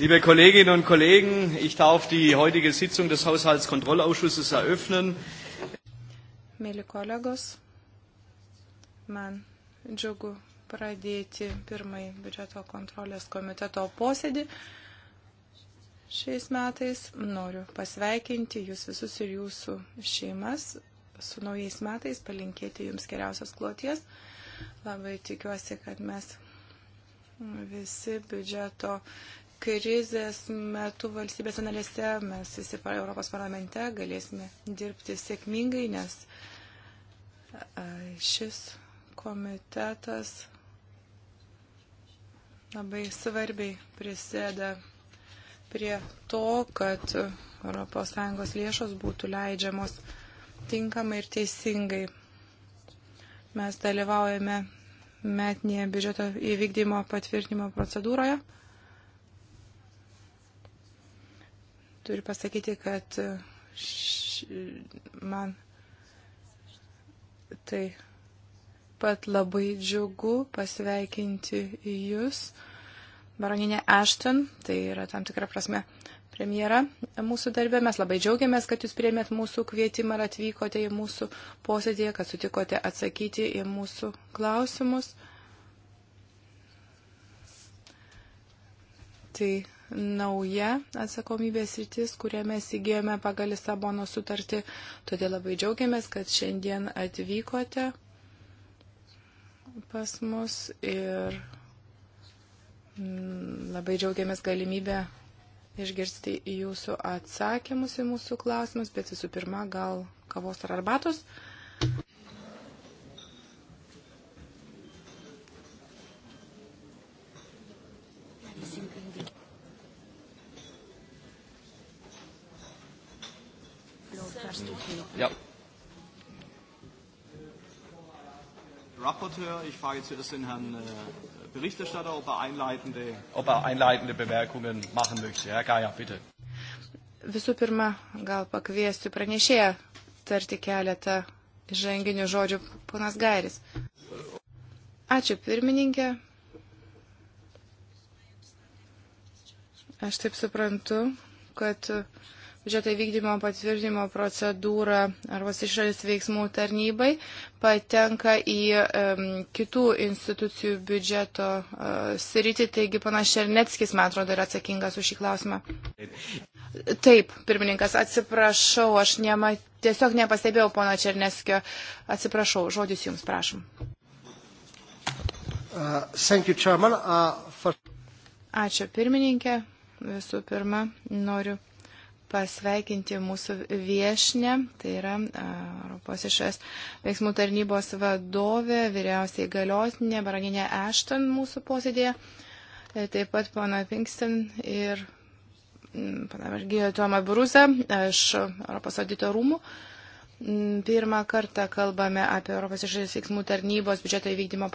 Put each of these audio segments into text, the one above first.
Liebe Kolleginnen und Kollegen, ich darf die heutige Sitzung des Haushaltskontrollausschusses eröffnen. Mėly kolegos, man džiugu pradėti pirmąjį biudžeto kontrolės komiteto posėdį. Šiais metais noriu pasveikinti jūs visus ir jūsų šeimas su naujais metais, palinkėti jums geriausios kloties. Labai tikiuosi, kad mes visi biudžeto krizės metu valstybės analėse mes visi Europos parlamente galėsime dirbti sėkmingai, nes šis komitetas labai svarbiai prisėda prie to, kad ES lėšos būtų leidžiamos tinkamai ir teisingai. Mes dalyvaujame metinėje biudžeto įvykdymo patvirtinimo procedūroje. Turiu pasakyti, kad e, š, man tai pat labai džiugu pasveikinti jūs, baroninė Ashton, tai yra tam tikra prasme premjera mūsų darbė. Mes labai džiaugiamės, kad jūs priemėt mūsų kvietimą ir atvykote į mūsų posėdį, kad sutikote atsakyti į mūsų klausimus. Tai nauja atsakomybės rytis, kurią mes įgėjome pagal Lisabono sutartį. Todėl labai džiaugiamės, kad šiandien atvykote pas mus ir mm, labai džiaugiamės galimybę išgirsti jūsų atsakymus į mūsų klausimus, bet visų pirma, gal kavos ar arbatos. Ja. Rapporteur, ich frage zuerst den Herrn äh, Berichterstatter, ob er einleitende, ob er einleitende Bemerkungen machen möchte. Herr Geier, bitte. Visų pirma, gal pakviesiu pranešėją tarti keletą ženginių žodžių, ponas Gairis. Ačiū pirmininkė. Aš taip suprantu, kad uh, biudžeto vykdymo patvirtinimo procedūrą arba išorės veiksmų tarnybai patenka į um, kitų institucijų biudžeto uh, sritį, taigi panas Šerneckis, man atrodo, yra atsakingas už šį klausimą. Taip, pirmininkas, atsiprašau, aš nema, tiesiog nepastebėjau pono Černeskio. Atsiprašau, žodis jums, prašom. Uh, you, Chairman, uh, for... Ačiū, pirmininkė. Visų pirma, noriu pasveikinti mūsų viešinę, tai yra Europos išės veiksmų tarnybos vadovė, vyriausiai galiotinė, Baraginė Ešton mūsų posėdėje, e, taip pat pana Pinkston ir pana Vargijo Tuoma Bruza iš Europos audito rūmų. Pirmą kartą kalbame apie Europos išės veiksmų tarnybos biudžeto įvykdymo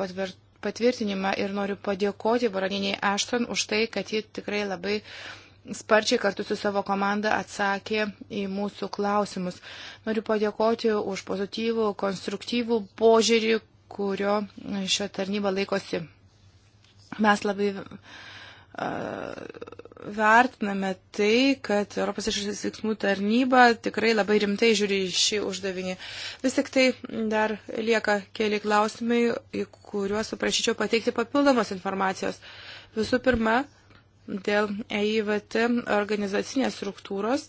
patvirtinimą ir noriu padėkoti Baraniniai Ešton už tai, kad ji tikrai labai uh, sparčiai kartu su savo komanda atsakė į mūsų klausimus. Noriu padėkoti už pozityvų, konstruktyvų požiūrį, kurio šio tarnyba laikosi. Mes labai uh, vertiname tai, kad Europos išorės veiksmų tarnyba tikrai labai rimtai žiūri į šį uždavinį. Vis tik tai dar lieka keli klausimai, į kuriuos suprašyčiau pateikti papildomos informacijos. Visų pirma, dėl EIVT organizacinės struktūros.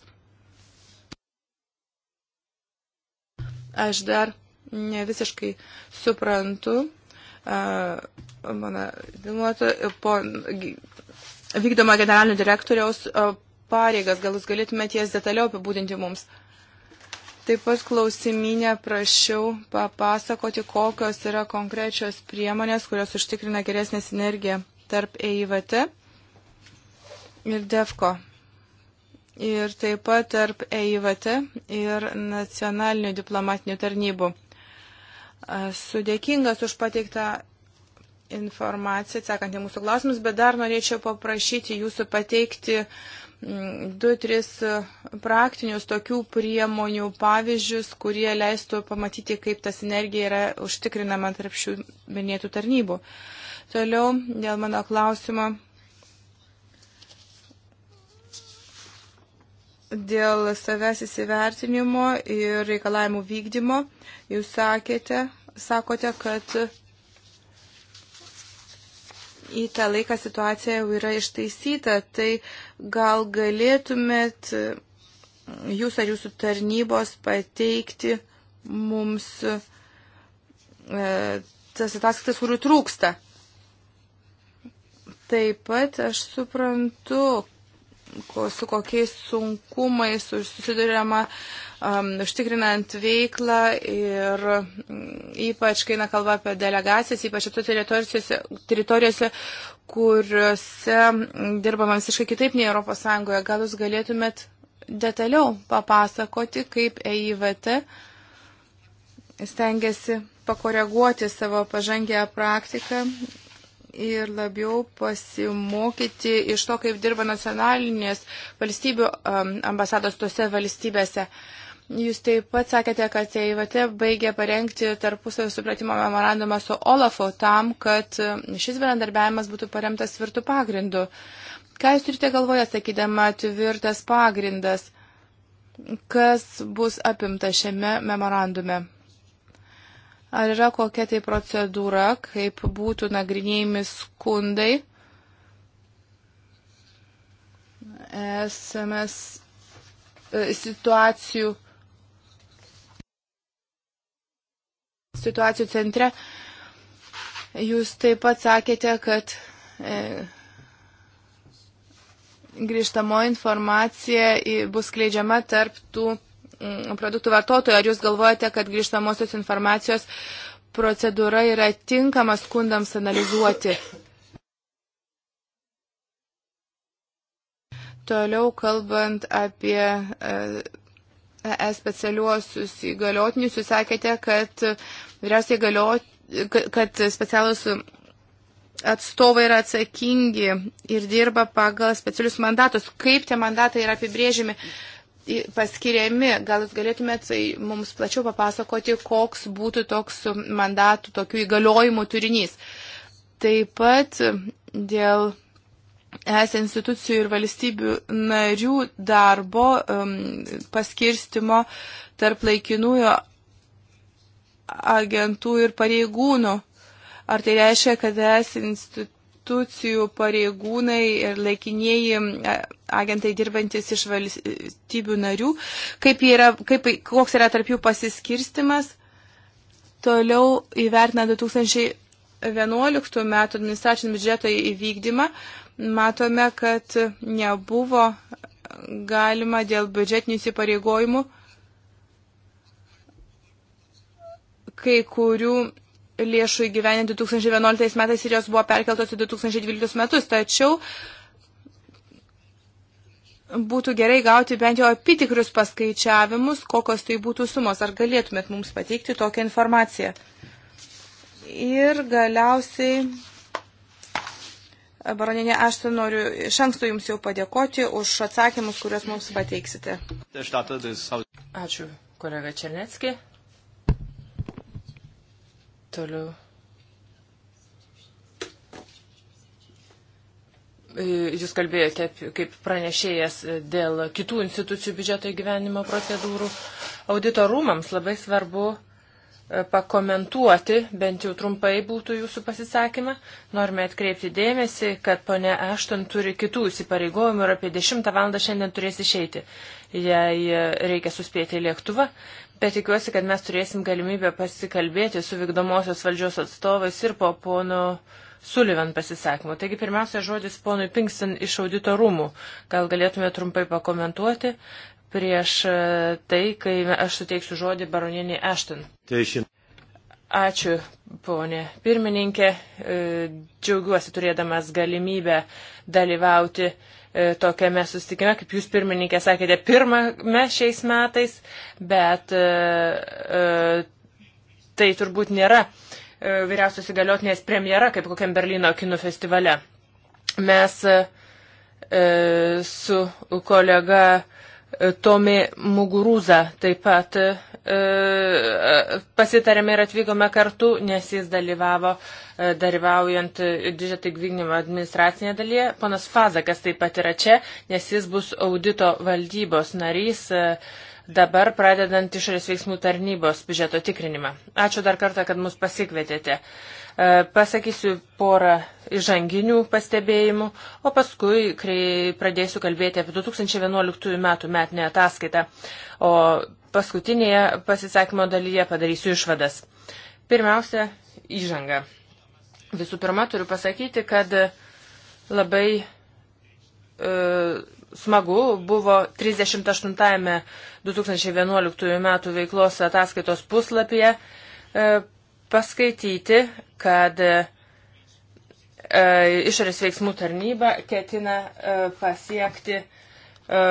Aš dar ne visiškai suprantu, mano dimuoto, po vykdomo generalinio direktoriaus pareigas, gal jūs galėtumėte jas detaliau apibūdinti mums. Taip pat klausiminę prašiau papasakoti, kokios yra konkrečios priemonės, kurios užtikrina geresnę sinergiją tarp EIVT ir DEFCO. Ir taip pat tarp EIVT ir nacionalinių diplomatinių tarnybų. Esu dėkingas už pateiktą informaciją, atsakant į mūsų klausimus, bet dar norėčiau paprašyti jūsų pateikti mm, du, tris e, praktinius tokių priemonių pavyzdžius, kurie leistų pamatyti, kaip ta sinergija yra užtikrinama tarp šių minėtų tarnybų. Toliau dėl mano klausimo dėl savęs įsivertinimo ir reikalavimų vykdymo. Jūs sakėte, sakote, kad į tą laiką situacija jau yra ištaisyta, tai gal galėtumėt jūs ar jūsų tarnybos pateikti mums e, tas ataskaitas, kurių trūksta. Taip pat aš suprantu, su kokiais sunkumais susidurėma um, užtikrinant veiklą ir mm, ypač, kai na kalba apie delegacijas, ypač apie teritorijose, teritorijose, kuriuose mm, dirbama visiškai kitaip nei ES. Gal jūs galėtumėt detaliau papasakoti, kaip EIVT stengiasi pakoreguoti savo pažangę praktiką ir labiau pasimokyti iš to, kaip dirba nacionalinės valstybių um, ambasados tose valstybėse. Jūs taip pat sakėte, kad EIVT baigė parengti tarpusavio supratimo memorandumą su Olafu tam, kad um, šis bendradarbiavimas būtų paremtas tvirtų pagrindų. Ką jūs turite galvoje, sakydama, tvirtas pagrindas? Kas bus apimta šiame memorandume? Ar yra kokia tai procedūra, kaip būtų nagrinėjami skundai? SMS e, situacijų, situacijų centre. Jūs taip pat sakėte, kad e, grįžtamo informacija bus kleidžiama tarp tų Mm, produktų vartotojų, ar jūs galvojate, kad grįžtamosios informacijos procedūra yra tinkama skundams analizuoti? Toliau kalbant apie ES e specialiuosius įgaliotinius, jūs sakėte, kad vyriausiai galiot, kad specialus atstovai yra atsakingi ir dirba pagal specialius mandatus. Kaip tie mandatai yra apibrėžimi? Uh, paskiriami. Gal jūs galėtumėt tai mums plačiau papasakoti, koks būtų toks mandatų, tokių įgaliojimų turinys. Taip pat dėl es institucijų ir valstybių narių darbo um, paskirstimo tarp laikinųjų agentų ir pareigūnų. Ar tai reiškia, kad es institucijų institucijų pareigūnai ir laikinieji e, agentai dirbantis iš valstybių narių, kaip yra, kaip, koks yra tarp jų pasiskirstimas. Toliau įvertina 2011 metų administracinio biudžeto įvykdymą. Matome, kad nebuvo galima dėl biudžetinių įsipareigojimų kai kurių lėšų įgyveninti 2011 metais ir jos buvo perkeltos į 2012 metus. Tačiau būtų gerai gauti bent jau apitikrius paskaičiavimus, kokios tai būtų sumos. Ar galėtumėt mums pateikti tokią informaciją? Ir galiausiai, baroninė, aš noriu iš anksto Jums jau padėkoti už atsakymus, kuriuos mums pateiksite. Ačiū, kolega Černecki. Toliau. E, jūs kalbėjote kaip pranešėjas dėl kitų institucijų biudžeto įgyvenimo procedūrų. Audito rūmams labai svarbu e, pakomentuoti, bent jau trumpai būtų jūsų pasisakymą. Norime atkreipti dėmesį, kad ponia Ašton turi kitų įsipareigojimų ir apie 10 val. šiandien turės išeiti. Jei e, reikia suspėti į lėktuvą, Bet tikiuosi, kad mes turėsim galimybę pasikalbėti su vykdomosios valdžios atstovais ir po pono Sullivan pasisakymu. Taigi pirmiausia žodis ponui Pinkston iš audito rūmų. Gal galėtume trumpai pakomentuoti prieš e, tai, kai aš suteiksiu žodį baronieniai Ashton. Teisin. Ačiū, ponė pirmininkė. E, džiaugiuosi turėdamas galimybę dalyvauti E, tokiame sustikime, kaip jūs pirmininkė sakėte, pirmame šiais metais, bet e, e, tai turbūt nėra vyriausios įgaliotinės premjera, kaip kokiam Berlyno kinų festivale. Mes su kolega E, Tomi Muguruza taip pat e, e, pasitarėme ir atvykome kartu, nes jis dalyvavo e, dalyvaujant didžiatai gvinimo administracinėje dalyje. Ponas Fazakas taip pat yra čia, nes jis bus audito valdybos narys e, dabar pradedant išorės veiksmų tarnybos biudžeto tikrinimą. Ačiū dar kartą, kad mus pasikvietėte. E, E, pasakysiu porą žanginių pastebėjimų, o paskui pradėsiu kalbėti apie 2011 metų metinę ataskaitą, o paskutinėje pasisakymo dalyje padarysiu išvadas. Pirmiausia, įžanga. Visų pirma, turiu pasakyti, kad labai e, smagu buvo 38-ame 2011 metų veiklos ataskaitos puslapyje e, paskaityti, kad e, išorės veiksmų tarnyba ketina e, pasiekti e,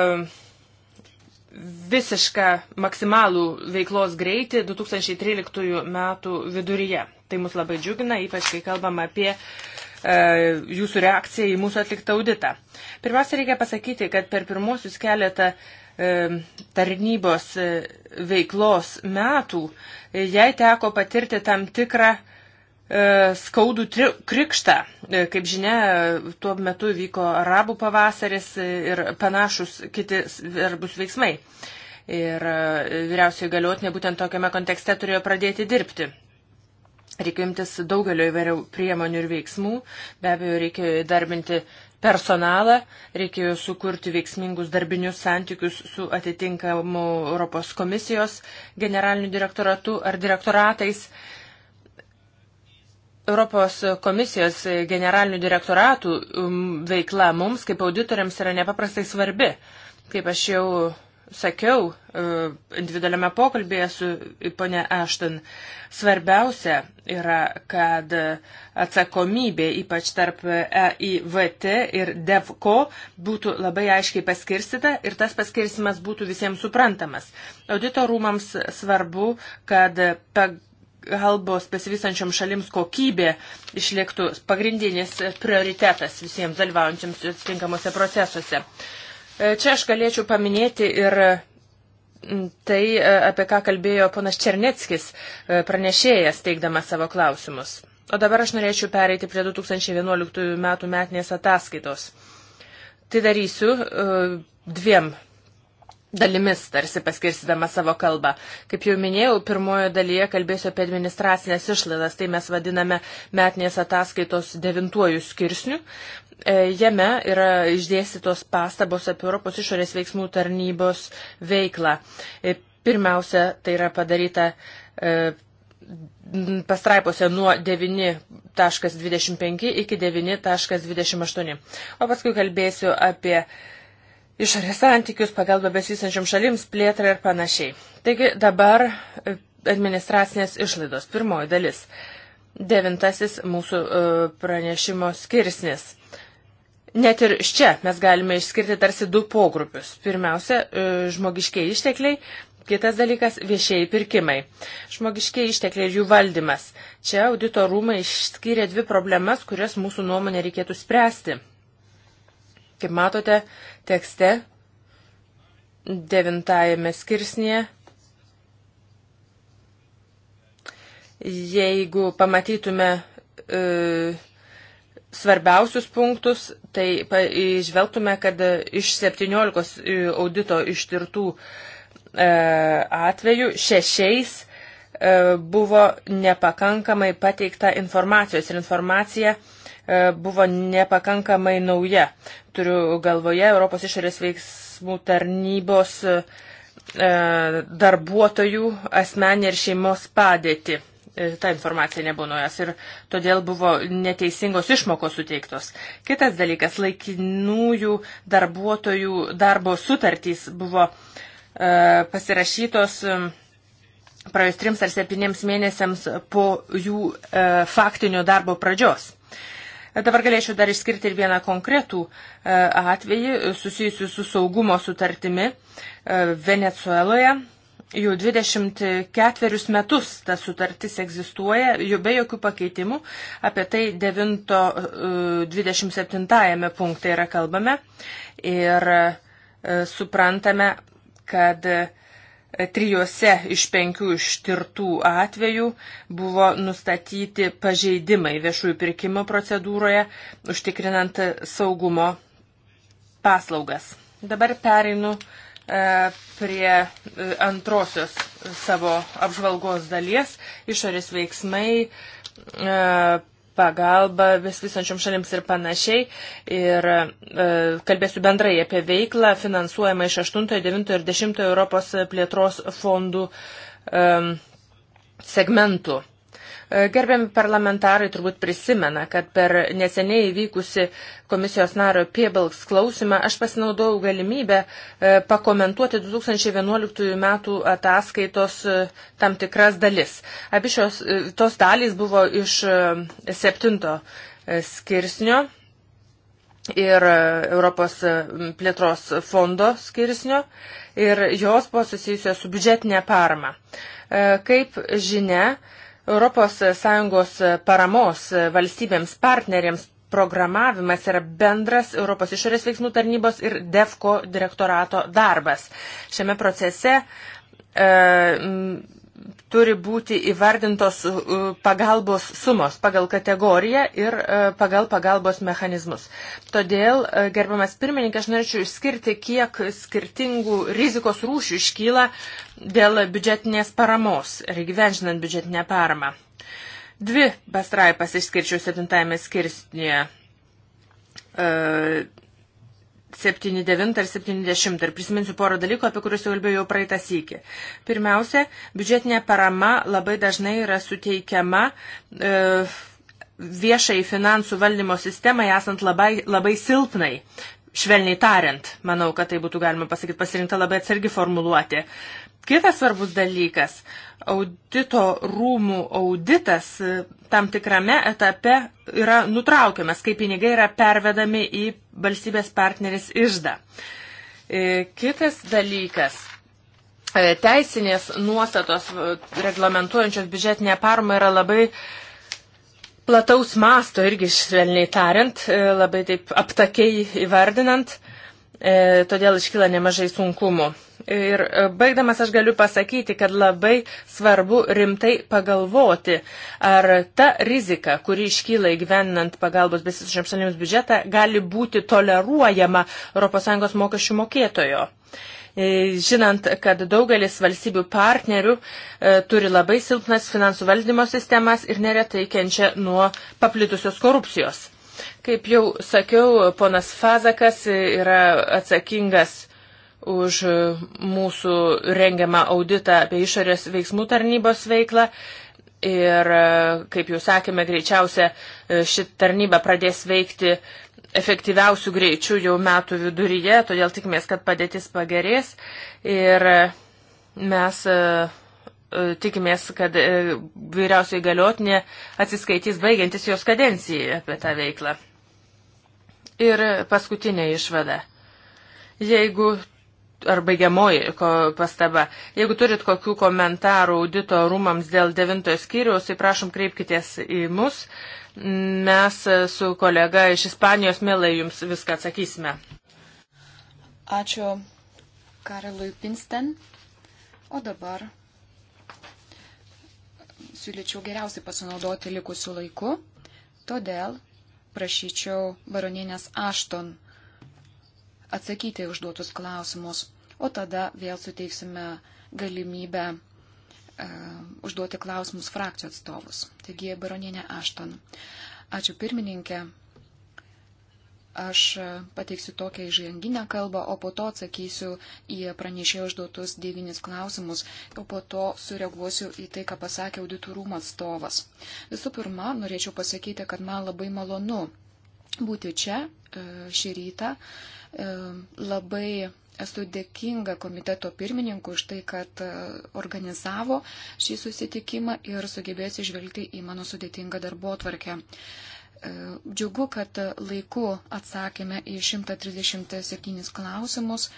visišką maksimalų veiklos greitį 2013 metų viduryje. Tai mus labai džiugina, ypač kai kalbam apie jūsų reakciją į mūsų atliktą auditą. Pirmiausia, reikia pasakyti, kad per pirmosius keletą E, tarnybos e, veiklos metų, e, jai teko patirti tam tikrą skaudų krikštą. Kaip žinia, tuo metu vyko arabų pavasaris ir panašus kiti svarbus veiksmai. Ir vyriausioji galiotinė būtent tokiame kontekste turėjo pradėti dirbti. Reikia imtis daugelio įvairių priemonių ir veiksmų. Be abejo, reikėjo įdarbinti uh, personalą, reikėjo sukurti veiksmingus darbinius santykius su atitinkamu Europos komisijos generaliniu direktoratu ar direktoratais. Europos komisijos generalinių direktoratų um, veikla mums kaip auditoriams yra nepaprastai svarbi. Kaip aš jau sakiau e, individualiame pokalbėje su ponė Ashton, svarbiausia yra, kad atsakomybė, ypač tarp EIVT ir DEVCO, būtų labai aiškiai paskirstita ir tas paskirstimas būtų visiems suprantamas. Audito rūmams svarbu, kad pagalbos besivysančiom šalims kokybė išliktų pagrindinis prioritetas visiems dalyvaujančiams atitinkamuose procesuose. Uh, E, čia aš galėčiau paminėti ir e, tai, e, apie ką kalbėjo ponas Černeckis, pranešėjas, teikdamas savo klausimus. O dabar aš norėčiau pereiti prie 2011 metų metinės ataskaitos. Tai darysiu dviem dalimis tarsi paskirstydama savo kalbą. Kaip jau minėjau, pirmojo dalyje kalbėsiu apie administracinės išlaidas, tai mes vadiname metinės ataskaitos devintuoju skirsniu. E, jame yra išdėstytos pastabos apie Europos išorės veiksmų tarnybos veiklą. E, pirmiausia, tai yra padaryta e, pastraipose nuo 9.25 iki 9.28. O paskui kalbėsiu apie išorės santykius, pagalbą besisančiam šalims, plėtrą ir panašiai. Taigi dabar e, administracinės išlaidos. Pirmoji dalis. Devintasis mūsų e, pranešimo skirsnis. Net ir čia mes galime išskirti tarsi du pogrupius. Pirmiausia, e, žmogiškiai ištekliai, kitas dalykas - viešieji pirkimai. Žmogiškiai ištekliai ir jų valdymas. Čia audito rūmai išskyrė dvi problemas, kurias mūsų nuomonė reikėtų spręsti. Kaip matote, tekste devintajame skirsnėje. Jeigu pamatytume e, svarbiausius punktus, tai išvelgtume, kad iš 17 e, audito ištirtų e, atvejų šešiais e, buvo nepakankamai pateikta informacijos ir informacija e, E, buvo nepakankamai nauja. Turiu galvoje Europos išorės veiksmų tarnybos e, e, darbuotojų asmenį ir šeimos padėtį ta informacija nebuvo naujas ir todėl buvo neteisingos išmokos suteiktos. Kitas dalykas, laikinųjų darbuotojų darbo sutartys buvo e, pasirašytos praėjus trims ar septyniems mėnesiams po jų e, faktinio darbo pradžios. Dabar galėčiau dar išskirti ir vieną konkretų e, atvejį susijusiu su saugumo sutartimi e, Venezueloje. Jau 24 metus ta sutartis egzistuoja, jau be jokių pakeitimų, apie tai 9.27 e, punktai yra kalbame ir suprantame, kad uh, Trijose iš penkių ištirtų atvejų buvo nustatyti pažeidimai viešųjų pirkimo procedūroje, užtikrinant saugumo paslaugas. Dabar pereinu e, prie e, antrosios savo apžvalgos dalies - išorės veiksmai e, pagalba besvysančiom šalims ir panašiai. Ir e, kalbėsiu bendrai apie veiklą finansuojamą iš 8, 9 ir 10 Europos plėtros fondų e, segmentų. E, gerbiami parlamentarai turbūt prisimena, kad per neseniai įvykusi komisijos nario Piebalks klausimą aš pasinaudojau galimybę e, pakomentuoti 2011 metų ataskaitos e, tam tikras dalis. Abi šios tos dalys buvo iš septinto skirsnio ir Europos plėtros fondo skirsnio ir jos buvo susijusios su biudžetinė parama. Kaip žinia, ES paramos valstybėms partneriams programavimas yra bendras Europos išorės veiksmų tarnybos ir DEFCO direktorato darbas. Šiame procese e, turi būti įvardintos uh, pagalbos sumos pagal kategoriją ir uh, pagal pagalbos mechanizmus. Todėl, uh, gerbiamas pirmininkė, aš norėčiau išskirti, kiek skirtingų rizikos rūšių iškyla dėl biudžetinės paramos ir gyvenžinant biudžetinę paramą. Dvi pastraipas išskirčiau septintame skirsnėje. E, 79 ir 70. Ir prisiminsiu porą dalykų, apie kuriuos jau kalbėjau praeitą sykį. Pirmiausia, biudžetinė parama labai dažnai yra suteikiama e, viešai finansų valdymo sistemai esant labai, labai silpnai. Švelniai tariant, manau, kad tai būtų galima pasakyti pasirinkta labai atsargi formuluoti. E, Kitas svarbus dalykas - audito rūmų auditas e, tam tikrame etape yra nutraukiamas, kai pinigai yra pervedami į valstybės partneris išdą. E, kitas dalykas - e, teisinės nuostatos reglamentuojančios biudžetinę paramą yra labai plataus masto, irgi švelniai tariant, labai taip aptakiai įvardinant, todėl iškyla nemažai sunkumų. Ir e, baigdamas aš galiu pasakyti, kad labai svarbu rimtai pagalvoti, ar ta rizika, kuri iškyla įgyveninant pagalbos besisučiams šalims biudžetą, gali būti toleruojama ES mokesčių mokėtojo. E, žinant, kad daugelis valstybių partnerių e, turi labai silpnas finansų valdymo sistemas ir neretai kenčia nuo paplitusios korupcijos. Kaip jau sakiau, ponas Fazakas yra atsakingas už mūsų rengiamą auditą apie išorės veiksmų tarnybos veiklą. Ir, e, kaip jau sakėme, greičiausia e, ši tarnyba pradės veikti efektyviausių greičių jau metų viduryje, todėl tikimės, kad padėtis pagerės. Ir e, mes tikimės, kad vyriausiai galiotinė atsiskaitys baigiantis jos kadencijai apie tą veiklą. Ir paskutinė išvada. Jeigu ar baigiamoji pastaba. Jeigu turit kokių komentarų audito rūmams dėl devintojo skyriaus, tai prašom kreipkitės į mus. Mes su kolega iš Ispanijos mielai jums viską atsakysime. Ačiū Karelui Pinsten. O dabar siūlyčiau geriausiai pasinaudoti likusiu laiku. Todėl prašyčiau baronienės Ašton atsakyti užduotus klausimus o tada vėl suteiksime galimybę e, užduoti klausimus frakcijų atstovus. Taigi, baronienė Ašton. Ačiū pirmininkė. Aš pateiksiu tokią įžanginę kalbą, o po to atsakysiu į pranešėjo užduotus devynis klausimus, o po to sureaguosiu į tai, ką pasakė auditorumo atstovas. Visų pirma, norėčiau pasakyti, kad man labai malonu būti čia e, šį rytą. E, labai Esu dėkinga komiteto pirmininkui už tai, kad e, organizavo šį susitikimą ir sugebėjo atsižvelgti į mano sudėtingą darbo atvarkę. E, džiugu, kad laiku atsakėme į 137 klausimus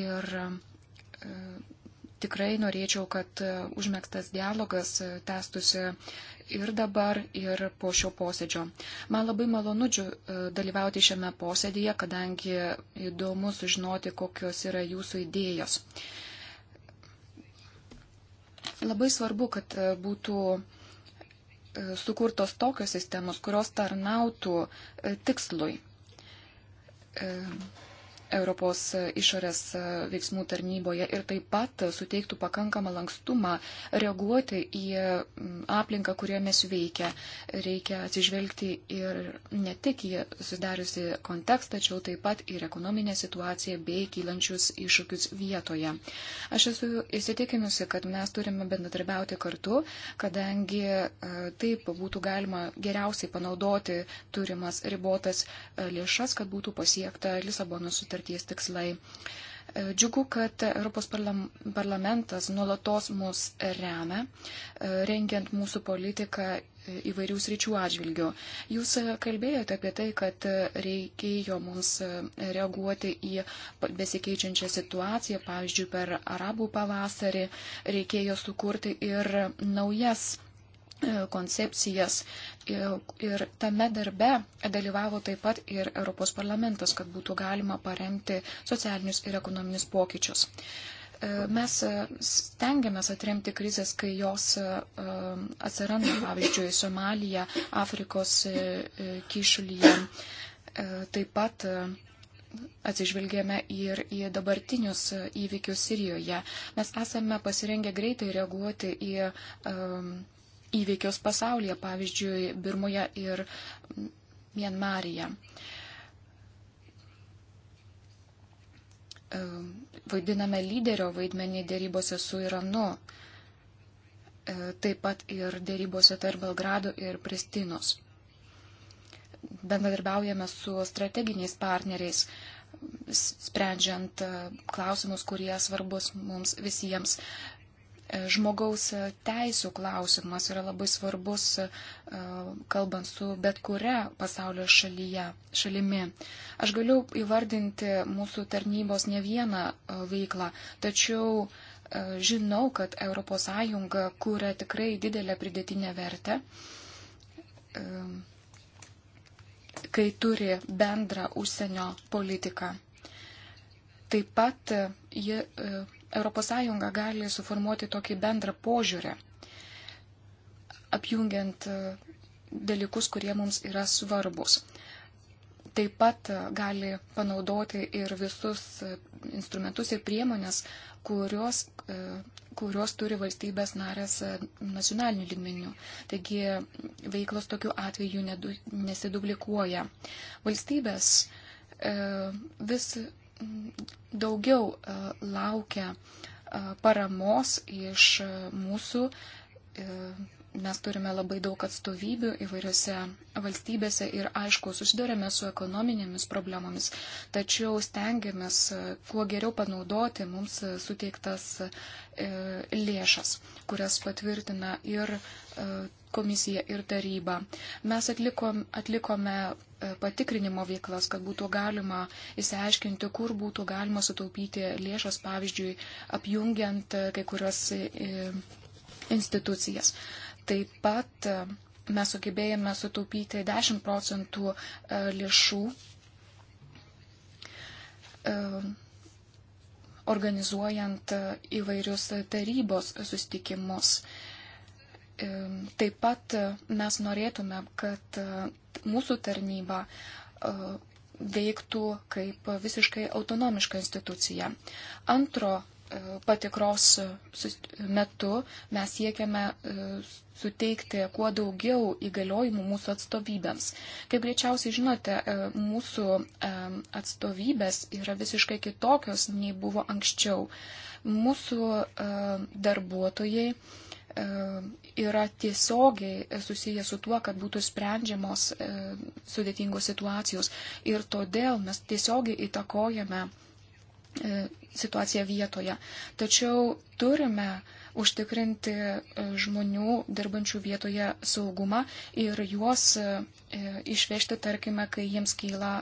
ir e, Tikrai norėčiau, kad e, užmėgstas dialogas e, tęstusi ir dabar, ir po šio posėdžio. Man labai malonu e, dalyvauti šiame posėdėje, kadangi įdomu sužinoti, kokios yra jūsų idėjos. Labai svarbu, kad būtų sukurtos tokios sistemos, kurios tarnautų tikslui Europos išorės e, veiksmų tarnyboje ir taip pat suteiktų pakankamą lankstumą reaguoti į aplinką, kurioje mes veikia. Reikia atsižvelgti ir ne tik į susidariusi kontekstą, tačiau taip pat ir ekonominę situaciją bei kylančius iššūkius vietoje. Aš esu įsitikinusi, kad mes turime bendradarbiauti kartu, kadangi e, taip būtų galima geriausiai panaudoti turimas ribotas e, lėšas, kad būtų pasiekta Lisabono sutartis sutarties tikslai. E, džiugu, kad Europos parlamentas nuolatos mus remia, e, rengiant mūsų politiką e, įvairių sričių atžvilgių. Jūs kalbėjote apie tai, kad reikėjo mums reaguoti į besikeičiančią situaciją, pavyzdžiui, per arabų pavasarį reikėjo sukurti ir naujas koncepcijas. Ir tame darbe dalyvavo taip pat ir Europos parlamentas, kad būtų galima paremti socialinius ir ekonominius pokyčius. E, mes e, stengiamės atremti krizės, kai jos e, atsiranda, pavyzdžiui, Somalija, Afrikos kišulyje. Taip pat atsižvelgėme ir į dabartinius įvykius Sirijoje. Mes esame pasirengę greitai reaguoti į um, įvykius pasaulyje, pavyzdžiui, Birmoje ir Mienmarija. E, vaidiname lyderio vaidmenį dėrybose su Iranu, e, taip pat ir dėrybose tarp Belgrado ir Pristinos. Bendradarbiaujame su strateginiais partneriais, sprendžiant e, klausimus, kurie svarbus mums visiems Žmogaus teisų klausimas yra labai svarbus, e, kalbant su bet kuria pasaulio šalyje, šalimi. Aš galiu įvardinti mūsų tarnybos ne vieną e, veiklą, tačiau e, žinau, kad ES kūrė tikrai didelę pridėtinę vertę kai turi bendrą užsienio politiką. Taip pat ji ES gali suformuoti tokį bendrą požiūrį, apjungiant e, dalykus, kurie mums yra svarbus. Taip pat e, gali panaudoti ir visus e, instrumentus ir priemonės, kurios, kurios turi valstybės narės nacionalinių lygmenių. Taigi veiklos tokiu atveju nedu, nesiduplikuoja. Valstybės vis daugiau e, laukia e, paramos iš e, mūsų. Mes turime labai daug atstovybių įvairiose valstybėse ir aišku, susidurėme su ekonominėmis problemomis, tačiau stengiamės kuo geriau panaudoti mums suteiktas lėšas, kurias patvirtina ir komisija ir taryba. Mes atlikom, atlikome patikrinimo veiklas, kad būtų galima įsiaiškinti, kur būtų galima sutaupyti lėšas, pavyzdžiui, apjungiant kai kurias e, institucijas. Taip pat e, mes sugebėjome sutaupyti 10 procentų e, lėšų organizuojant įvairius tarybos sustikimus. Taip pat e, mes norėtume, kad e, mūsų tarnyba e, veiktų kaip visiškai autonomiška institucija. Antro patikros metu mes siekiame suteikti kuo daugiau įgaliojimų mūsų atstovybėms. Kaip greičiausiai žinote, mūsų atstovybės yra visiškai kitokios nei buvo anksčiau. Mūsų darbuotojai E, yra tiesiogiai susijęs su tuo, kad būtų sprendžiamos e, sudėtingos situacijos. Ir todėl mes tiesiogiai įtakojame e, situaciją vietoje. Tačiau turime uh, užtikrinti e, žmonių dirbančių vietoje saugumą ir juos e, e, išvežti, tarkime, kai jiems keila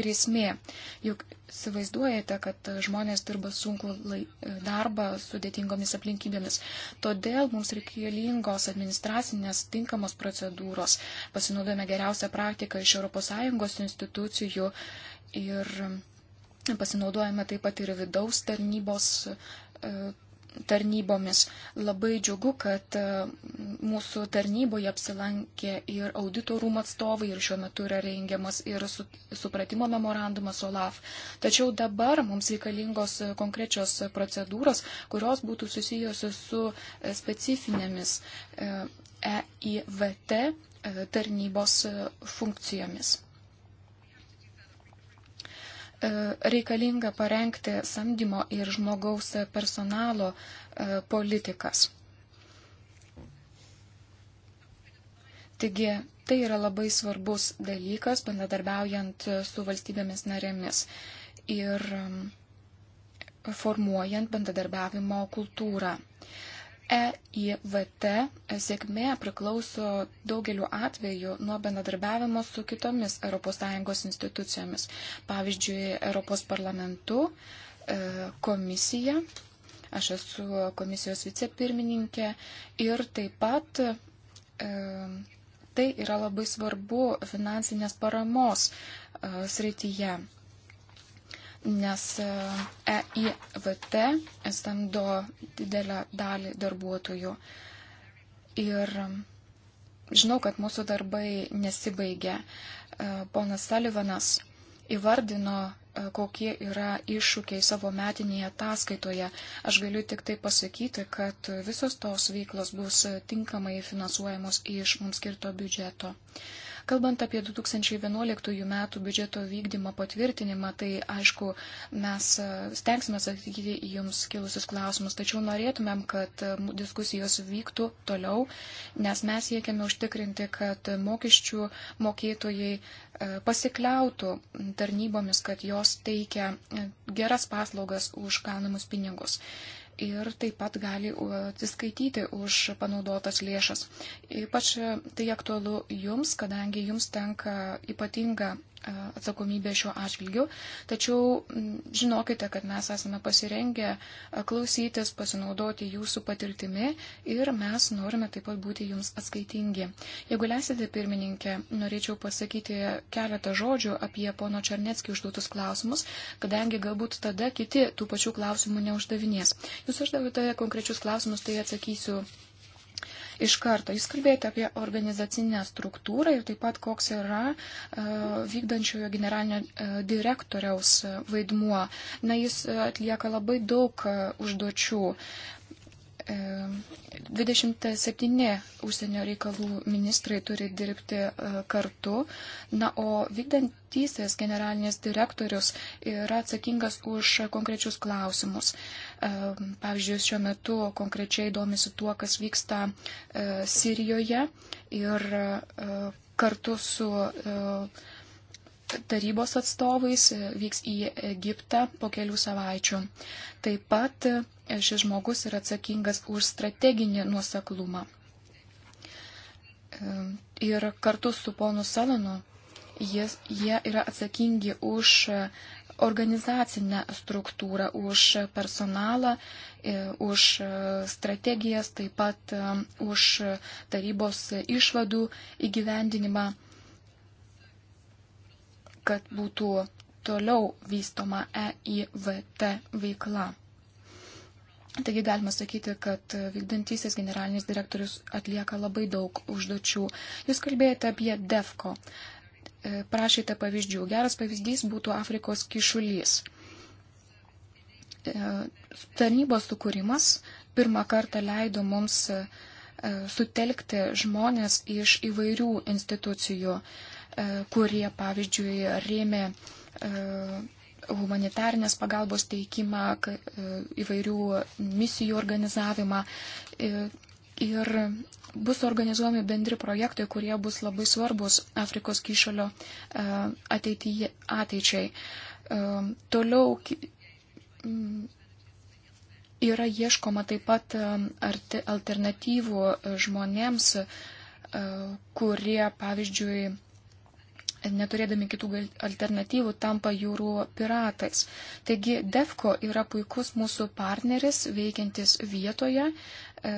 grėsmė. Juk įsivaizduojate, kad žmonės dirba sunku darbą sudėtingomis aplinkybėmis. Todėl mums reikalingos administracinės tinkamos procedūros. Pasinaudojame geriausią praktiką iš ES institucijų ir pasinaudojame taip pat ir vidaus tarnybos tarnybomis. Labai džiugu, kad e, mūsų tarnyboje apsilankė ir audito rūmų atstovai ir šiuo metu yra rengiamas ir supratimo memorandumas OLAF. Tačiau dabar mums reikalingos e, konkrečios procedūros, kurios būtų susijusios su e, specifinėmis EIVT tarnybos funkcijomis. E, reikalinga parengti samdymo ir žmogaus personalo e, politikas. Taigi, tai yra labai svarbus dalykas, bendradarbiaujant su valstybėmis narėmis ir e, formuojant bendradarbiavimo kultūrą. EIVT sėkmė priklauso daugeliu atveju nuo bendradarbiavimo su kitomis ES institucijomis, pavyzdžiui, Europos parlamentu, e, komisija, aš esu komisijos vicepirmininkė ir taip pat e, tai yra labai svarbu finansinės paramos e, srityje nes EIVT e samdo didelę dalį darbuotojų. Ir žinau, kad mūsų darbai nesibaigia. E, ponas Salivanas įvardino, e, kokie yra iššūkiai savo metinėje ataskaitoje. Aš galiu tik tai pasakyti, kad visos tos veiklos bus tinkamai finansuojamos iš mums skirto biudžeto. Kalbant apie 2011 metų biudžeto vykdymo patvirtinimą, tai aišku, mes e, stengsime atsakyti į jums kilusius klausimus, tačiau norėtumėm, kad e, diskusijos vyktų toliau, nes mes siekiame užtikrinti, kad mokesčių mokėtojai e, pasikliautų tarnybomis, kad jos teikia geras paslaugas už gaunamus pinigus ir taip pat gali atsiskaityti už panaudotas lėšas. Ypač tai aktualu jums, kadangi jums tenka ypatinga atsakomybę šiuo atžvilgiu. Tačiau žinokite, kad mes esame pasirengę klausytis, pasinaudoti jūsų patirtimi ir mes norime taip pat būti jums atskaitingi. Jeigu leisite, pirmininkė, norėčiau pasakyti keletą žodžių apie pono Černetskį užduotus klausimus, kadangi galbūt tada kiti tų pačių klausimų neuždavinės. Jūs uždavėte konkrečius klausimus, tai atsakysiu iš karto. Jūs kalbėjote apie organizacinę struktūrą ir taip pat koks yra e, vykdančiojo generalinio e, direktoriaus e, vaidmuo. Na, jis atlieka labai daug užduočių. 27 e, užsienio reikalų ministrai turi dirbti e, kartu, na, o vykdantysis generalinis direktorius yra atsakingas už konkrečius klausimus. E, pavyzdžiui, šiuo metu konkrečiai domisi tuo, kas vyksta Sirijoje ir kartu su tarybos atstovais vyks į Egiptą po kelių savaičių. Taip pat šis žmogus yra atsakingas už strateginį nuoseklumą. E, ir kartu su ponu Salanu jie, jie yra atsakingi už organizacinę struktūrą, už personalą, e, už strategijas, taip pat e, už tarybos išvadų įgyvendinimą, kad būtų toliau vystoma EIVT veikla. Taigi galima sakyti, kad vykdantysis generalinis direktorius atlieka labai daug užduočių. Jūs kalbėjote apie DEFCO. E, Prašyte pavyzdžių. Geras pavyzdys būtų Afrikos kišulys. E, tarnybos sukūrimas pirmą kartą leido mums e, sutelkti žmonės iš įvairių institucijų, kurie, pavyzdžiui, rėmė humanitarnės pagalbos teikimą, e, įvairių misijų organizavimą. E, ir bus organizuojami bendri projektai, kurie bus labai svarbus Afrikos kyšalio e, ateityje, ateičiai. Toliau mm, yra ieškoma taip pat alternatyvų žmonėms, kurie, pavyzdžiui, neturėdami kitų alternatyvų, tampa jūrų piratais. Taigi DEFCO yra puikus mūsų partneris, veikiantis vietoje. E,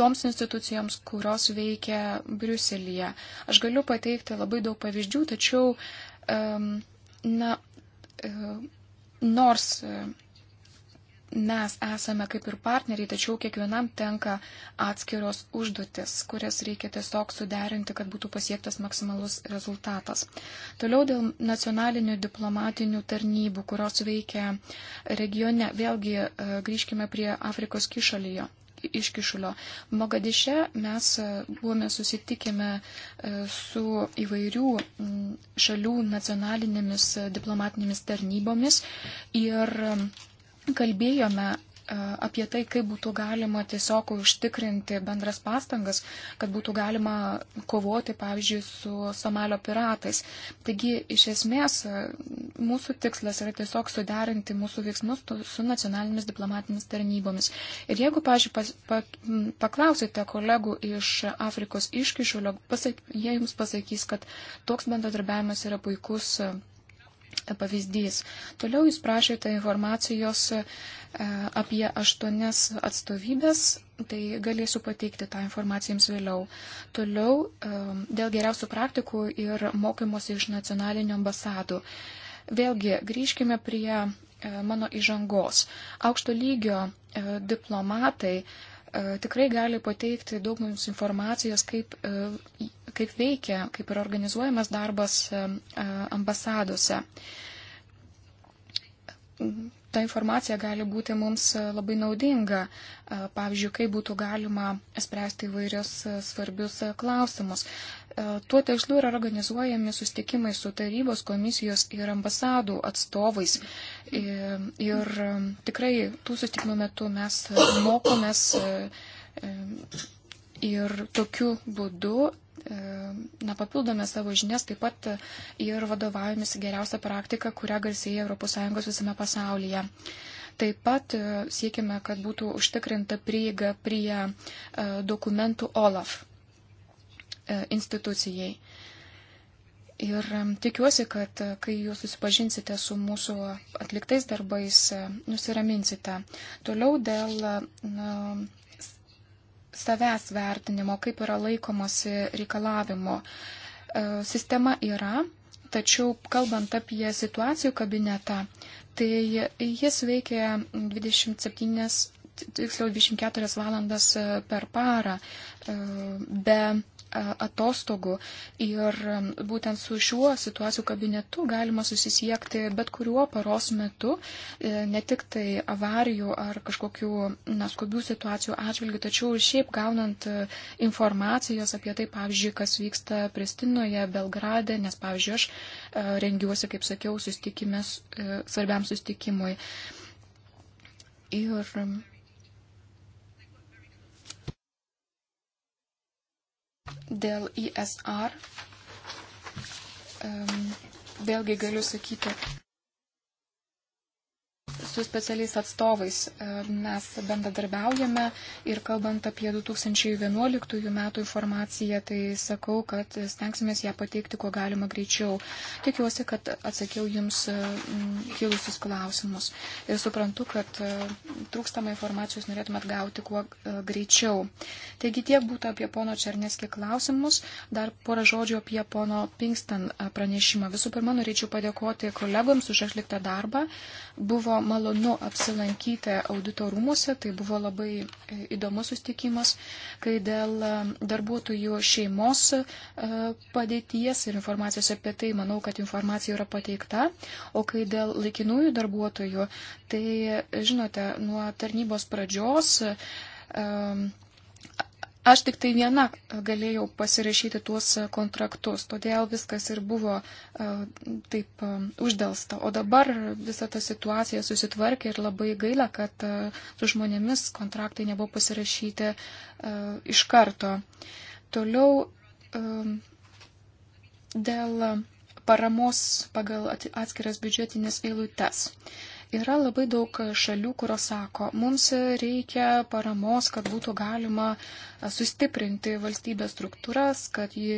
toms institucijoms, kurios veikia Briuselėje. Aš galiu pateikti labai daug pavyzdžių, tačiau, um, na, um, nors mes esame kaip ir partneriai, tačiau kiekvienam tenka atskiros užduotis, kurias reikia tiesiog suderinti, kad būtų pasiektas maksimalus rezultatas. Toliau dėl nacionalinių diplomatinių tarnybų, kurios veikia regione, vėlgi e, grįžkime prie Afrikos kišalyjo. Iškišulio. Mogadiše mes e, buvome susitikime su įvairių šalių nacionalinėmis e, diplomatinėmis tarnybomis ir kalbėjome e, apie tai, kaip būtų galima tiesiog užtikrinti bendras pastangas, kad būtų galima kovoti, pavyzdžiui, su Somalio piratais. Taigi, iš esmės, e, mūsų tikslas yra tiesiog suderinti mūsų veiksmus su nacionalinėmis diplomatinėmis tarnybomis. Ir jeigu, pavyzdžiui, pas, pa, paklausite kolegų iš Afrikos iškišulio, pasak, jie jums pasakys, kad toks bendradarbiavimas yra puikus e, pavyzdys. Toliau jūs prašėte informacijos e, apie aštuonias atstovybės, tai galėsiu pateikti tą informaciją jums vėliau. Toliau e, dėl geriausių praktikų ir mokymosi iš nacionalinių ambasadų. Vėlgi grįžkime prie e, mano įžangos. Aukšto lygio diplomatai tikrai gali pateikti daug mums informacijos, kaip kaip veikia, kaip yra organizuojamas darbas e, e, ambasadose. Ta informacija gali būti mums e, labai naudinga, pavyzdžiui, kaip būtų galima spręsti įvairius svarbius klausimus. Tuo tikslu yra organizuojami sustikimai su tarybos komisijos ir ambasadų atstovais. Ir tikrai tų sustikimų metu mes mokomės ir tokiu būdu E, na, papildome savo žinias taip pat ir vadovaujamės geriausią praktiką, kurią garsėja ES visame pasaulyje. Taip pat e, siekime, kad būtų užtikrinta prieiga prie e, dokumentų OLAF institucijai. Ir tikiuosi, kad kai jūs susipažinsite su mūsų atliktais darbais, nusiraminsite. Toliau dėl na, savęs vertinimo, kaip yra laikomasi reikalavimo. E, sistema yra, tačiau kalbant apie situacijų kabinetą, tai jis veikia 27, tiksliau 24 valandas e, per parą e, be atostogų ir būtent su šiuo situacijų kabinetu galima susisiekti bet kuriuo paros metu, e, ne tik tai avarijų ar kažkokių neskubių situacijų atžvilgių, tačiau ir šiaip gaunant e, informacijos apie tai, pavyzdžiui, kas vyksta Pristinoje, Belgrade, nes, pavyzdžiui, aš e, rengiuosi, kaip sakiau, svarbiam sustikimui. Ir Dėl ISR um, vėlgi galiu sakyti, su specialiais atstovais e, mes bendradarbiaujame ir kalbant apie 2011 metų informaciją, tai sakau, kad stengsimės ją pateikti kuo galima greičiau. Tikiuosi, kad atsakiau Jums e, kilusius klausimus ir suprantu, kad e, trūkstamą informacijos norėtumėt gauti kuo greičiau. Taigi tiek būtų apie pono Černeskį klausimus, dar porą žodžių apie pono Pinkston pranešimą. Visų pirma, norėčiau padėkoti kolegoms už atliktą darbą. Buvo malonu apsilankyti auditorumuose, tai buvo labai e, įdomus sustikimas, kai dėl e, darbuotojų šeimos e, padėties ir informacijos apie tai, manau, kad informacija yra pateikta, o kai dėl laikinųjų darbuotojų, tai, žinote, nuo tarnybos pradžios Aš tik tai viena e, galėjau pasirašyti tuos e, kontraktus, todėl viskas ir buvo e, taip uždelsta. O dabar visa ta situacija susitvarkė ir labai gaila, kad su žmonėmis kontraktai nebuvo pasirašyti iš karto. Toliau dėl paramos pagal atskiras biudžetinės eilutes. Yra labai daug šalių, kurios sako, mums reikia paramos, kad būtų galima sustiprinti valstybės struktūras, kad ji,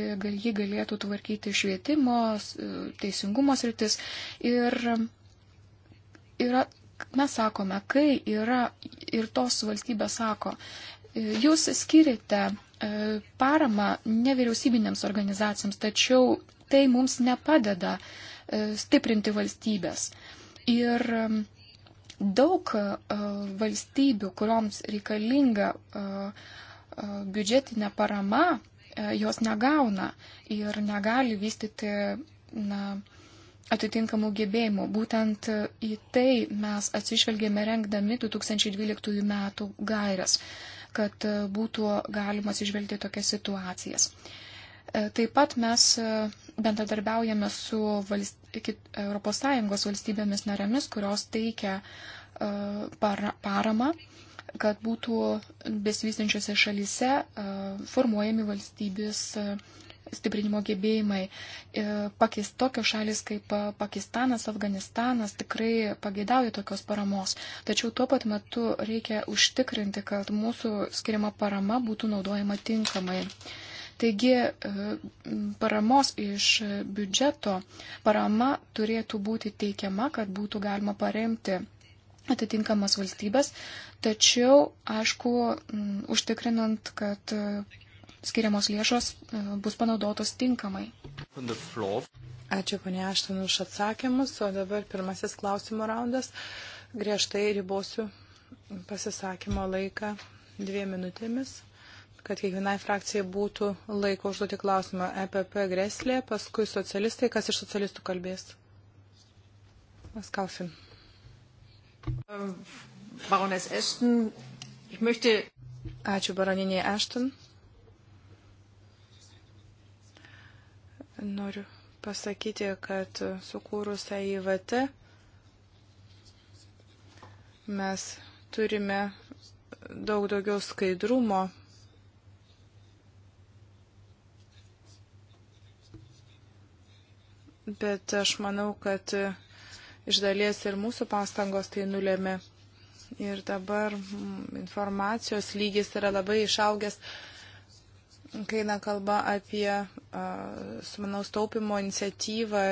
ji galėtų tvarkyti švietimo, teisingumo sritis. Ir yra, mes sakome, kai yra ir tos valstybės sako, jūs skirite e, paramą nevyriausybinėms organizacijams, tačiau tai mums nepadeda e, stiprinti valstybės. Ir um, daug uh, valstybių, kurioms reikalinga uh, uh, biudžetinė parama, jos negauna ir negali vystyti na, atitinkamų gebėjimų. Būtent į tai mes atsižvelgėme rengdami 2012 metų gairias, kad būtų galima atsižvelgti tokias situacijas. E, taip pat mes e, bendradarbiaujame su valst... ES valstybėmis narėmis, kurios teikia e, paramą, kad būtų besivystančiose šalyse formuojami valstybės stiprinimo gebėjimai. Pakis, tokios šalis kaip Pakistanas, Afganistanas tikrai pageidauja tokios paramos. Tačiau tuo pat metu reikia užtikrinti, kad mūsų skiriama parama būtų naudojama tinkamai. Uh, Taigi e, paramos iš biudžeto parama turėtų būti teikiama, kad būtų galima paremti atitinkamas valstybės, tačiau, aišku, užtikrinant, kad e, skiriamos lėšos e, bus panaudotos tinkamai. Ačiū, ponia Aštan, už atsakymus. O dabar pirmasis klausimų raundas. Griežtai ribosiu pasisakymo laiką dviem minutėmis kad kiekvienai frakcijai būtų laiko užduoti klausimą. EPP Greslė, paskui socialistai. Kas iš socialistų kalbės? Maskalfin. Um, Baronės Ešten, ich möchte. Ačiū baroniniai Ešten. Noriu pasakyti, kad sukūrus EIVT mes turime daug daugiau skaidrumo bet aš manau, kad e, iš dalies ir mūsų pastangos tai nulėmė. Ir dabar mm, informacijos lygis yra labai išaugęs, kai eina kalba apie sumanaus taupimo iniciatyvą,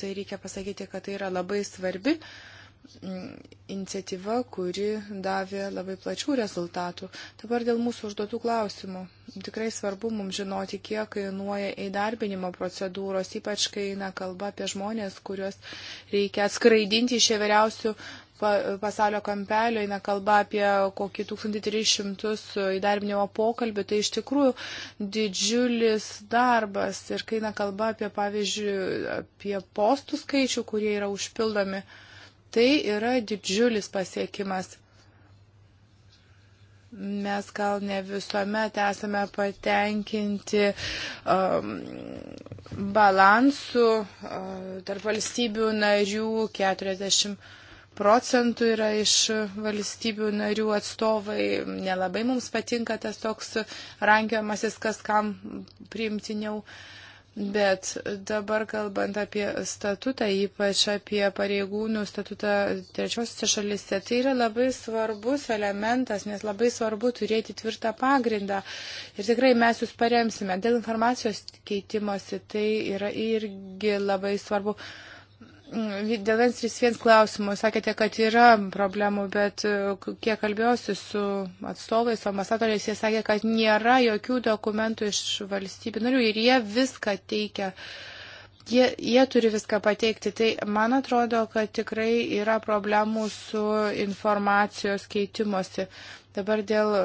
tai reikia pasakyti, kad tai yra labai svarbi uh, iniciatyva, kuri davė labai plačių rezultatų. Dabar dėl mūsų užduotų klausimų. Tikrai svarbu mums žinoti, kiek kainuoja įdarbinimo procedūros, ypač kai eina kalba apie žmonės, kuriuos reikia atskraidinti iš įvairiausių pasaulio kampelio, eina kalba apie kokį 1300 įdarbinimo pokalbį, tai iš tikrųjų didžiulis darbas ir kai eina kalba apie, pavyzdžiui, apie postų skaičių, kurie yra užpildomi. Uh, Tai yra didžiulis pasiekimas. Mes gal ne visuomet esame patenkinti um, balansu um, tarp valstybių narių 40 procentų yra iš valstybių narių atstovai. Nelabai mums patinka tas toks rankiamasis, kas kam priimtiniau. Uh, Bet dabar kalbant apie statutą, ypač apie pareigūnų statutą trečiosiuose šalise, tai yra labai svarbus elementas, nes labai svarbu turėti tvirtą pagrindą. Ir tikrai mes jūs paremsime. Dėl informacijos keitimosi tai yra irgi labai svarbu. Uh, Dėl N31 klausimų sakėte, kad yra problemų, bet e, kiek kalbėjausi su atstovais, su ambasadoriais, jie sakė, kad nėra jokių dokumentų iš valstybių narių ir jie viską teikia. Jie, jie turi viską pateikti. Tai man atrodo, kad tikrai yra problemų su informacijos keitimosi. Dabar dėl e,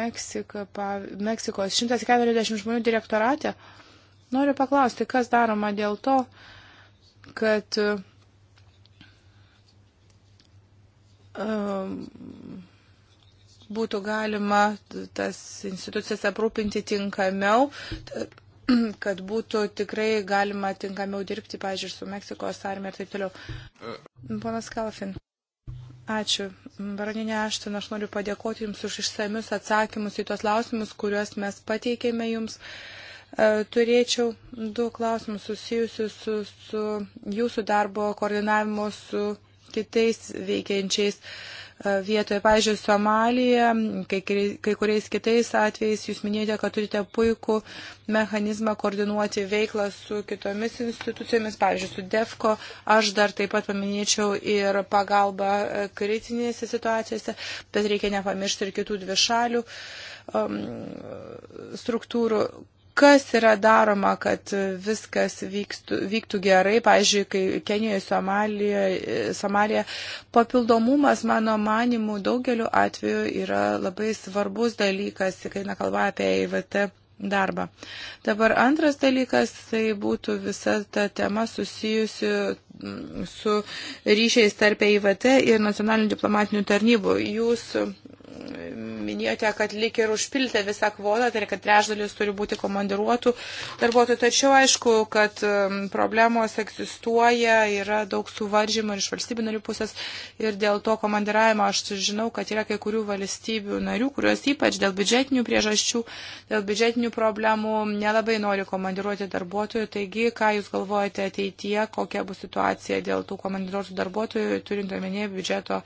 Meksika, pav... Meksikos 140 žmonių direktorate. Noriu paklausti, kas daroma dėl to, kad e, būtų galima tas institucijas aprūpinti tinkamiau, kad būtų tikrai galima tinkamiau dirbti, pažiūrėjau, su Meksikos armija ir taip toliau. Ponas Kalfin. Ačiū. Baroninė Ašton, aš noriu padėkoti Jums už išsamius atsakymus į tos lausimus, kuriuos mes pateikėme Jums. Uh, E, turėčiau du klausimus susijusius su, su jūsų darbo koordinavimo su kitais veikiančiais e, vietoje. Pavyzdžiui, Somalija, kai, kai kuriais kitais atvejais jūs minėjote, kad turite puikų mechanizmą koordinuoti veiklą su kitomis institucijomis, pavyzdžiui, su DEFCO. Aš dar taip pat paminėčiau ir pagalbą e, kritinėse situacijose, bet reikia nepamiršti ir kitų dvišalių um, struktūrų kas yra daroma, kad viskas vykstų, vyktų gerai. Pavyzdžiui, kai Kenijoje, Somalijoje, Somalija papildomumas, mano manimu, daugeliu atveju yra labai svarbus dalykas, kai nekalba apie EIVT darbą. Dabar antras dalykas, tai būtų visa ta tema susijusi mm, su ryšiais tarp EIVT ir nacionalinių diplomatinių tarnybų. Jūs minėjote, kad lik ir užpiltė visą kvotą, tai yra, kad trešdalis turi būti komandiruotų darbuotojų. Tačiau aišku, kad um, problemos egzistuoja, yra daug suvaržymų ir iš valstybių narių pusės ir dėl to komandiravimo aš žinau, kad yra kai kurių valstybių narių, kurios ypač dėl biudžetinių priežasčių, dėl biudžetinių problemų nelabai nori komandiruoti darbuotojų. Taigi, ką Jūs galvojate ateityje, kokia bus situacija dėl tų komandiruotų darbuotojų, turint omenyje biudžeto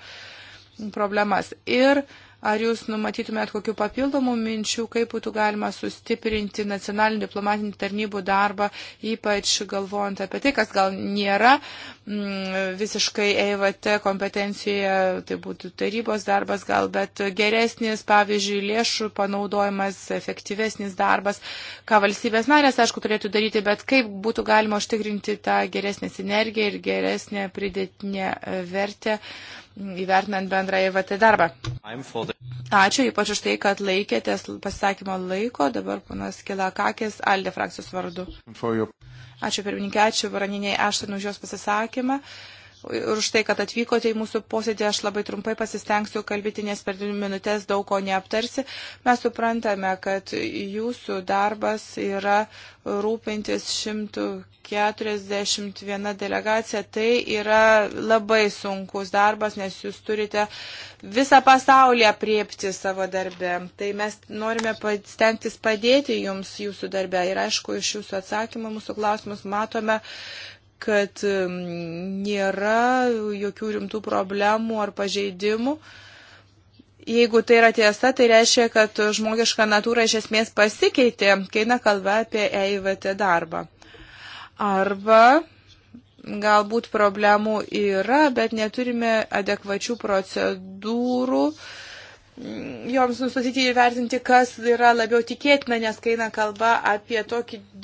problemas. Ir uh, Ar jūs numatytumėt kokiu papildomų minčių, kaip būtų galima sustiprinti nacionalinių diplomatinių tarnybų darbą, ypač galvojant apie tai, kas gal nėra mm, visiškai EIVT kompetencijoje, tai būtų tarybos darbas gal, bet geresnis, pavyzdžiui, lėšų panaudojimas, efektyvesnis darbas, ką valstybės narės, aišku, turėtų daryti, bet kaip būtų galima užtikrinti tą geresnę sinergiją ir geresnę pridėtinę vertę. Mm, įvertinant bendrąją VT darbą. Ačiū ypač už tai, kad laikėtės pasisakymo laiko. Dabar panas Kilakakis, Aldė frakcijos vardu. Ačiū pirmininkė, ačiū Varaninė Aštan už jos pasisakymą. Uh, ir už tai, kad atvykote į mūsų posėdį. Aš labai trumpai pasistengsiu kalbėti, nes per dvi minutės daug ko neaptarsi. Mes suprantame, kad jūsų darbas yra rūpintis 141 delegacija. Tai yra labai sunkus darbas, nes jūs turite visą pasaulį apriepti savo darbę. Tai mes norime stengtis padėti jums jūsų darbę. Ir aišku, iš jūsų atsakymų mūsų klausimus matome, kad nėra jokių rimtų problemų ar pažeidimų. Jeigu tai yra tiesa, tai reiškia, kad žmogiška natūra iš esmės pasikeitė, kai nekalba apie EIVT darbą. Arba galbūt problemų yra, bet neturime adekvačių procedūrų, uh, joms nustatyti ir vertinti, kas yra labiau tikėtina, nes kai eina kalba apie,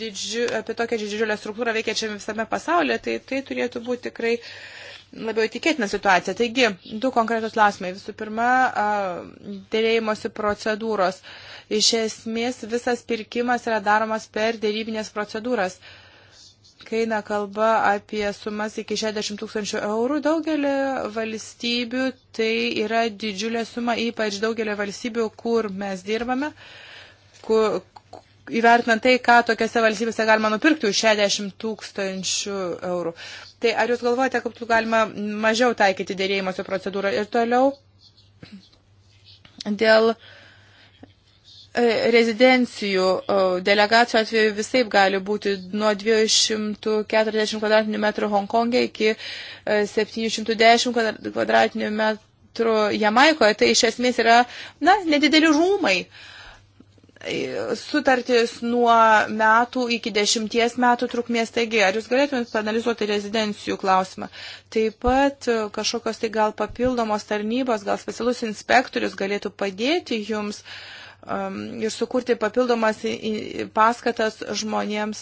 didžiu, apie tokią didžiulę struktūrą veikiančią visame pasaulyje, tai tai turėtų būti tikrai labiau tikėtina situacija. Taigi, du konkretus klausimai. Visų pirma, dėrėjimosi procedūros. Iš esmės, visas pirkimas yra daromas per dėrybinės procedūras. Uh, kai eina kalba apie sumas iki 60 tūkstančių eurų, daugelį valstybių tai yra didžiulė suma, ypač daugelį valstybių, kur mes dirbame, kur, įvertinant tai, ką tokiuose valstybėse galima nupirkti už 60 tūkstančių eurų. Tai ar jūs galvojate, kad galima mažiau taikyti dėrėjimuose procedūrą ir toliau dėl uh, E, rezidencijų delegacijų atveju visaip gali būti nuo 240 kvadratinių metrų Hongkonge iki 710 e, kvadratinių metrų Jamaikoje. Tai iš esmės yra, na, nedideli rūmai. E, sutartis nuo metų iki dešimties metų trukmės, taigi ar jūs galėtumėt panalizuoti rezidencijų klausimą? Taip pat kažkokios tai gal papildomos tarnybos, gal specialus inspektorius galėtų padėti jums uh, Um, ir sukurti papildomas paskatas žmonėms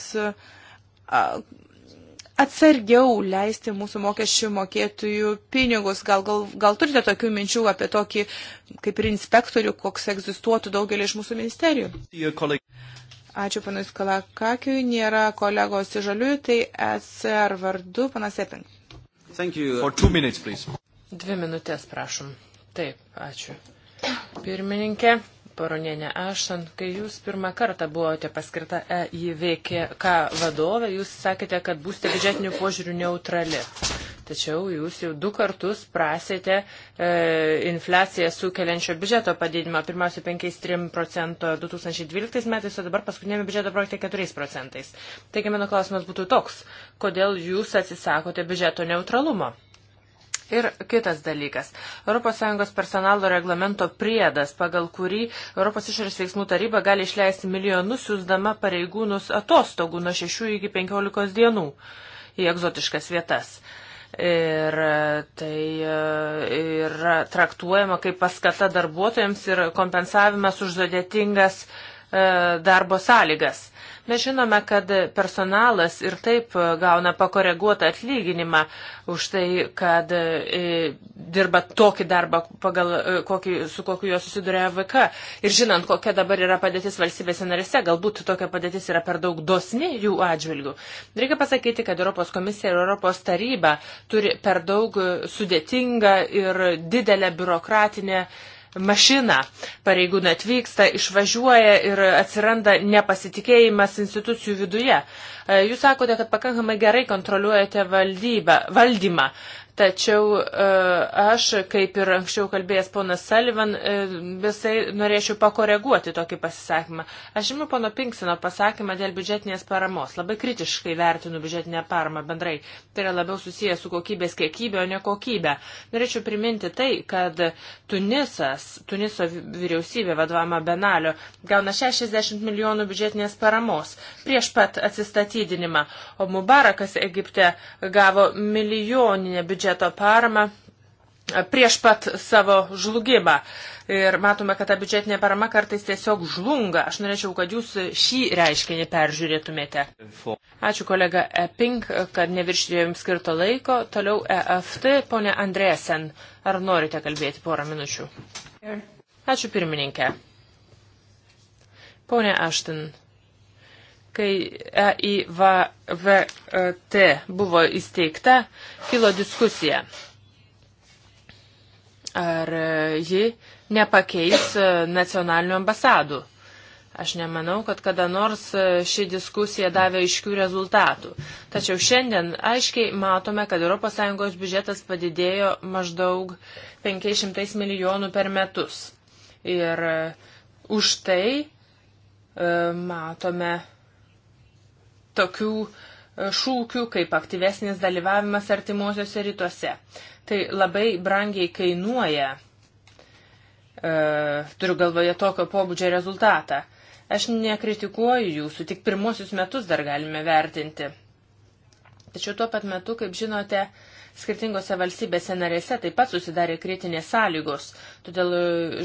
atsargiau leisti mūsų mokesčių mokėtojų pinigus. Gal, gal, gal turite tokių minčių apie tokį kaip ir inspektorių, koks egzistuotų daugelį iš mūsų ministerijų? Ačiū panui Skalakakiui, nėra kolegos iš žalių, tai SR vardu panas Epin. Dvi minutės, prašom. Taip, ačiū. Pirmininkė paronienė Ašan, kai jūs pirmą kartą buvote paskirta EIVK vadovė, jūs sakėte, kad būsite biudžetinių požiūrių neutrali. Tačiau jūs jau du kartus prasėte e, infliaciją sukeliančio biudžeto padidinimą. Pirmiausia, 5,3 procento 2012 metais, o dabar paskutinėme biudžeto projekte 4 procentais. Taigi mano klausimas būtų toks, kodėl jūs atsisakote biudžeto neutralumo? Ir kitas dalykas. ES personalo reglamento priedas, pagal kurį ES išorės veiksmų taryba gali išleisti milijonus, siūsdama pareigūnus atostogų nuo 6 iki 15 dienų į egzotiškas vietas. Ir tai e, yra traktuojama kaip paskata darbuotojams ir kompensavimas už sudėtingas e, darbo sąlygas. Mes žinome, kad personalas ir taip e, gauna pakoreguotą atlyginimą už tai, kad e, dirba tokį darbą, pagal, e, kokį, su kokiu jo susiduria VK. Ir žinant, kokia dabar yra padėtis valstybėse narėse, galbūt tokia padėtis yra per daug dosni jų atžvilgių. Reikia pasakyti, kad Europos komisija ir Europos taryba turi per daug sudėtingą ir didelę biurokratinę mašiną. Pareigūnai atvyksta, išvažiuoja ir atsiranda nepasitikėjimas institucijų viduje. E, jūs sakote, kad pakankamai gerai kontroliuojate valdybą, valdymą, Tačiau e, aš, kaip ir anksčiau kalbėjęs ponas Sullivan, e, visai norėčiau pakoreguoti tokį pasisakymą. Aš žinau pono Pinksino pasakymą dėl biudžetinės paramos. Labai kritiškai vertinu biudžetinę paramą bendrai. Tai yra labiau susijęs su kokybės kiekybė, o ne kokybė. Norėčiau priminti tai, kad Tunisas, Tuniso vyriausybė vadovama Benalio, gauna 60 milijonų biudžetinės paramos prieš pat atsistatydinimą, o Mubarakas Egipte gavo milijoninę biudžetinę biudžeto paramą prieš pat savo žlugimą. Ir matome, kad ta biudžetinė parama kartais tiesiog žlunga. Aš norėčiau, kad jūs šį reiškinį peržiūrėtumėte. Ačiū kolega Epink, kad neviršėjo jums skirto laiko. Toliau EFT, ponė Andresen. Ar norite kalbėti porą minučių? Ačiū pirmininkė. Pone Aštin, kai EIVT buvo įsteigta, kilo diskusija, ar ji nepakeis nacionalinių ambasadų. Aš nemanau, kad kada nors ši diskusija davė iškių rezultatų. Tačiau šiandien aiškiai matome, kad ES biudžetas padidėjo maždaug 500 milijonų per metus. Ir už tai e, matome tokių e, šūkių kaip aktyvesnis dalyvavimas artimuosiuose rytuose. Tai labai brangiai kainuoja, e, turiu galvoje tokio pobūdžio rezultatą. Aš nekritikuoju jūsų, tik pirmosius metus dar galime vertinti. Tačiau tuo pat metu, kaip žinote, skirtingose valstybėse narėse taip pat susidarė kritinės sąlygos, todėl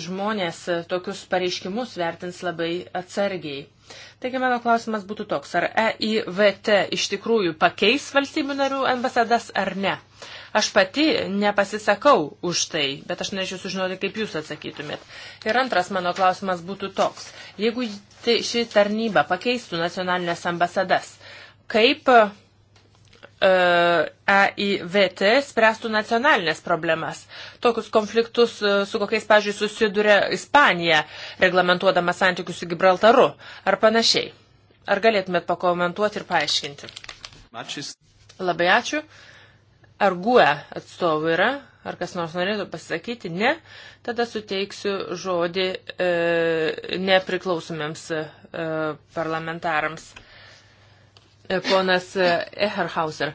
žmonės tokius pareiškimus vertins labai atsargiai. Taigi mano klausimas būtų toks, ar EIVT iš tikrųjų pakeis valstybių narių ambasadas ar ne? Aš pati nepasisakau už tai, bet aš norėčiau sužinoti, kaip jūs atsakytumėt. Ir antras mano klausimas būtų toks. Jeigu tai, ši tarnyba pakeistų nacionalinės ambasadas, kaip EIVT spręstų nacionalinės problemas. Tokius konfliktus, e, su kokiais, pažiūrėjau, susiduria Ispanija, reglamentuodama santykius su Gibraltaru ar panašiai. Ar galėtumėt pakomentuoti ir paaiškinti? Ačiū. Labai ačiū. Ar GUE atstovų yra? Ar kas nors norėtų pasisakyti? Ne. Tada suteiksiu žodį e, nepriklausomiems e, parlamentarams. E, ponas Eherhauser.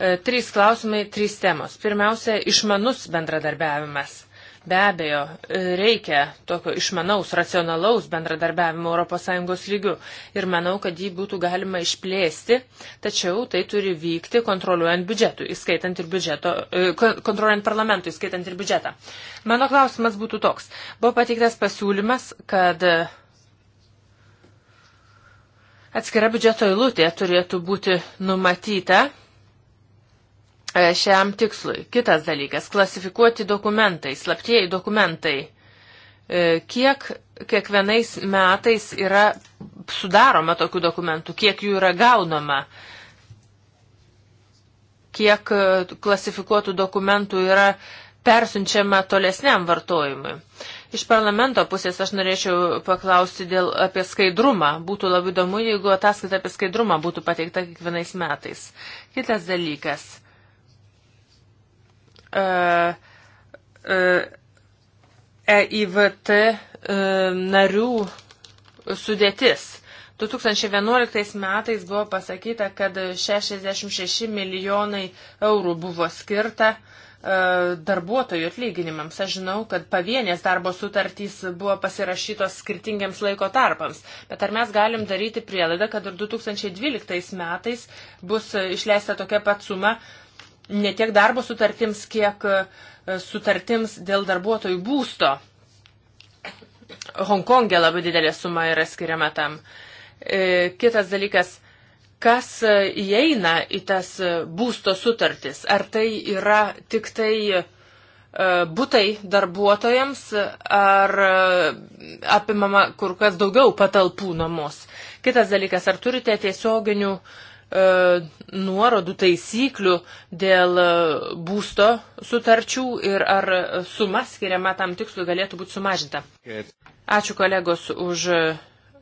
E, trys klausimai, trys temos. Pirmiausia, išmanus bendradarbiavimas. Be abejo, e, reikia tokio išmanaus, racionalaus bendradarbiavimo ES lygių ir manau, kad jį būtų galima išplėsti, tačiau tai turi vykti kontroliuojant biudžetų, įskaitant ir biudžeto, kontroliuojant parlamentų, įskaitant ir biudžetą. Mano klausimas būtų toks. Buvo pateiktas pasiūlymas, kad Atskira biudžeto eilutė turėtų būti numatyta e, šiam tikslui. Kitas dalykas - klasifikuoti dokumentai, slaptieji dokumentai. E, kiek kiekvienais metais yra sudaroma tokių dokumentų, kiek jų yra gaunama, kiek e, klasifikuotų dokumentų yra persunčiama tolesniam vartojimui. Iš parlamento pusės aš norėčiau paklausti dėl, apie skaidrumą. Būtų labai įdomu, jeigu ataskaita apie skaidrumą būtų pateikta kiekvienais metais. Kitas dalykas. Uh, e, uh, EIVT e uh, e, narių sudėtis. 2011 metais buvo pasakyta, kad 66 milijonai eurų buvo skirta uh, E, darbuotojų atlyginimams. Aš žinau, kad pavienės darbo sutartys buvo pasirašytos skirtingiams laiko tarpams, bet ar mes galim daryti prielaidą, kad ir 2012 metais bus išleista tokia pat suma ne tiek darbo sutartims, kiek e, sutartims dėl darbuotojų būsto. Hongkongė labai didelė suma yra skiriama tam. E, kitas dalykas kas e, įeina į tas e, būsto sutartis. Ar tai yra tik tai e, būtai darbuotojams ar apimama kur kas daugiau patalpų namus. Kitas dalykas, ar turite tiesioginių e, nuorodų taisyklių dėl būsto sutarčių ir ar suma skiriama tam tikslui galėtų būti sumažinta. Ačiū kolegos už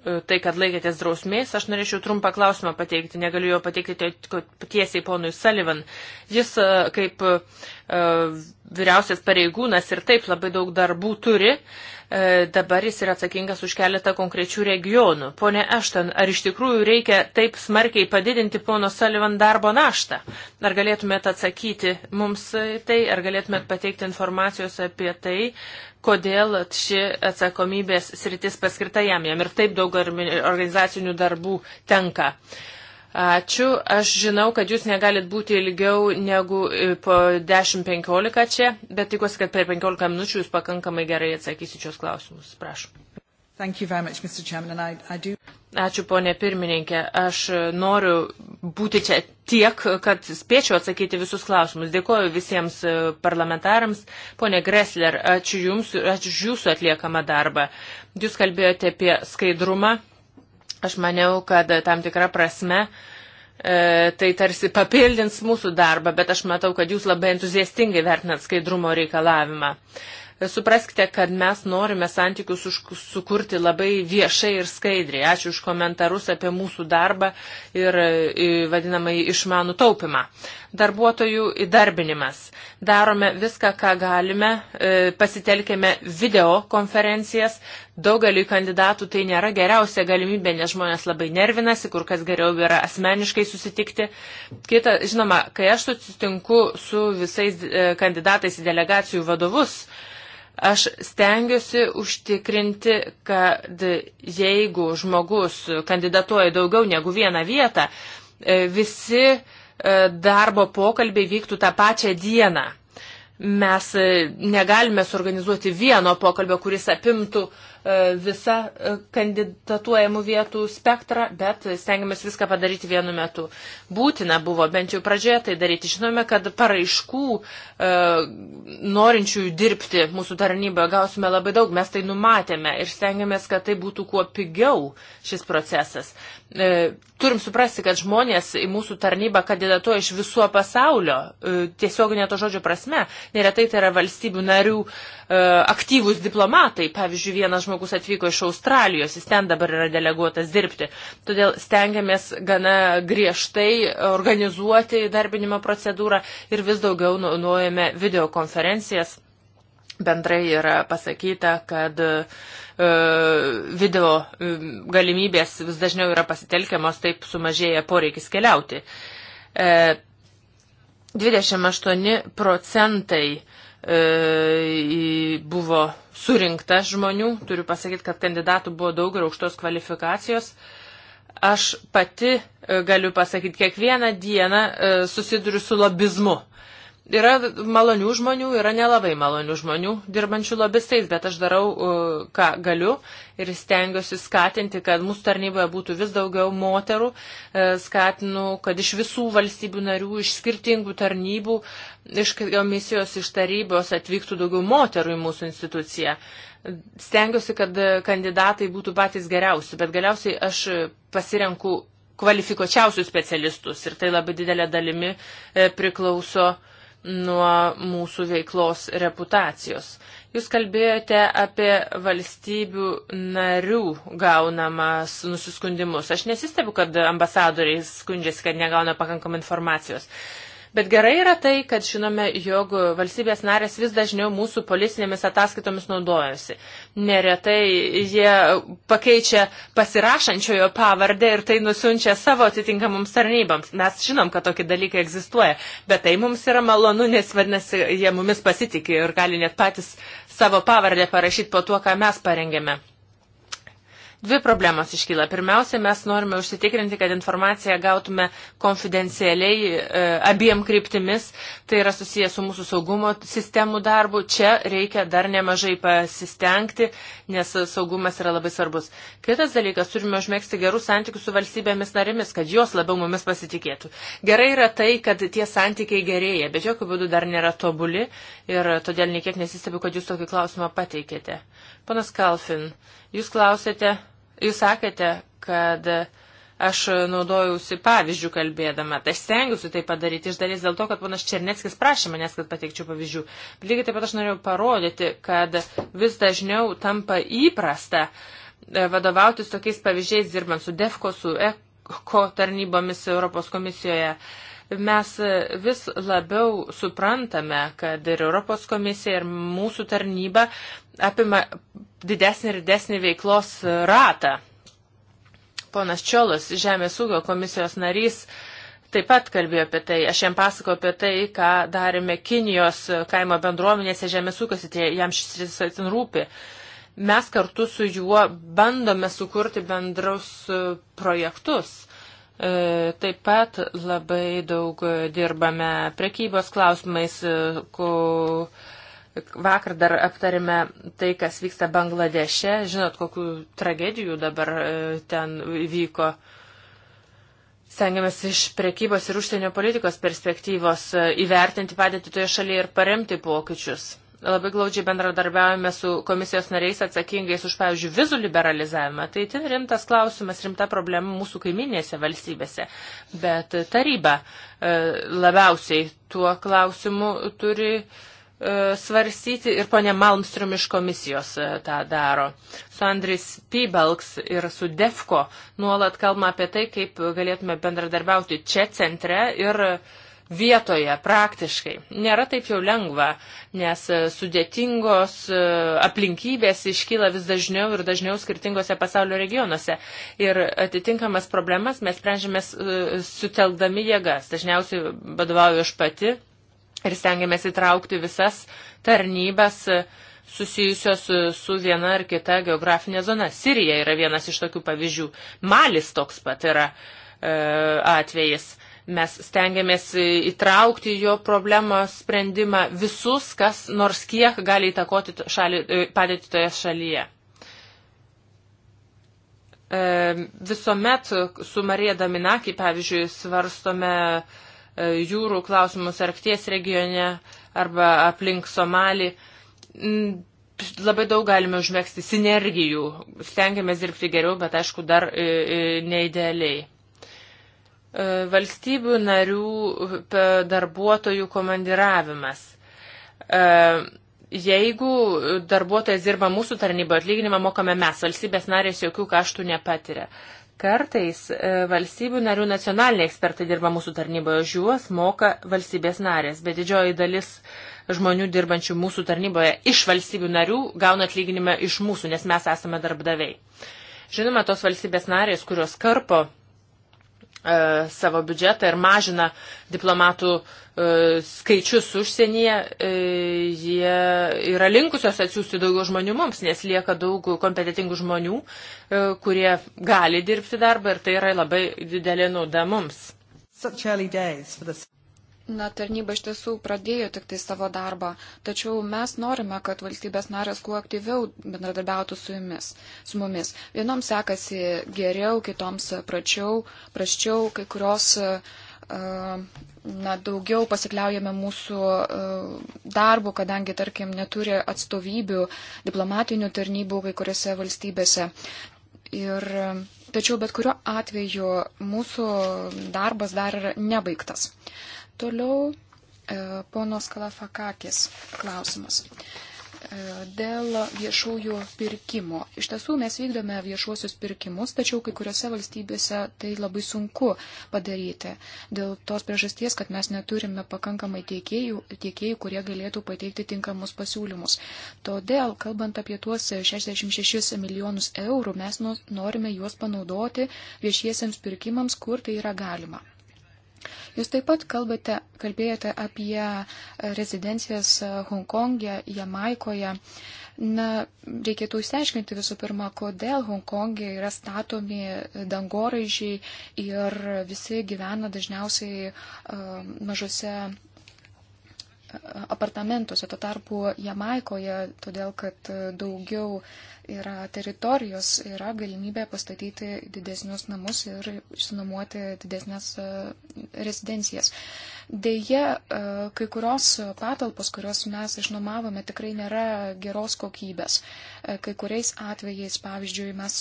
E, tai, kad laikėtės drausmės, aš norėčiau trumpą klausimą pateikti, negaliu jo pateikti tiesiai ponui Sullivan. Jis e, kaip e, vyriausias pareigūnas ir taip labai daug darbų turi, E, dabar jis yra atsakingas už keletą konkrečių regionų. Pone Ešton, ar iš tikrųjų reikia taip smarkiai padidinti pono Sullivan darbo naštą? Ar galėtumėt atsakyti mums tai, ar galėtumėt pateikti informacijos apie tai, kodėl ši atsakomybės sritis paskirta jam, jam ir taip daug organizacinių darbų tenka. Uh, Ačiū. Aš žinau, kad jūs negalit būti ilgiau negu e, po 10-15 čia, bet tikiuosi, kad per 15 minučių jūs pakankamai gerai atsakysit šios klausimus. Prašom. Much, Chairman, I, I do... Ačiū, ponė pirmininkė. Aš noriu būti čia tiek, kad spėčiau atsakyti visus klausimus. Dėkuoju visiems e, parlamentarams. Pone Gressler, ačiū Jums, ačiū Jūsų atliekamą darbą. Jūs kalbėjote apie skaidrumą Aš maniau, kad tam tikra prasme e, tai tarsi papildins mūsų darbą, bet aš matau, kad jūs labai entuziastingai vertinat skaidrumo reikalavimą. Supraskite, kad mes norime santykius už, sukurti labai viešai ir skaidriai. Ačiū už komentarus apie mūsų darbą ir e, vadinamai išmanų taupimą. Darbuotojų įdarbinimas. Darome viską, ką galime, e, pasitelkėme video konferencijas. Daugeliu kandidatų tai nėra geriausia galimybė, nes žmonės labai nervinasi, kur kas geriau yra asmeniškai susitikti. Kita, žinoma, kai aš susitinku su visais e, kandidatais į delegacijų vadovus, Aš stengiuosi užtikrinti, kad jeigu žmogus kandidatuoja daugiau negu vieną vietą, e, visi e, darbo pokalbiai vyktų tą pačią dieną. Mes e, negalime suorganizuoti vieno pokalbio, kuris apimtų uh, E, visą e, kandidatuojamų vietų spektrą, bet stengiamės viską padaryti vienu metu. Būtina buvo bent jau pradžioje tai daryti. Žinome, kad paraiškų e, norinčių dirbti mūsų tarnyboje gausime labai daug, mes tai numatėme ir stengiamės, kad tai būtų kuo pigiau šis procesas. Turim suprasti, kad žmonės į mūsų tarnybą kandidatuoja iš viso pasaulio, tiesioginė to žodžio prasme. Neretai tai yra valstybių narių uh, E, aktyvūs diplomatai. Pavyzdžiui, vienas žmogus atvyko iš Australijos, jis ten dabar yra deleguotas dirbti. Todėl stengiamės gana griežtai organizuoti darbinimo procedūrą ir vis daugiau nu, naudojame videokonferencijas. Bendrai yra pasakyta, kad e, video e, galimybės vis dažniau yra pasitelkiamos, taip sumažėja poreikis keliauti. 28 procentai E, buvo surinkta žmonių. Turiu pasakyti, kad kandidatų buvo daug ir aukštos kvalifikacijos. Aš pati e, galiu pasakyti, kiekvieną dieną e, susiduriu su lobizmu. Yra malonių žmonių, yra nelabai malonių žmonių dirbančių lobistais, bet aš darau, uh, ką galiu ir stengiuosi skatinti, kad mūsų tarnyboje būtų vis daugiau moterų, uh, skatinu, kad iš visų valstybių narių, iš skirtingų tarnybų, iš komisijos, iš tarybos atvyktų daugiau moterų į mūsų instituciją stengiuosi, kad uh, kandidatai būtų patys geriausi, bet galiausiai aš pasirenku kvalifikuočiausius specialistus ir tai labai didelė dalimi priklauso uh, nuo mūsų veiklos reputacijos. Jūs kalbėjote apie valstybių narių gaunamas nusiskundimus. Aš nesistebiu, kad ambasadoriai skundžiasi, kad negauna pakankamai informacijos. Bet gerai yra tai, kad žinome, jog valstybės narės vis dažniau mūsų policinėmis ataskaitomis naudojasi. Neretai jie pakeičia pasirašančiojo pavardę ir tai nusiunčia savo atitinkamoms tarnybams. Mes žinom, kad tokie dalykai egzistuoja, bet tai mums yra malonu, nes vadinasi, jie mumis pasitikė ir gali net patys savo pavardę parašyti po tuo, ką mes parengėme. Dvi problemos iškyla. Pirmiausia, mes norime užsitikrinti, kad informaciją gautume konfidencialiai e, abiem kryptimis. Tai yra susijęs su mūsų saugumo sistemų darbu. Čia reikia dar nemažai pasistengti, nes saugumas yra labai svarbus. Kitas dalykas, turime užmėgsti gerus santykius su valstybėmis narėmis, kad jos labiau mumis pasitikėtų. Gerai yra tai, kad tie santykiai gerėja, bet jokių būdų dar nėra tobuli ir todėl niekiek nesistebiu, kad jūs tokį klausimą pateikėte. Panas Kalfin, jūs klausėte, jūs sakėte, kad aš naudojausi pavyzdžių kalbėdama. Tai aš stengiuosi tai padaryti iš dalies dėl to, kad panas Černeckis prašė manęs, kad pateikčiau pavyzdžių. Bet lygiai taip pat aš norėjau parodyti, kad vis dažniau tampa įprasta e, vadovautis tokiais pavyzdžiais, dirbant su DEFCO, su ECO tarnybomis Europos komisijoje. Mes vis labiau suprantame, kad ir Europos komisija, ir mūsų tarnyba apima didesnį ir didesnį veiklos ratą. Ponas Čiolas, Žemės ūkio komisijos narys, taip pat kalbėjo apie tai. Aš jam pasakau apie tai, ką darėme Kinijos kaimo bendruomenėse Žemės ūkiuose, tai jam šis rytis atin rūpi. Mes kartu su juo bandome sukurti bendrus e, projektus. E, taip pat labai daug dirbame prekybos klausimais, e, ku, ko Vakar dar aptarėme tai, kas vyksta Bangladeše. Žinot, kokių tragedijų dabar e, ten vyko. Stengiamės iš prekybos ir užsienio politikos perspektyvos e, įvertinti padėtį toje šalyje ir paremti pokyčius. Labai glaudžiai bendradarbiavame su komisijos nariais atsakingais už, pavyzdžiui, vizų liberalizavimą. Tai ten rimtas klausimas, rimta problema mūsų kaiminėse valstybėse. Bet taryba e, labiausiai tuo klausimu turi E, svarstyti ir ponė Malmström iš komisijos e, tą daro. Su Andris Pybalks ir su Defko nuolat kalbama apie tai, kaip galėtume bendradarbiauti čia centre ir vietoje praktiškai. Nėra taip jau lengva, nes e, sudėtingos aplinkybės iškyla vis dažniau ir dažniau skirtingose pasaulio regionuose. Ir atitinkamas problemas mes sprendžiame suteldami jėgas. Dažniausiai vadovauju aš pati ir stengiamės įtraukti visas tarnybas susijusios su viena ar kita geografinė zona. Sirija yra vienas iš tokių pavyzdžių. Malis toks pat yra e, atvejis. Mes stengiamės įtraukti jo problemą sprendimą visus, kas nors kiek gali įtakoti šalį, e, padėti toje šalyje. E, visuomet su Marija Daminaki, pavyzdžiui, svarstome e, E, jūrų klausimus Arkties regione arba aplink Somalį. Mm, labai daug galime užmėgsti sinergijų. Stengiamės dirbti geriau, bet aišku, dar e, e, neidealiai. Valstybių narių darbuotojų komandiravimas jeigu darbuotojas dirba mūsų tarnyboje, atlyginimą mokame mes, valstybės narės jokių kaštų nepatiria. Kartais e, valstybių narių nacionaliniai ekspertai dirba mūsų tarnyboje, už juos moka valstybės narės, bet didžioji dalis žmonių dirbančių mūsų tarnyboje iš valstybių narių gauna atlyginimą iš mūsų, nes mes esame darbdaviai. Žinoma, tos valstybės narės, kurios karpo E, savo biudžetą ir mažina diplomatų e, skaičius užsienyje, e, jie yra linkusios atsiųsti daugiau žmonių mums, nes lieka daug kompetitingų žmonių, kurie gali dirbti darbą ir tai yra labai didelė nauda mums. Na, tarnyba iš tiesų pradėjo tik tai savo darbą, tačiau mes norime, kad valstybės narės kuo aktyviau bendradarbiautų su, jumis, su mumis. Vienoms sekasi geriau, kitoms pračiau, praščiau, kai kurios e, na, daugiau pasikliaujame mūsų e, darbu, kadangi, tarkim, neturi atstovybių diplomatinių tarnybų kai kuriuose valstybėse. Ir, tačiau bet kuriuo atveju mūsų darbas dar yra nebaigtas. Uh, Toliau e, ponos Kalafakakis klausimas. E, dėl viešųjų pirkimų. Iš tiesų mes vykdome viešuosius pirkimus, tačiau kai kuriuose valstybėse tai labai sunku padaryti. Dėl tos priežasties, kad mes neturime pakankamai tiekėjų, tiekėjų kurie galėtų pateikti tinkamus pasiūlymus. Todėl, kalbant apie tuos 66 milijonus eurų, mes nu, norime juos panaudoti viešiesiems pirkimams, kur tai yra galima. Jūs taip pat kalbate, kalbėjote apie rezidencijas Hongkongė, Jamaikoje. Na, reikėtų išsiaiškinti visų pirma, kodėl Hongkongė yra statomi dangoraižiai ir visi gyvena dažniausiai mažose apartamentuose, tuo tarpu Jamaikoje, todėl kad daugiau yra teritorijos, yra galimybė pastatyti didesnius namus ir išsinuomoti didesnės e, rezidencijas. Deja, e, kai kurios patalpos, kurios mes išnuomavome, tikrai nėra geros kokybės. E, kai kuriais atvejais, pavyzdžiui, mes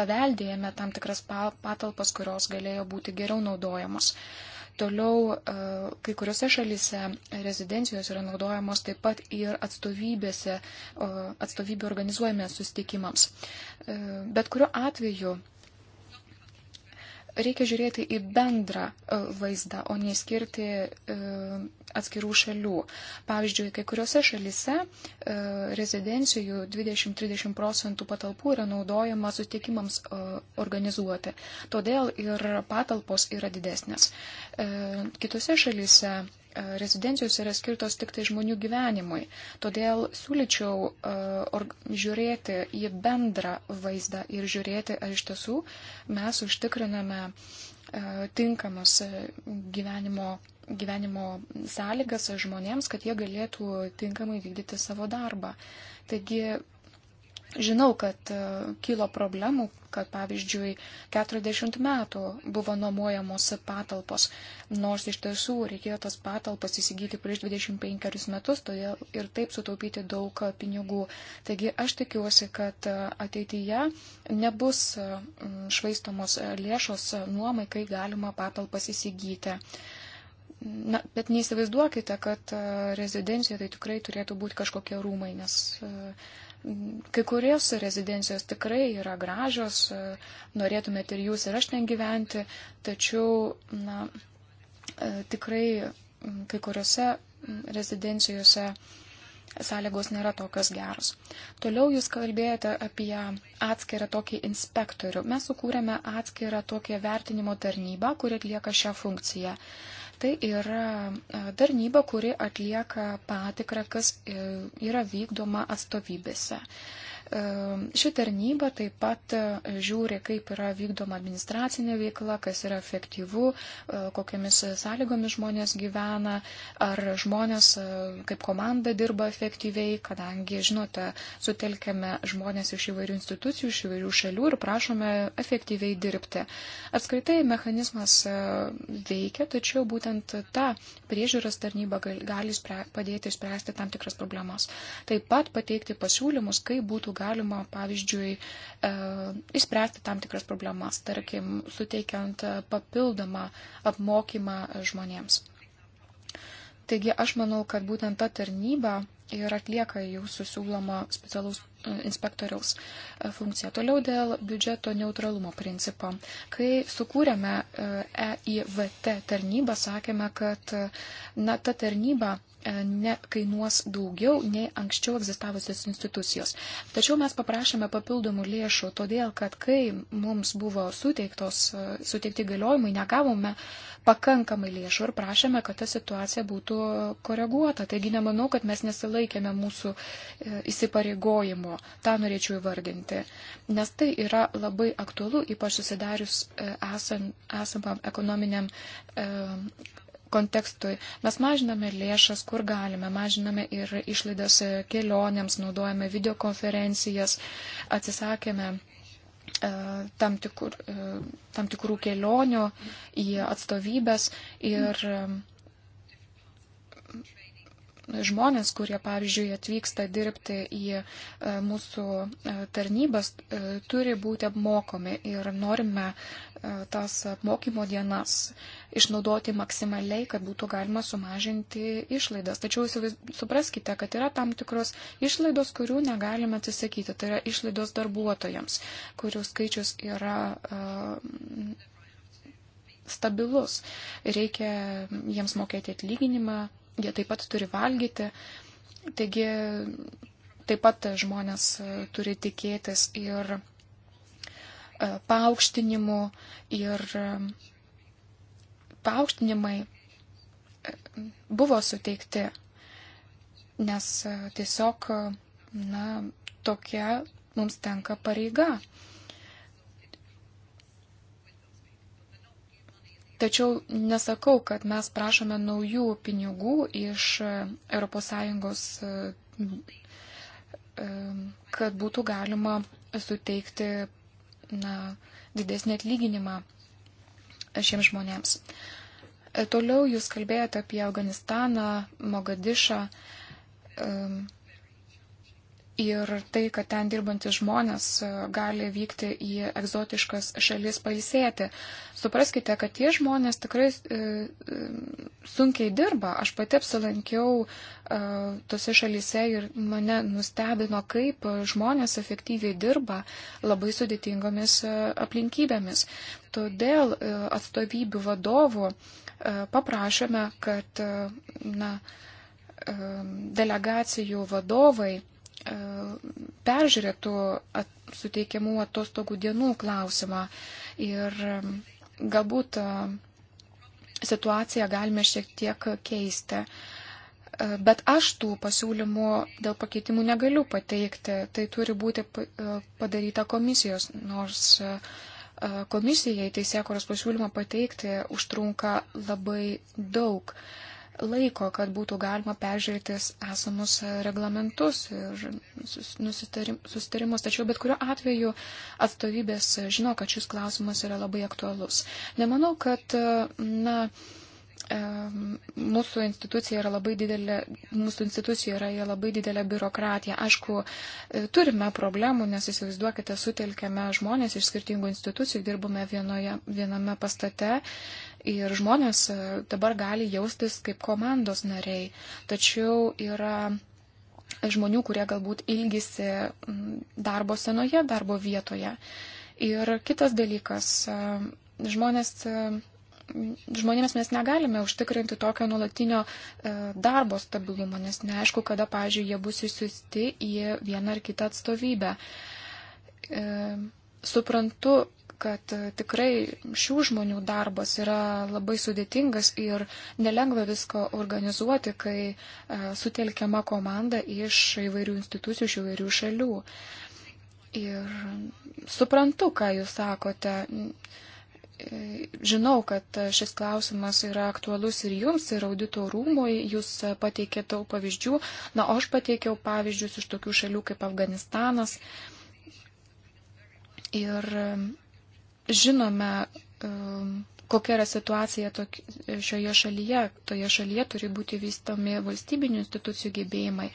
paveldėjame tam tikras patalpas, kurios galėjo būti geriau naudojamos. Uh, Toliau e, kai kuriuose šalise rezidencijos yra naudojamos taip pat ir atstovybėse, atstovybių organizuojame sustikimams. E, bet kuriuo atveju reikia žiūrėti į bendrą e, vaizdą, o neskirti e, atskirų šalių. Pavyzdžiui, kai kuriuose šalise e, rezidencijų 20-30 procentų patalpų yra naudojama sutikimams organizuoti. Todėl ir patalpos yra didesnės. Kitose šalise E, rezidencijos yra skirtos tik tai žmonių gyvenimui. Todėl siūlyčiau e, or, žiūrėti į bendrą vaizdą ir žiūrėti, ar iš tiesų mes užtikriname e, tinkamas gyvenimo, gyvenimo sąlygas žmonėms, kad jie galėtų tinkamai vykdyti savo darbą. Taigi Žinau, kad e, kilo problemų, kad pavyzdžiui 40 metų buvo nuomojamos patalpos, nors iš tiesų reikėjo tas patalpas įsigyti prieš 25 metus, todėl ir taip sutaupyti daug e, pinigų. Taigi aš tikiuosi, kad e, ateityje nebus švaistomos lėšos nuomai, kai galima patalpas įsigyti. Na, bet neįsivaizduokite, kad rezidencija tai tikrai turėtų būti kažkokie rūmai, nes uh, Kai kurios rezidencijos tikrai yra gražios, norėtumėte ir jūs ir aš ten gyventi, tačiau na, e, tikrai kai kuriuose rezidencijose sąlygos nėra tokios geros. Toliau jūs kalbėjote apie atskirą tokį inspektorių. Mes sukūrėme atskirą tokią vertinimo tarnybą, kuri atlieka šią funkciją. Tai yra tarnyba, kuri atlieka patikrą, kas e, yra vykdoma atstovybėse. Ši tarnyba taip pat e, žiūri, kaip yra vykdoma administracinė veikla, kas yra efektyvu, e, kokiamis sąlygomis žmonės gyvena, ar žmonės e, kaip komanda dirba efektyviai, kadangi, žinote, sutelkiame žmonės iš įvairių institucijų, iš įvairių šalių ir prašome efektyviai dirbti. Apskritai mechanizmas veikia, tačiau būtent ta priežiūros tarnyba gali padėti išspręsti tam tikras problemas. Taip pat pateikti pasiūlymus, kaip būtų galima, pavyzdžiui, e, išspręsti tam tikras problemas, tarkim, suteikiant e, papildomą apmokymą žmonėms. Taigi aš manau, kad būtent ta tarnyba ir atlieka jūsų siūloma specialaus e, inspektoriaus funkciją. Toliau dėl biudžeto neutralumo principo. Kai sukūrėme EIVT tarnybą, sakėme, kad na, ta tarnyba E, nekainuos daugiau nei anksčiau egzistavusios institucijos. Tačiau mes paprašėme papildomų lėšų, todėl kad kai mums buvo e, suteikti galiojimai, negavome pakankamai lėšų ir prašėme, kad ta situacija būtų koreguota. Taigi nemanau, kad mes nesilaikėme mūsų e, įsipareigojimo. Ta norėčiau įvardinti. Nes tai yra labai aktualu, ypač susidarius esam, esamam ekonominiam kontekstui. Mes mažiname lėšas, kur galime, mažiname ir išlaidas kelionėms, naudojame videokonferencijas, atsisakėme e, tam, tikur, e, tam tikrų kelionių į atstovybės ir. Mm žmonės, kurie, pavyzdžiui, atvyksta dirbti į e, mūsų e, tarnybas, e, turi būti apmokomi ir norime tas apmokymo dienas išnaudoti maksimaliai, kad būtų galima sumažinti išlaidas. Tačiau supraskite, kad yra tam tikros išlaidos, kurių negalime atsisakyti. Tai yra išlaidos darbuotojams, kurių skaičius yra. Uh, stabilus. Reikia jiems mokėti atlyginimą, jie taip pat turi valgyti. Taigi taip pat žmonės e, turi tikėtis ir e, paaukštinimų, ir e, paaukštinimai buvo suteikti, nes tiesiog, na, tokia mums tenka pareiga. Tačiau nesakau, kad mes prašome naujų pinigų iš ES, e, e, kad būtų galima suteikti na, didesnį atlyginimą šiems žmonėms. E, toliau jūs kalbėjote apie Afganistaną, Mogadišą. Um, Ir tai, kad ten dirbantis žmonės e, gali vykti į egzotiškas šalis pailsėti. Supraskite, kad tie žmonės tikrai e, e, sunkiai dirba. Aš pati apsilankiau e, tose šalyse ir mane nustebino, kaip žmonės efektyviai dirba labai sudėtingomis e, aplinkybėmis. Todėl e, atstovybių vadovų e, paprašėme, kad e, na, e, delegacijų vadovai E, peržiūrėtų at, suteikiamų atostogų dienų klausimą ir e, galbūt e, situaciją galime šiek tiek keisti. Bet aš tų pasiūlymų dėl pakeitimų negaliu pateikti. Tai turi būti padaryta komisijos, nors komisijai teisėkoros pasiūlymą pateikti užtrunka labai daug laiko, kad būtų galima peržiūrėti esamus reglamentus ir susitarimus. Tačiau bet kuriuo atveju atstovybės žino, kad šis klausimas yra labai aktualus. Nemanau, kad na, mūsų institucija yra labai didelė, mūsų institucija yra labai didelė biurokratija. Aišku, e, turime problemų, nes įsivaizduokite, sutelkėme žmonės iš skirtingų institucijų, dirbame vienoje, viename pastate ir žmonės e, dabar gali jaustis kaip komandos nariai, tačiau yra žmonių, kurie galbūt ilgisi darbo senoje darbo vietoje. Ir kitas dalykas, e, žmonės, e, žmonėms mes negalime užtikrinti tokio nulatinio darbo stabilumo, nes neaišku, kada, pažiūrėjau, jie bus įsiusti į vieną ar kitą atstovybę suprantu, kad e, tikrai šių žmonių darbas yra labai sudėtingas ir nelengva viską organizuoti, kai e, sutelkiama komanda iš įvairių institucijų, iš įvairių šalių. Ir suprantu, ką jūs sakote. E, žinau, kad šis klausimas yra aktualus ir jums, ir audito rūmui, jūs pateikėte daug pavyzdžių, na, aš pateikiau pavyzdžius iš tokių šalių kaip Afganistanas. Uh, Ir žinome, kokia yra situacija toki, šioje šalyje. Toje šalyje turi būti vystomi valstybinių institucijų gebėjimai.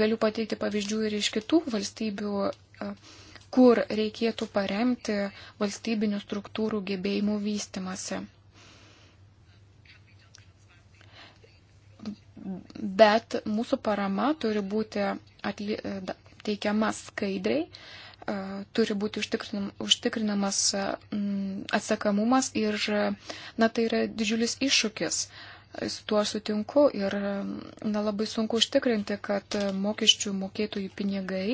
Galiu pateikti pavyzdžių ir iš kitų valstybių, e, kur reikėtų paremti valstybinių struktūrų gebėjimų vystimasi. Bet mūsų parama turi būti atli, e, teikiama skaidriai, E, turi būti užtikrinam, užtikrinamas e, atsakamumas ir, na, tai yra didžiulis iššūkis. Su tuo sutinku ir, na, labai sunku užtikrinti, kad mokesčių mokėtojų pinigai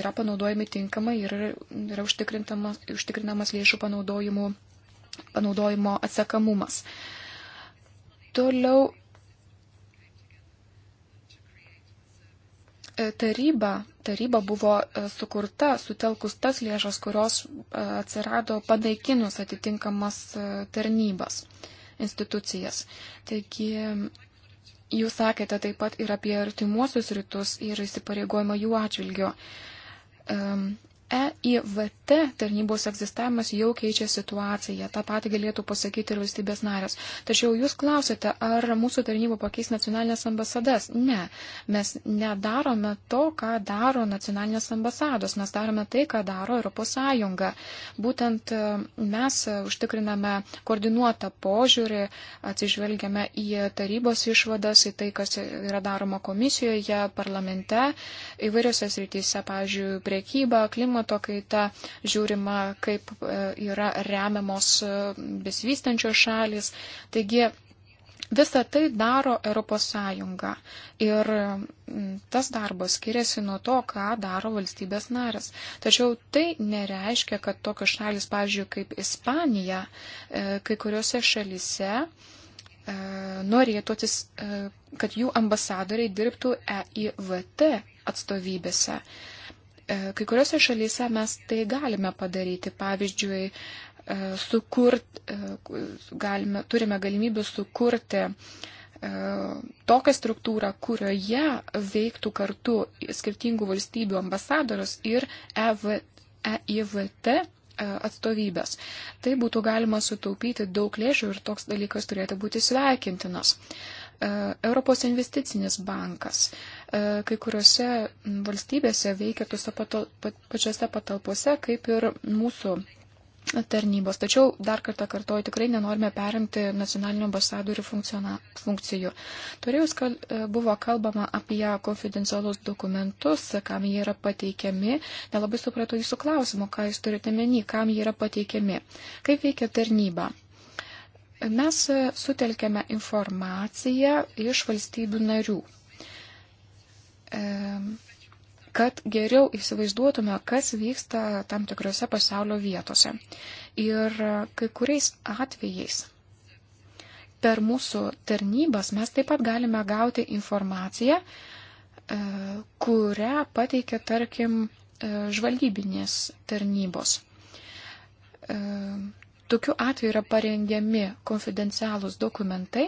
yra panaudojami tinkamai ir yra užtikrinamas, užtikrinamas lėšų panaudojimo atsakamumas. Toliau E, taryba, taryba buvo e, sukurta sutelkus tas lėšas, kurios e, atsirado panaikinus atitinkamas tarnybas, institucijas. Taigi, jūs sakėte taip pat ir apie artimuosius rytus ir įsipareigojimą jų atžvilgiu. EIVT tarnybos egzistavimas jau keičia situaciją. Ta pati galėtų pasakyti ir valstybės narės. Tačiau jūs klausite, ar mūsų tarnyba pakeis nacionalinės ambasadas? Ne. Mes nedarome to, ką daro nacionalinės ambasados. Mes darome tai, ką daro ES. Būtent e, mes užtikriname koordinuotą požiūrį, atsižvelgiame į tarybos išvadas, į tai, kas yra daroma komisijoje, parlamente, įvairiose srityse, pavyzdžiui, priekyba, klimatas klimato kaita, žiūrima, kaip e, yra remiamos e, besivystančios šalis. Taigi Visą tai daro ES ir tas darbas skiriasi nuo to, ką daro valstybės narės. Tačiau tai nereiškia, kad tokios šalis, pavyzdžiui, kaip Ispanija, e, kai kuriuose šalise norėtų, atis, kad jų ambasadoriai dirbtų EIVT atstovybėse. E, kai kuriuose šalyse mes tai galime padaryti. Pavyzdžiui, e, sukurt, e, galime, turime galimybių sukurti tokią struktūrą, kurioje veiktų kartu skirtingų valstybių ambasadorius ir EV, EIVT atstovybės. Tai būtų galima sutaupyti daug lėšų ir toks dalykas turėtų būti sveikintinas. Europos investicinis bankas. E, kai kuriuose valstybėse veikia tose patal, pačiose patalpose, kaip ir mūsų tarnybos. Tačiau dar kartą kartoju, tikrai nenorime perimti nacionalinių ambasadorių funkcijų. Turėjus kal, e, buvo kalbama apie konfidencialus dokumentus, kam jie yra pateikiami. Nelabai supratau jūsų klausimų, ką jūs turite meni, kam jie yra pateikiami. Kaip veikia tarnyba? Mes sutelkėme informaciją iš valstybių narių. E, kad geriau įsivaizduotume, kas vyksta tam tikrose pasaulio vietose. Ir kai kuriais atvejais per mūsų tarnybas mes taip pat galime gauti informaciją, e, kurią pateikia, tarkim, e, žvalgybinės tarnybos. Tokiu atveju yra parengiami konfidencialūs dokumentai,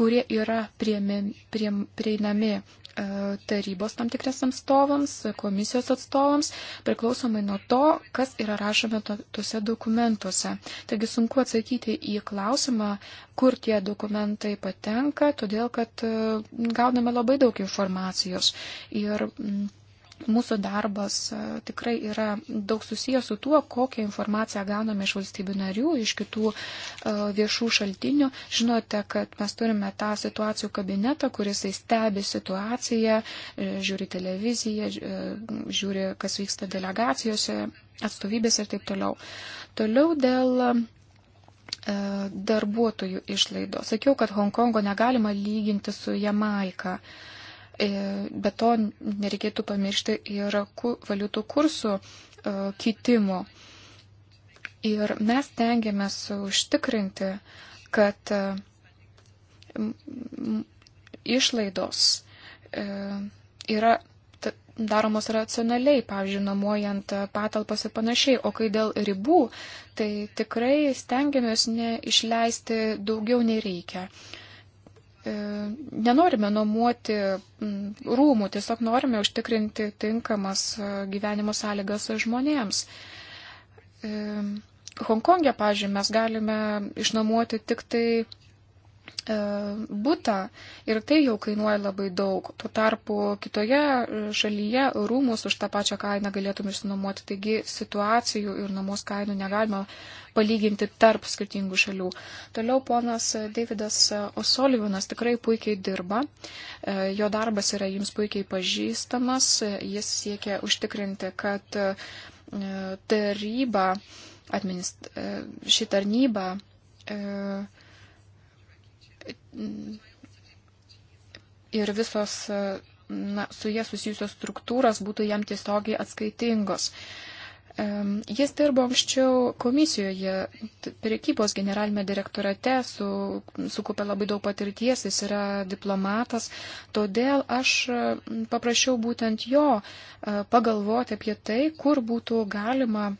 kurie yra prieinami E, tarybos tam tikras atstovams, komisijos atstovams, priklausomai nuo to, kas yra rašoma tuose dokumentuose. Taigi sunku atsakyti į klausimą, kur tie dokumentai patenka, todėl kad e, gauname labai daug informacijos. Ir, mm, mūsų darbas e, tikrai yra daug susijęs su tuo, kokią informaciją gauname iš valstybių narių, iš kitų e, viešų šaltinių. Žinote, kad mes turime tą situacijų kabinetą, kuris stebi situaciją, e, žiūri televiziją, žiūri, kas vyksta delegacijose, atstovybėse ir taip toliau. Toliau dėl darbuotojų išlaido. Sakiau, kad Hongkongo negalima lyginti su Jamaika. Uh, E, be to nereikėtų pamiršti ir valiutų kursų e, kitimo. Ir mes tengiamės užtikrinti, kad e, išlaidos yra daromos racionaliai, pavyzdžiui, namuojant patalpas ir panašiai. O kai dėl ribų, tai tikrai stengiamės neišleisti daugiau nei reikia. E, nenorime nuomuoti rūmų, tiesiog norime užtikrinti tinkamas e, gyvenimo sąlygas žmonėms. E, Hongkongė, pažiūrėjau, mes galime išnuomoti tik tai E, būtą ir tai jau kainuoja labai daug. Tuo tarpu kitoje e, šalyje rūmus už tą pačią kainą galėtum išsinuomoti. Taigi situacijų ir nuomos kainų negalima palyginti tarp skirtingų šalių. Toliau ponas Davidas Osolivinas tikrai puikiai dirba. E, jo darbas yra jums puikiai pažįstamas. Jis siekia užtikrinti, kad taryba, administ... ši tarnyba Mm. ir visos na, su jie susijusios struktūros būtų jam tiesiogiai atskaitingos. Jis dirbo anksčiau komisijoje, priekybos generalinėme direktorate, su, sukupė labai daug patirties, jis yra diplomatas, todėl aš paprašiau būtent jo e, pagalvoti apie tai, kur būtų galima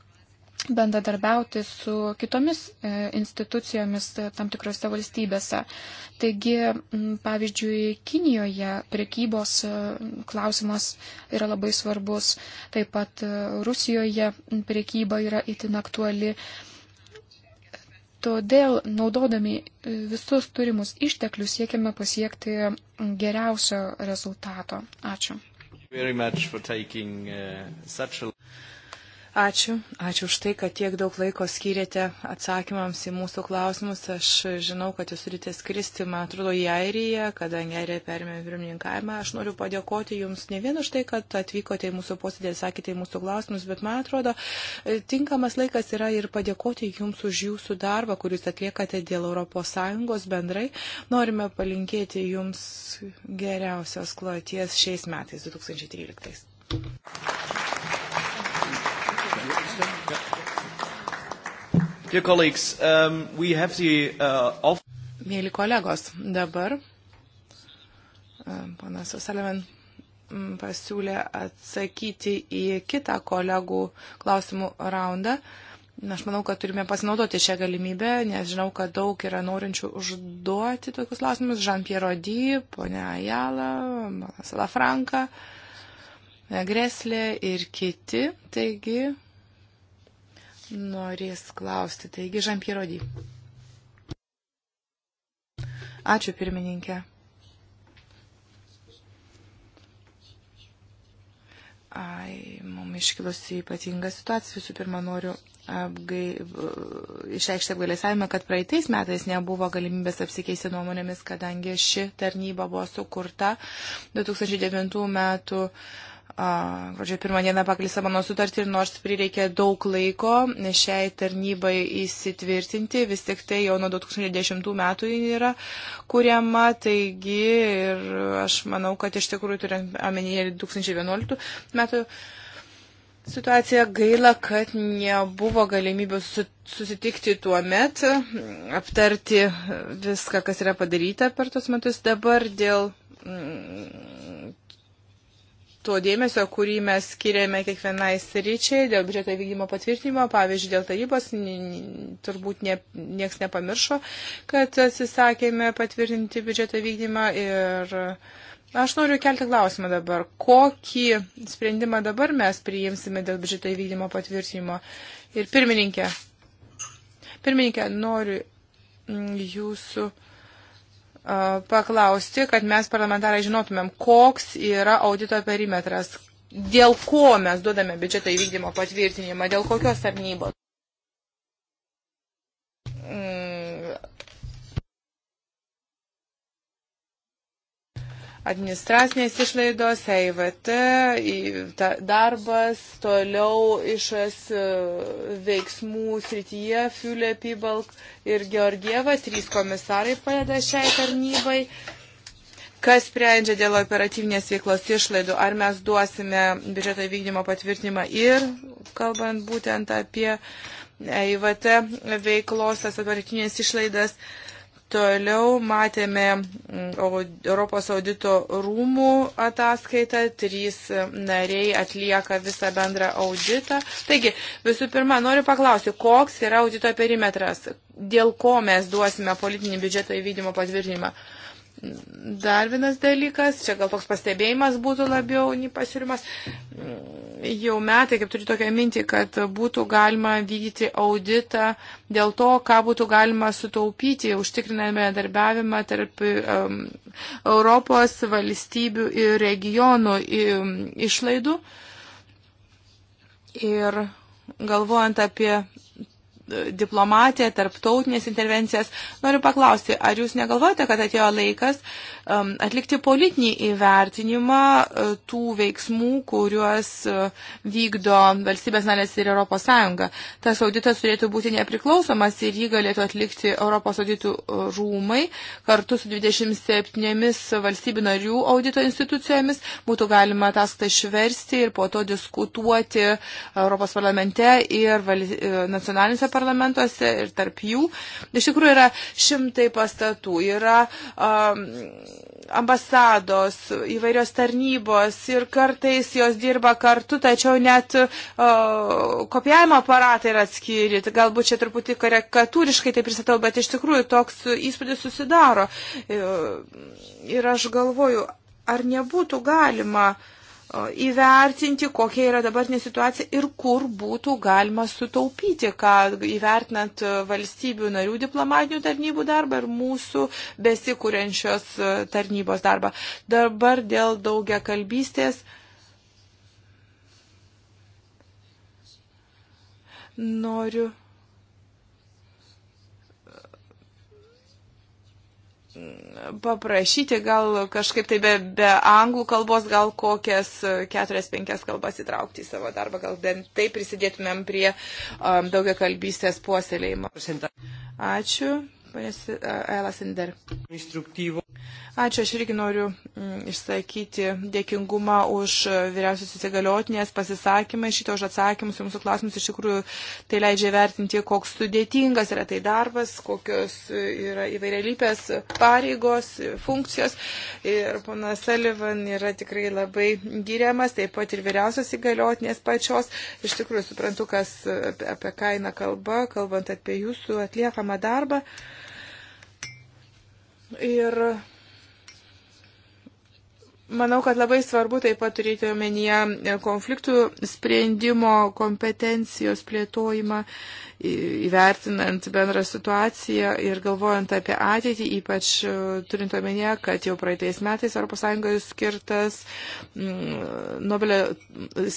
bendradarbiauti su kitomis e, institucijomis e, tam tikrose valstybėse. Taigi, pavyzdžiui, Kinijoje prekybos e, klausimas yra labai svarbus, taip pat Rusijoje prekyba yra itin aktuali. Todėl, naudodami visus turimus išteklius, siekiame pasiekti geriausio rezultato. Ačiū. Very much for taking uh, such a... Ačiū. Ačiū už tai, kad tiek daug laiko skyrėte atsakymams į mūsų klausimus. Aš žinau, kad jūs turite skristi, man atrodo, į Airiją, kadangi Airija perėmė pirmininkavimą. Aš noriu padėkoti jums ne vien už tai, kad atvykote į mūsų posėdį ir sakėte į mūsų klausimus, bet man atrodo, e, tinkamas laikas yra ir padėkoti jums už jūsų darbą, kuris atliekate dėl ES bendrai. Norime palinkėti jums geriausios kloties šiais metais, 2013. Thank you. Dear colleagues, um, we have the uh, off. Mėly kolegos, dabar uh, panas O'Sullivan mm, pasiūlė atsakyti į kitą kolegų klausimų raundą. Aš manau, kad turime pasinaudoti šią galimybę, nes žinau, kad daug yra norinčių užduoti tokius klausimus. Jean-Pierre Rodi, ponia Ajala, Salafranka, Greslė ir kiti. Taigi, norės klausti. Taigi, Žampirodį. Ačiū, pirmininkė. Ai, mums iškilusi ypatinga situacija. Visų pirma, noriu apgai, išreikšti apgalėsavimą, kad praeitais metais nebuvo galimybės apsikeisti nuomonėmis, kadangi ši tarnyba buvo sukurta 2009 metų gruodžio pirmą dieną pagal Lisabono sutartį ir nors prireikė daug laiko šiai tarnybai įsitvirtinti, vis tik tai jau nuo 2010 metų jin yra kuriama, taigi ir aš manau, kad iš tikrųjų turint omenyje 2011 metų situaciją gaila, kad nebuvo galimybė susitikti tuo met, aptarti viską, kas yra padaryta per tos metus dabar dėl mm, to dėmesio, kurį mes skiriame kiekvienai sričiai dėl biudžeto įvykdymo patvirtinimo, pavyzdžiui, dėl tarybos, turbūt ne, nieks nepamiršo, kad atsisakėme patvirtinti biudžeto įvykdymą ir aš noriu kelti klausimą dabar, kokį sprendimą dabar mes priimsime dėl biudžeto įvykdymo patvirtinimo. Ir pirmininkė, pirmininkė, noriu jūsų paklausti, kad mes parlamentarai žinotumėm, koks yra audito perimetras, dėl ko mes duodame biudžeto įvykdymo patvirtinimą, dėl kokios tarnybos. Mm administracinės išlaidos, EIVT, darbas, toliau išas e, veiksmų srityje, Fiulė, Pibalk ir Georgieva, trys komisarai padeda šiai tarnybai. Kas sprendžia dėl operatyvinės veiklos išlaidų, ar mes duosime biudžeto įvykdymo patvirtinimą ir, kalbant būtent apie EIVT veiklos, tas operatyvinės išlaidas, uh, Toliau matėme mm, Europos audito rūmų ataskaitą, trys nariai atlieka visą bendrą auditą. Taigi, visų pirma, noriu paklausti, koks yra audito perimetras, dėl ko mes duosime politinį biudžeto įvykdymo patvirtinimą. Uh, Dar vienas dalykas, čia gal toks pastebėjimas būtų labiau nei pasiūlymas. Jau metai, kaip turiu tokią mintį, kad būtų galima vykdyti auditą dėl to, ką būtų galima sutaupyti, užtikriname darbiavimą tarp um, Europos valstybių ir regionų išlaidų. Ir galvojant apie diplomatiją, tarptautinės intervencijas. Noriu paklausti, ar jūs negalvojate, kad atėjo laikas um, atlikti politinį įvertinimą uh, tų veiksmų, kuriuos uh, vykdo valstybės narės ir ES? Tas auditas turėtų būti nepriklausomas ir jį galėtų atlikti Europos auditų uh, rūmai kartu su 27 valstybių narių audito institucijomis. Būtų galima ataskaitą išversti ir po to diskutuoti Europos parlamente ir uh, nacionalinėse parlamentuose ir tarp jų. Iš tikrųjų yra šimtai pastatų, yra um, ambasados, įvairios tarnybos ir kartais jos dirba kartu, tačiau net uh, kopijavimo aparatai yra atskiri. Tai galbūt čia truputį karikatūriškai tai pristatau, bet iš tikrųjų toks įspūdis susidaro. Ir aš galvoju, ar nebūtų galima uh, įvertinti, kokia yra dabartinė situacija ir kur būtų galima sutaupyti, ką įvertinant valstybių narių diplomatinių tarnybų darbą ir mūsų besikūrenčios e, tarnybos darbą. Dabar dėl daugia kalbystės. Noriu paprašyti gal kažkaip tai be, be anglų kalbos, gal kokias e, keturias, penkias kalbas įtraukti į savo darbą, gal bent tai prisidėtumėm prie um, daugia kalbystės puoselėjimo. Ačiū, ponės Elasender. Instruktyvo. Ačiū, aš irgi noriu mm, išsakyti dėkingumą už vyriausios įsigaliotinės pasisakymą, šitą už atsakymus, jums klausimus iš tikrųjų tai leidžia vertinti, koks sudėtingas yra tai darbas, kokios yra įvairialypės pareigos, funkcijos. Ir ponas Sullivan yra tikrai labai gyriamas, taip pat ir vyriausios įgaliotinės pačios. Iš tikrųjų suprantu, kas apie ką eina kalba, kalbant apie jūsų atliekamą darbą. Darbą. Ir manau, kad labai svarbu taip pat turėti omenyje konfliktų sprendimo kompetencijos plėtojimą, įvertinant bendrą situaciją ir galvojant apie ateitį, ypač e, turint omenyje, kad jau praeitais metais ES skirtas mm, Nobelio,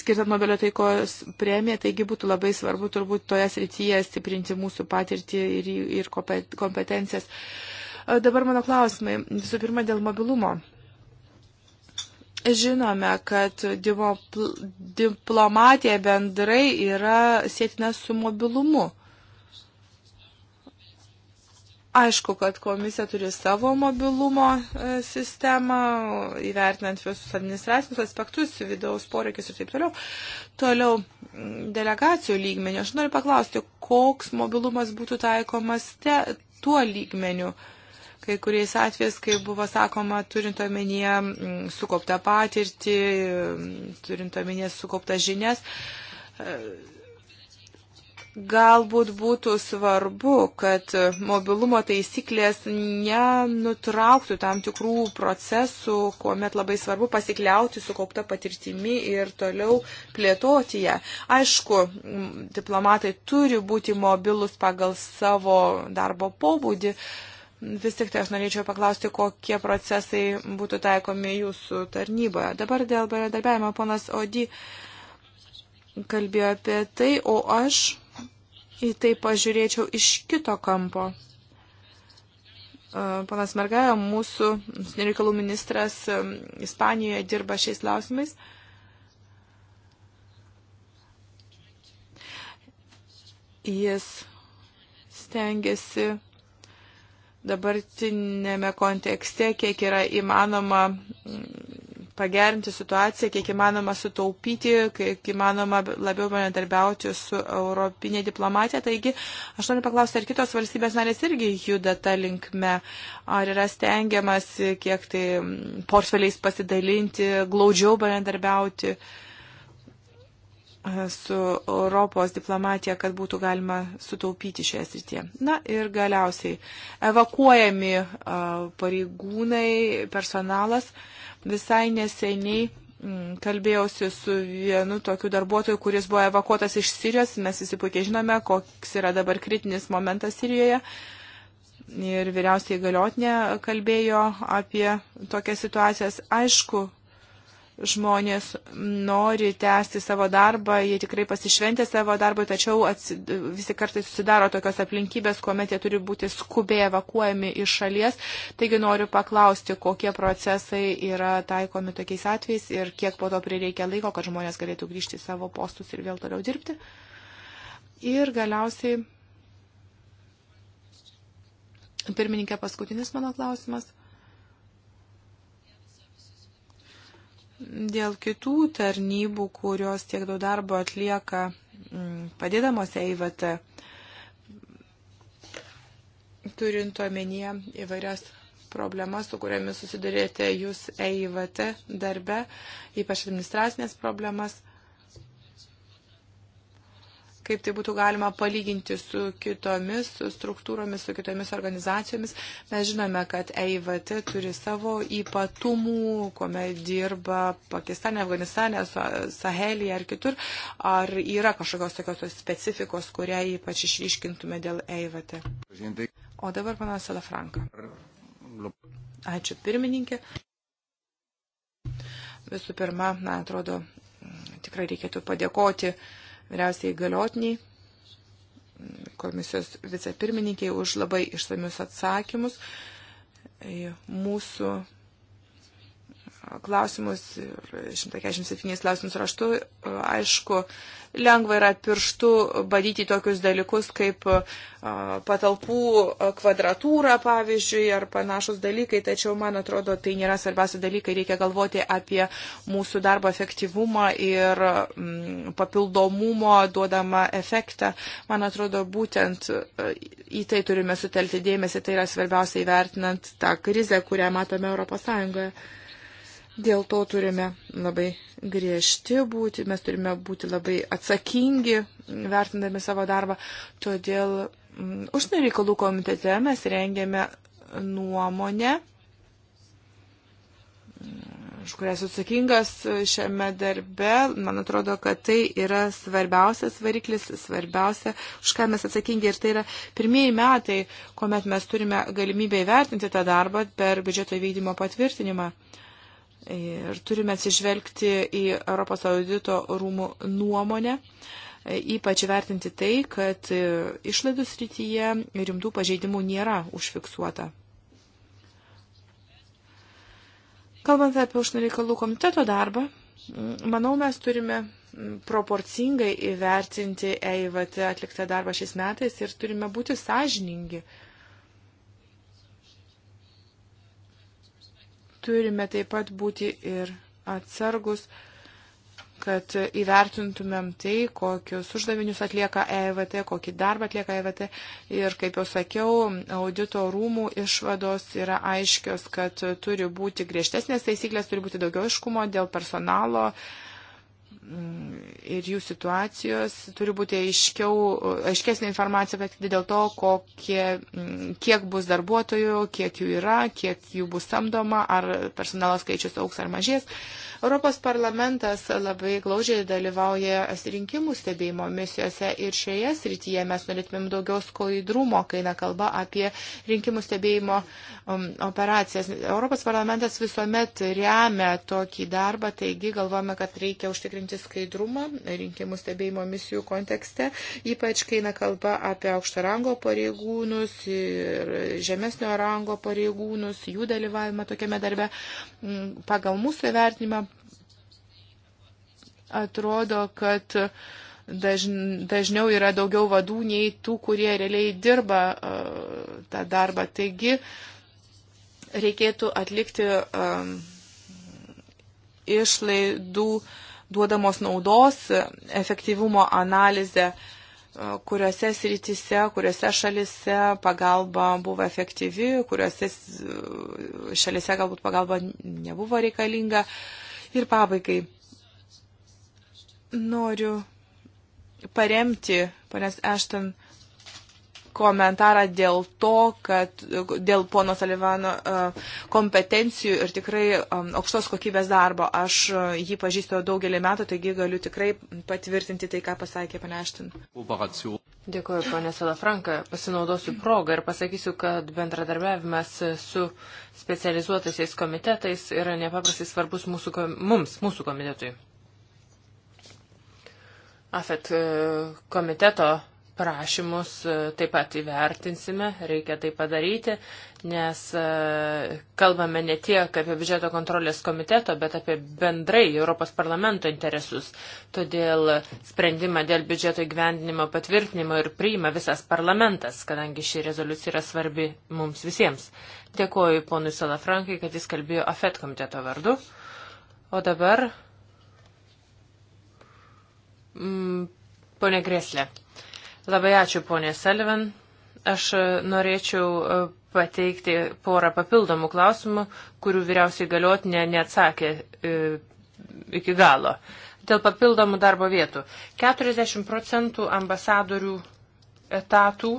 skirta Nobelio taikos premija, taigi būtų labai svarbu turbūt toje srityje stiprinti mūsų patirtį ir, ir kompetencijas. E, dabar mano klausimai. Visų pirma, dėl mobilumo. Žinome, kad diplomatija bendrai yra sėtina su mobilumu. Aišku, kad komisija turi savo mobilumo e, sistemą, įvertinant visus administracinius aspektus, vidaus poreikius ir taip toliau. Toliau delegacijų lygmenį. Aš noriu paklausti, koks mobilumas būtų taikomas te, tuo lygmeniu. Uh, kai kuriais atvejais, kai buvo sakoma, turint omenyje mm, sukauptą patirtį, turint omenyje sukauptas žinias, e, galbūt būtų svarbu, kad mobilumo taisyklės nenutrauktų tam tikrų procesų, kuomet labai svarbu pasikliauti sukaupta patirtimi ir toliau plėtoti ją. Aišku, diplomatai turi būti mobilus pagal savo darbo pobūdį, Vis tik tai aš norėčiau paklausti, kokie procesai būtų taikomi jūsų tarnyboje. Dabar dėl bendradarbiavimo ponas Odi kalbėjo apie tai, o aš į tai pažiūrėčiau iš kito kampo. E, Panas Mergaja, mūsų reikalų ministras e, Ispanijoje dirba šiais klausimais. Jis stengiasi dabartinėme kontekste, kiek yra įmanoma mm, pagerinti situaciją, kiek įmanoma sutaupyti, kiek įmanoma labiau bendradarbiauti su europinė diplomatija. Taigi, aš noriu paklausti, ar kitos valstybės narės irgi juda tą linkme, ar yra stengiamas, kiek tai mm, portfeliais pasidalinti, glaudžiau bendradarbiauti. Uh, E, su Europos diplomatija, kad būtų galima sutaupyti šioje srityje. Na ir galiausiai evakuojami e, pareigūnai, personalas. Visai neseniai kalbėjausi su vienu tokiu darbuotoju, kuris buvo evakuotas iš Sirijos. Mes visi puikiai žinome, koks yra dabar kritinis momentas Sirijoje. Ir vyriausiai galiotinė kalbėjo apie tokias situacijas. Aišku, žmonės nori tęsti savo darbą, jie tikrai pasišventė savo darbą, tačiau atsid, visi kartai susidaro tokios aplinkybės, kuomet jie turi būti skubiai evakuojami iš šalies. Taigi noriu paklausti, kokie procesai yra taikomi tokiais atvejais ir kiek po to prireikia laiko, kad žmonės galėtų grįžti į savo postus ir vėl toliau dirbti. Ir galiausiai, pirmininkė, paskutinis mano klausimas. Dėl kitų tarnybų, kurios tiek daug darbo atlieka mm, padėdamos EIVT, turint omenyje įvairias problemas, su kuriamis susidurėte jūs EIVT darbe, ypač administracinės problemas kaip tai būtų galima palyginti su kitomis struktūromis, su kitomis organizacijomis. Mes žinome, kad EIVT turi savo ypatumų, kuomet dirba Pakistane, Afganistane, Sahelėje ar kitur. Ar yra kažkokios tokios specifikos, kurią ypač išryškintume dėl EIVT? O dabar panas Salafranka. Ačiū pirmininkė. Visų pirma, man atrodo, tikrai reikėtų padėkoti uh, vyriausiai galiotiniai, komisijos vicepirmininkiai už labai išsamius atsakymus į mūsų klausimus ir 147 klausimus raštu. Aišku, lengva yra pirštu badyti tokius dalykus kaip patalpų kvadratūra, pavyzdžiui, ar panašus dalykai, tačiau, man atrodo, tai nėra svarbiausia dalykai. Reikia galvoti apie mūsų darbo efektyvumą ir papildomumo duodamą efektą. Man atrodo, būtent į tai turime sutelti dėmesį, tai yra svarbiausia įvertinant tą krizę, kurią matome Europos Sąjungoje. Dėl to turime labai griežti būti, mes turime būti labai atsakingi, vertindami savo darbą. Todėl mm, užsienio reikalų komitete mes rengėme nuomonę, mm, už kurią esu atsakingas šiame darbe. Man atrodo, kad tai yra svarbiausias variklis, svarbiausia, už ką mes atsakingi. Ir tai yra pirmieji metai, kuomet mes turime galimybę įvertinti tą darbą per biudžeto įvykdymo patvirtinimą. Uh, Ir turime atsižvelgti į Europos audito rūmų nuomonę, ypač vertinti tai, kad išlaidų srityje rimtų pažeidimų nėra užfiksuota. Kalbant apie užsienio reikalų komiteto darbą, manau, mes turime proporcingai įvertinti EIVT atliktą darbą šiais metais ir turime būti sąžiningi. Uh, turime taip pat būti ir atsargus, kad įvertintumėm tai, kokius uždavinius atlieka EVT, kokį darbą atlieka EVT. Ir kaip jau sakiau, audito rūmų išvados yra aiškios, kad turi būti griežtesnės taisyklės, turi būti daugiau iškumo dėl personalo. Uh, Mm, ir jų situacijos turi būti aiškiau, aiškesnė informacija apie dėl to, kokie, mm, kiek bus darbuotojų, kiek jų yra, kiek jų bus samdoma, ar personalo skaičius auks ar mažės. Europos parlamentas labai glaužiai dalyvauja rinkimų stebėjimo misijose ir šioje srityje mes norėtumėm daugiau skaidrumo, kai na kalba apie rinkimų stebėjimo um, operacijas. Europos parlamentas visuomet remia tokį darbą, taigi galvojame, kad reikia užtikrinti skaidrumą rinkimų stebėjimo misijų kontekste, ypač kai eina kalba apie aukšto rango pareigūnus ir žemesnio rango pareigūnus, jų dalyvavimą tokiame darbe. Mm, pagal mūsų vertinimą atrodo, kad dažn, dažniau yra daugiau vadų nei tų, kurie realiai dirba uh, tą darbą. Taigi reikėtų atlikti um, išlaidų uh, duodamos naudos efektyvumo analizę, e, kuriuose srityse, kuriuose šalise pagalba buvo efektyvi, kuriuose e, šalise galbūt pagalba nebuvo reikalinga. Ir pabaigai noriu paremti, panas Ešten, komentarą dėl to, kad dėl pono Salivano e, kompetencijų ir tikrai e, aukštos kokybės darbo. Aš e, jį pažįstu daugelį metų, taigi galiu tikrai patvirtinti tai, ką pasakė paneštin. Dėkuoju, ponė Salafranka. Pasinaudosiu progą ir pasakysiu, kad bendradarbiavimas su specializuotaisiais komitetais yra nepaprastai svarbus mūsų, mums, mūsų komitetui. AFET komiteto prašymus e, taip pat įvertinsime, reikia tai padaryti, nes e, kalbame ne tiek apie biudžeto kontrolės komiteto, bet apie bendrai Europos parlamento interesus. Todėl sprendimą dėl biudžeto įgyvendinimo patvirtinimo ir priima visas parlamentas, kadangi ši rezoliucija yra svarbi mums visiems. Dėkuoju ponui Salafrankai, kad jis kalbėjo AFET komiteto vardu. O dabar. Mm, Pone Greslė. Labai ačiū, ponė Selven. Aš e, norėčiau e, pateikti porą papildomų klausimų, kurių vyriausiai galiotinė neatsakė e, iki galo. Dėl papildomų darbo vietų. 40 procentų ambasadorių etatų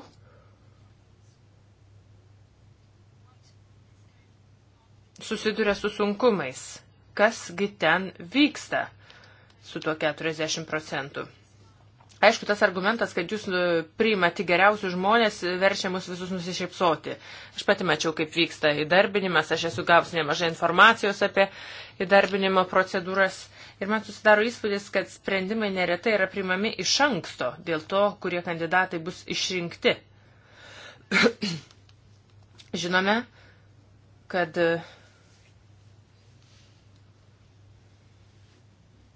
susiduria su sunkumais. Kasgi ten vyksta su tuo 40 procentų? Aišku, tas argumentas, kad jūs e, priimate geriausius žmonės, e, verčia mus visus nusišypsoti. Aš pati mačiau, kaip vyksta įdarbinimas, aš esu gavus nemažai informacijos apie įdarbinimo procedūras ir man susidaro įspūdis, kad sprendimai neretai yra priimami iš anksto dėl to, kurie kandidatai bus išrinkti. Žinome, kad e,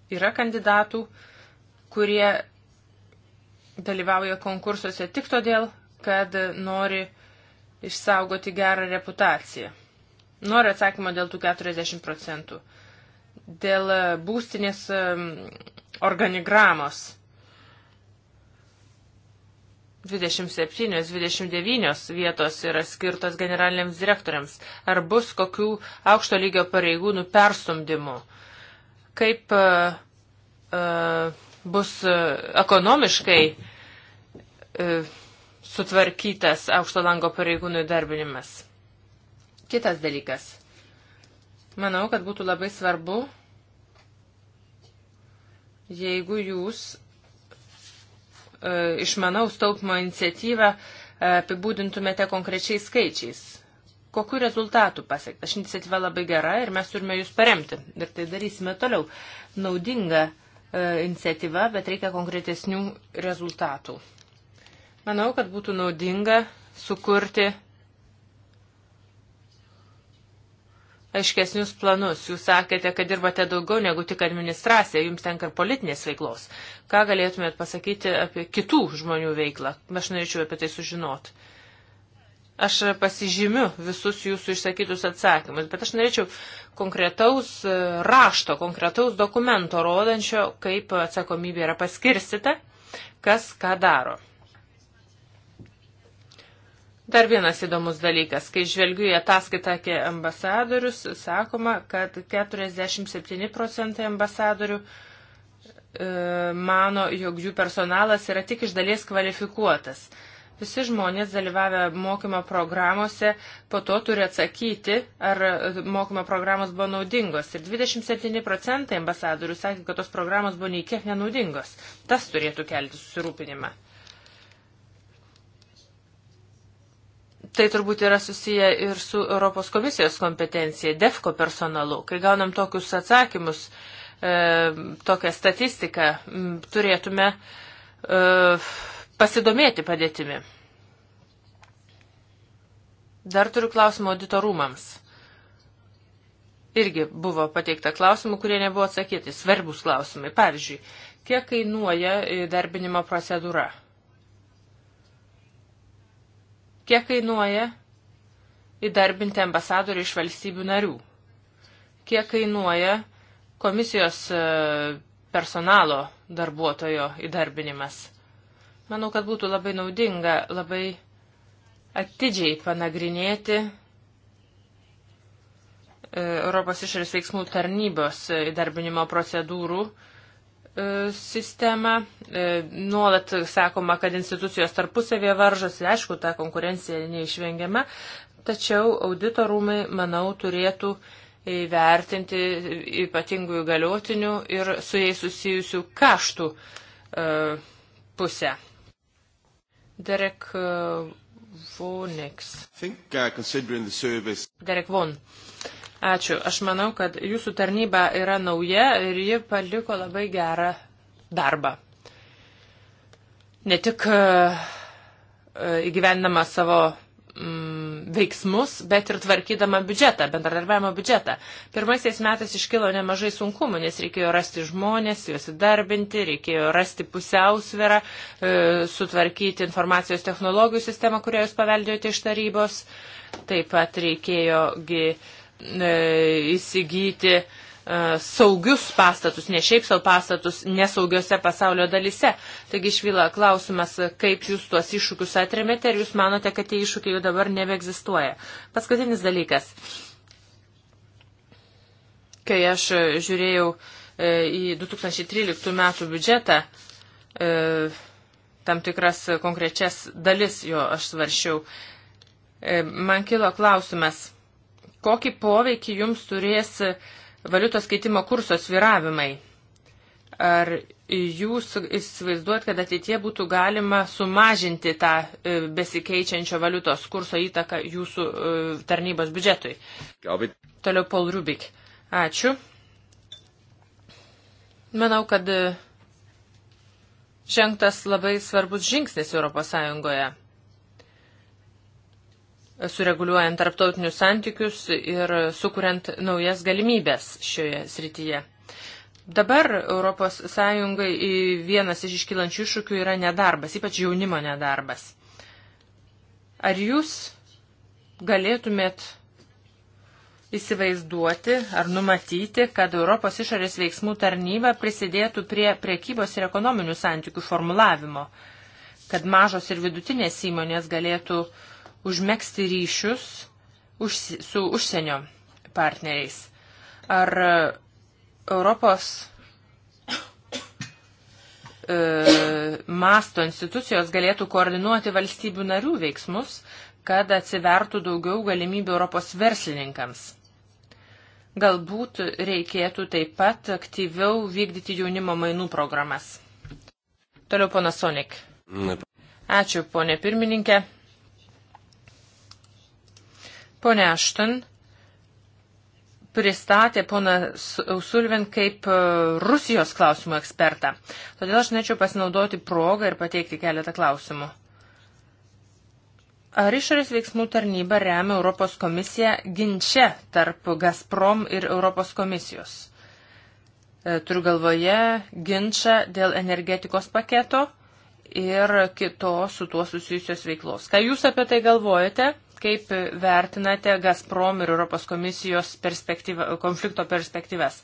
yra kandidatų, kurie dalyvauja konkursuose tik todėl, kad nori išsaugoti gerą reputaciją. Noriu atsakymą dėl tų 40 procentų. Dėl e, būstinės e, organigramos 27-29 vietos yra skirtos generaliniams direktoriams. Ar bus kokių aukšto lygio pareigūnų perstumdymų? Kaip uh, uh, bus e, ekonomiškai e, sutvarkytas aukšto lango pareigūnų įdarbinimas. Kitas dalykas. Manau, kad būtų labai svarbu, jeigu jūs e, išmanaus taupimo iniciatyvą e, apibūdintumėte konkrečiai skaičiais. Kokiu rezultatu pasiekta? Ši iniciatyva labai gera ir mes turime jūs paremti. Ir tai darysime toliau. Naudinga E, iniciatyva, bet reikia konkretesnių rezultatų. Manau, kad būtų naudinga sukurti aiškesnius planus. Jūs sakėte, kad dirbate daugiau negu tik administracija, jums tenka ir politinės veiklos. Ką galėtumėt pasakyti apie kitų žmonių veiklą? Aš norėčiau apie tai sužinoti. Aš pasižymiu visus jūsų išsakytus atsakymus, bet aš norėčiau konkretaus e, rašto, konkretaus dokumento rodančio, kaip atsakomybė yra paskirstita, kas ką daro. Dar vienas įdomus dalykas. Kai žvelgiu į ataskaitą apie ambasadorius, sakoma, kad 47 procentai ambasadorių e, mano, jog jų personalas yra tik iš dalies kvalifikuotas. Visi žmonės dalyvavę mokymo programuose po to turi atsakyti, ar mokymo programos buvo naudingos. Ir 27 procentai ambasadorių sakė, kad tos programos buvo nei kiek nenaudingos. Tas turėtų kelti susirūpinimą. Tai turbūt yra susiję ir su Europos komisijos kompetencija, DEFCO personalu. Kai gaunam tokius atsakymus, e, tokią statistiką, m, turėtume e, pasidomėti padėtimi. Dar turiu klausimą auditorumams. Irgi buvo pateikta klausimų, kurie nebuvo atsakyti. Svarbus klausimai. Pavyzdžiui, kiek kainuoja darbinimo procedūra? Kiek kainuoja įdarbinti ambasadorių iš valstybių narių? Kiek kainuoja komisijos e, personalo darbuotojo įdarbinimas? Manau, kad būtų labai naudinga labai atidžiai panagrinėti e, Europos išorės veiksmų tarnybos įdarbinimo procedūrų e, sistemą. E, nuolat sakoma, kad institucijos tarpusavėje varžosi, aišku, ta konkurencija neišvengiama, tačiau auditorumai, manau, turėtų įvertinti ypatingų įgaliotinių ir su jais susijusių kaštų pusę. Derek uh, Vaughan next. Think, uh, considering the service. Derek Vaughan. Ačiū. Aš manau, kad jūsų tarnyba yra nauja ir ji paliko labai gerą darbą. Ne tik uh, uh, įgyvendama savo mm, veiksmus, bet ir tvarkydama biudžetą, bendradarbiavimo biudžetą. Pirmaisiais metais iškilo nemažai sunkumų, nes reikėjo rasti žmonės, juos įdarbinti, reikėjo rasti pusiausvirą, e, sutvarkyti informacijos technologijų sistemą, kurią jūs paveldėjote iš tarybos. Taip pat reikėjo e, įsigyti e, E, saugius pastatus, ne šiaip savo pastatus, nesaugiose pasaulio dalise. Taigi išvyla klausimas, kaip jūs tuos iššūkius atremėte ir jūs manote, kad tie iššūkiai jau dabar nebeegzistuoja. Paskutinis dalykas. Kai aš žiūrėjau e, į 2013 metų biudžetą, e, tam tikras konkrečias dalis jo aš svaršiau, man kilo klausimas, kokį poveikį jums turės uh, valiutos keitimo kurso sviravimai. Ar jūs įsivaizduot, kad ateitie būtų galima sumažinti tą e, besikeičiančio valiutos kurso įtaką jūsų e, tarnybos biudžetui? Galbūt. Toliau Paul Rubik. Ačiū. Manau, kad e, žengtas labai svarbus žingsnis Europos Sąjungoje sureguliuojant tarptautinius santykius ir sukuriant naujas galimybės šioje srityje. Dabar ES vienas iš iškylančių iššūkių yra nedarbas, ypač jaunimo nedarbas. Ar jūs galėtumėt įsivaizduoti ar numatyti, kad Europos išorės veiksmų tarnyba prisidėtų prie priekybos ir ekonominių santykių formulavimo, kad mažos ir vidutinės įmonės galėtų uh, užmėgsti ryšius už, su užsienio partneriais. Ar e, Europos e, masto institucijos galėtų koordinuoti valstybių narių veiksmus, kad atsivertų daugiau galimybių Europos verslininkams. Galbūt reikėtų taip pat aktyviau vykdyti jaunimo mainų programas. Toliau ponas Sonik. Ačiū, ponė pirmininkė. Pone Ašton pristatė ponas Sulvin kaip e, Rusijos klausimų ekspertą. Todėl aš nečiau pasinaudoti progą ir pateikti keletą klausimų. Ar išorės veiksmų tarnyba remia Europos komisiją ginčia tarp Gazprom ir Europos komisijos? E, turiu galvoje ginčą dėl energetikos paketo ir kitos su tuo susijusios veiklos. Ką Jūs apie tai galvojate? Kaip vertinate Gazprom ir Europos komisijos perspektyva, konflikto perspektyvas?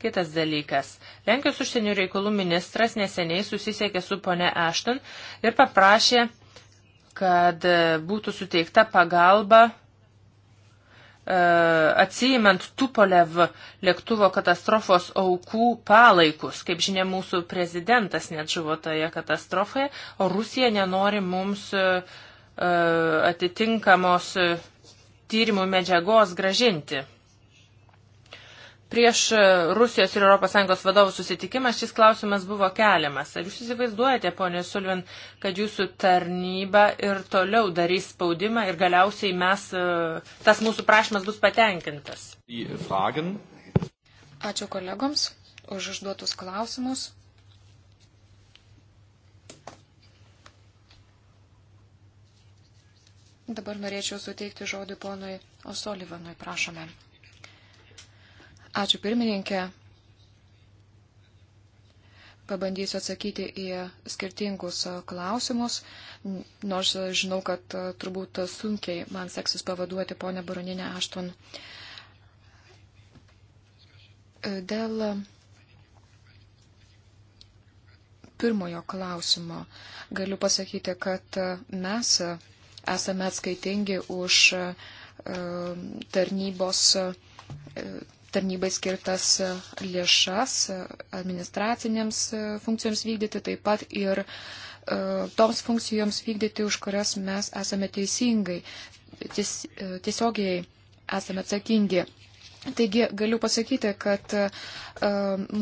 Kitas dalykas. Lenkijos užsienio reikalų ministras neseniai susisiekė su pone Ashton ir paprašė, kad e, būtų suteikta pagalba e, atsijimant Tupolev lėktuvo katastrofos aukų palaikus. Kaip žinia, mūsų prezidentas net žuvo toje katastrofoje, o Rusija nenori mums uh, E, atitinkamos e, tyrimų medžiagos gražinti. Prieš e, Rusijos ir ES vadovų susitikimą šis klausimas buvo keliamas. Ar jūs įsivaizduojate, ponė Sulvin, kad jūsų tarnyba ir toliau darys spaudimą ir galiausiai mes, tas mūsų prašymas bus patenkintas? Ačiū kolegoms už užduotus klausimus. Dabar norėčiau suteikti žodį ponui Osolivanui, prašome. Ačiū pirmininkė. Pabandysiu atsakyti į skirtingus klausimus, nors žinau, kad turbūt sunkiai man seksis pavaduoti ponę Baroninę Ašton. Dėl pirmojo klausimo galiu pasakyti, kad mes esame atskaitingi už e, tarnybos, e, tarnybai skirtas lėšas administracinėms e, funkcijoms vykdyti, taip pat ir toms funkcijoms vykdyti, už kurias mes esame teisingai, ties, tiesiogiai esame atsakingi. Taigi galiu pasakyti, kad e,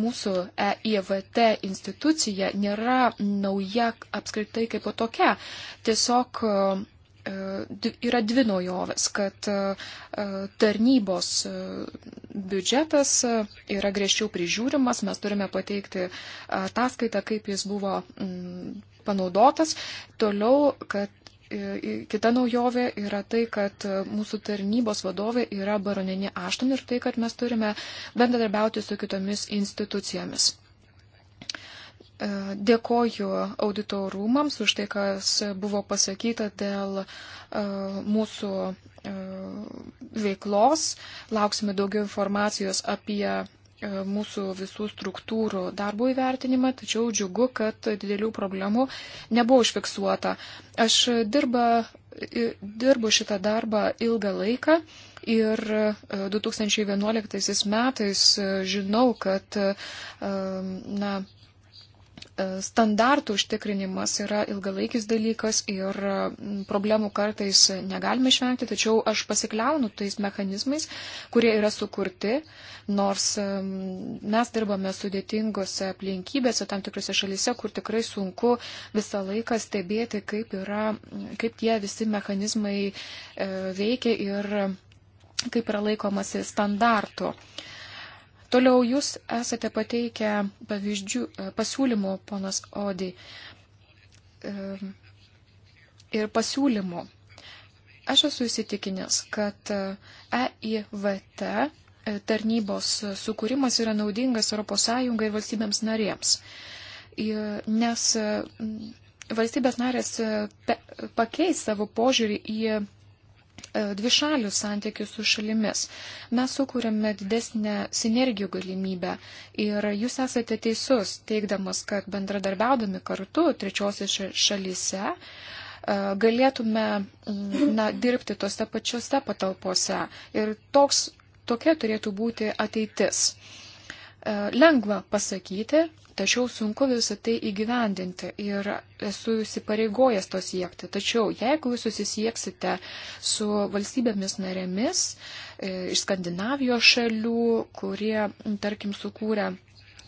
mūsų EIVT institucija nėra nauja apskritai kaip tokia. Tiesiog yra dvi naujovės, kad e, tarnybos e, biudžetas e, yra griežčiau prižiūrimas, mes turime pateikti ataskaitą, kaip jis buvo mm, panaudotas. Toliau, kad kita naujovė yra tai, kad mūsų tarnybos vadovė yra baroninė Ašton ir tai, kad mes turime bendradarbiauti su kitomis institucijomis. E, dėkoju auditorumams už tai, kas buvo pasakyta dėl e, mūsų e, veiklos. Lauksime daugiau informacijos apie mūsų visų struktūrų darbo įvertinimą, tačiau džiugu, kad didelių problemų nebuvo užfiksuota. Aš dirba, dirbu šitą darbą ilgą laiką. Ir 2011 metais žinau, kad na, E, standartų užtikrinimas yra ilgalaikis dalykas ir e, problemų kartais negalime išvengti, tačiau aš pasikliaunu tais mechanizmais, kurie yra sukurti, nors e, mes dirbame sudėtingose aplinkybėse, tam tikrose šalise, kur tikrai sunku visą laiką stebėti, kaip, yra, kaip tie visi mechanizmai veikia ir kaip yra laikomasi standartų. Uh, Toliau jūs esate pateikę pavyzdžių, e, pasiūlymų, ponas Odi, e, ir pasiūlymų. Aš esu įsitikinęs, kad EIVT e tarnybos sukūrimas yra naudingas ES ir valstybėms narėms, nes valstybės narės pakeis savo požiūrį į E, dvišalius santykius su šalimis. Mes sukūrėme didesnę sinergijų galimybę ir jūs esate teisus, teikdamas, kad bendradarbiaudami kartu trečiosios šalyse e, galėtume mm, na, dirbti tose pačiose patalpose. Ir toks, tokia turėtų būti ateitis. E, lengva pasakyti, tačiau sunku visą tai įgyvendinti ir esu įsipareigojęs to siekti. Tačiau jeigu jūs susisieksite su valstybėmis narėmis e, iš Skandinavijos šalių, kurie, tarkim, sukūrė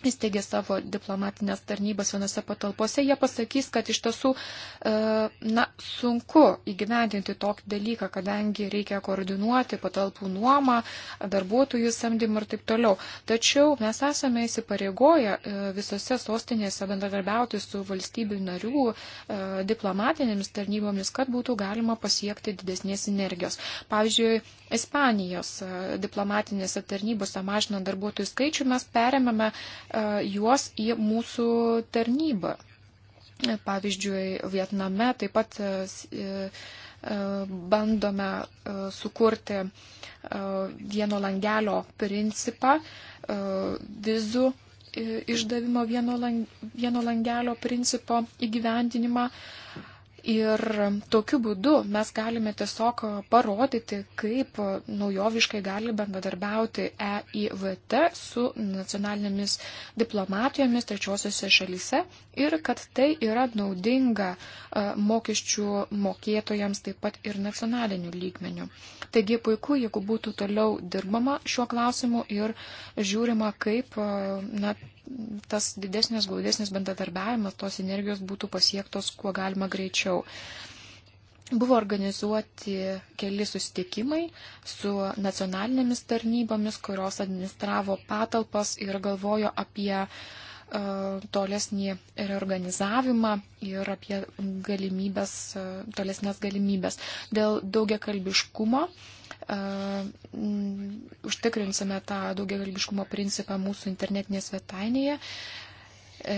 įsteigė savo diplomatinės tarnybas vienose patalpose, jie pasakys, kad iš tiesų e, na, sunku įgyvendinti tokį dalyką, kadangi reikia koordinuoti patalpų nuomą, darbuotojų samdymą ir taip toliau. Tačiau mes esame įsipareigoję e, visose sostinėse bendradarbiauti su valstybių narių e, diplomatinėmis tarnybomis, kad būtų galima pasiekti didesnės energijos. Pavyzdžiui, Ispanijos diplomatinėse tarnybose mažinant darbuotojų skaičių mes perėmėme E, juos į mūsų tarnybą. Pavyzdžiui, Vietname taip pat e, e, bandome sukurti vieno langelio principą, vizų išdavimo vieno langelio principo įgyvendinimą. Ir tokiu būdu mes galime tiesiog parodyti, kaip naujoviškai gali bendradarbiauti EIVT su nacionalinėmis diplomatijomis trečiosiuose šalyse ir kad tai yra naudinga e, mokesčių mokėtojams taip pat ir nacionaliniu lygmeniu. Taigi puiku, jeigu būtų toliau dirbama šiuo klausimu ir žiūrima, kaip e, na, tas didesnis, glaudesnis bendradarbiavimas, tos energijos būtų pasiektos kuo galima greičiau. Buvo organizuoti keli susitikimai su nacionalinėmis tarnybomis, kurios administravo patalpas ir galvojo apie e, tolesnį reorganizavimą ir apie galimybės, e, tolesnės galimybės. Dėl daugia kalbiškumo uh, užtikrinsime tą daugiagalbiškumo principą mūsų internetinėje svetainėje. E,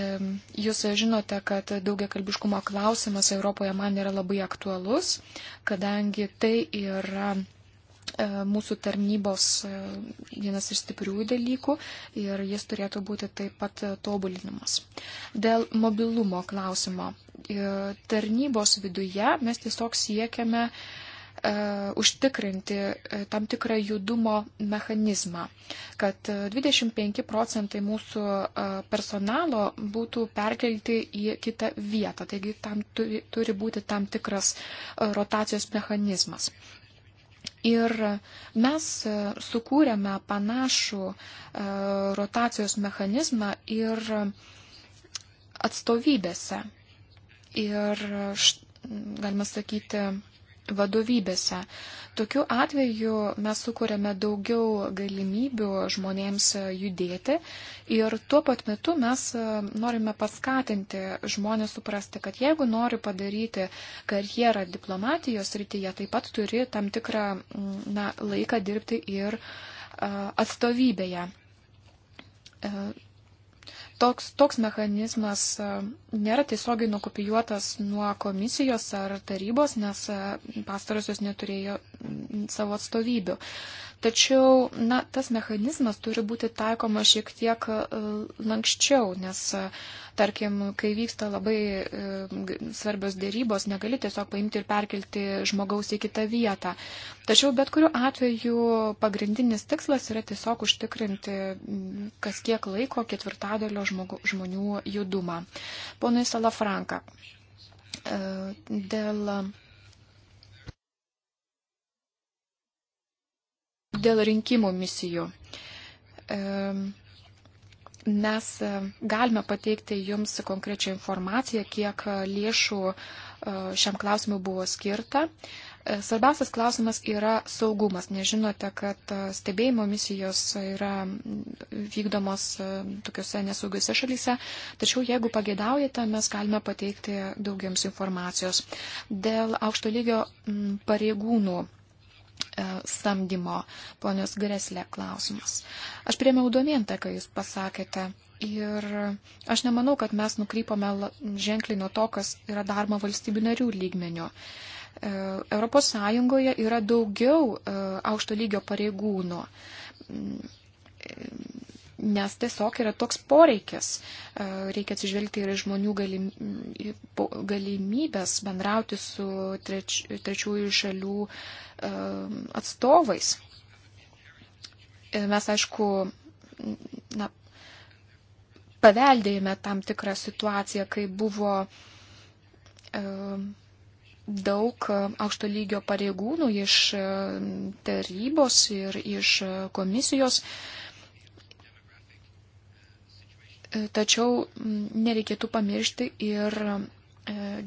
jūs žinote, kad daugiakalbiškumo klausimas Europoje man yra labai aktualus, kadangi tai yra e, mūsų tarnybos e, vienas iš stiprių dalykų ir jis turėtų būti taip pat tobulinimas. Dėl mobilumo klausimo. Tarnybos viduje mes tiesiog siekiame uh, E, užtikrinti e, tam tikrą judumo mechanizmą, kad 25 e, procentai mūsų personalo būtų perkelti į kitą vietą. Taigi tam turi, turi būti tam tikras rotacijos mechanizmas. Ir mes sukūrėme panašų rotacijos mechanizmą ir atstovybėse. Ir galima sakyti, vadovybėse. Tokiu atveju mes sukūrėme daugiau galimybių žmonėms judėti ir tuo pat metu mes e, norime paskatinti žmonės suprasti, kad jeigu nori padaryti karjerą diplomatijos rytyje, taip pat turi tam tikrą na, laiką dirbti ir e, atstovybėje. E, toks, toks mechanizmas e, nėra tiesiogiai nukopijuotas nuo komisijos ar tarybos, nes e, pastarosios neturėjo savo atstovybių. Tačiau, na, tas mechanizmas turi būti taikoma šiek tiek e, lankščiau, nes, e, tarkim, kai vyksta labai e, svarbios dėrybos, negali tiesiog paimti ir perkelti žmogaus į kitą vietą. Tačiau, bet kuriu atveju, pagrindinis tikslas yra tiesiog užtikrinti kas kiek laiko ketvirtadalio žmogu, žmonių judumą. Ponui Salafranka, dėl Dėl rinkimų misijų. Mes e, galime pateikti Jums konkrečią informaciją, kiek e, lėšų e, šiam klausimui buvo skirta. Svarbiausias klausimas yra saugumas. Nežinote, kad stebėjimo misijos yra vykdomos tokiuose nesaugiuose šalyse, tačiau jeigu pageidaujate, mes galime pateikti daugiams informacijos. Dėl aukšto lygio pareigūnų E, samdymo ponios Greslė klausimas. Aš priemiau domintą, ką jūs pasakėte. Ir aš nemanau, kad mes nukrypome ženkliai nuo to, kas yra daroma valstybių narių lygmenio. E, Europos Sąjungoje yra daugiau e, aukšto lygio pareigūnų mm, nes tiesiog yra toks poreikis. E, reikia atsižvelgti ir žmonių galimybės bendrauti su treč, trečiųjų šalių e, atstovais. Mes, aišku, na, paveldėjome tam tikrą situaciją, kai buvo e, daug aukšto lygio pareigūnų iš tarybos ir iš komisijos, uh, E, tačiau nereikėtų pamiršti ir e,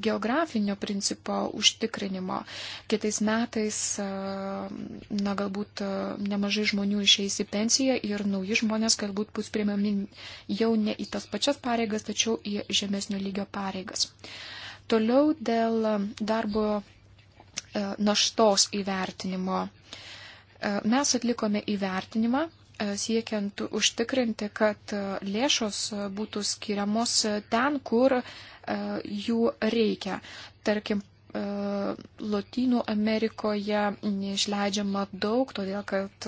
geografinio principo užtikrinimo. Kitais metais, e, na, galbūt nemažai žmonių išeis į pensiją ir nauji žmonės galbūt bus priimami jau ne į tas pačias pareigas, tačiau į žemesnio lygio pareigas. Toliau dėl darbo naštos įvertinimo. Mes atlikome įvertinimą siekiant užtikrinti, kad e, lėšos e, būtų skiriamos e, ten, kur jų reikia. Tarkim, Lotynų Amerikoje neišleidžiama daug, todėl kad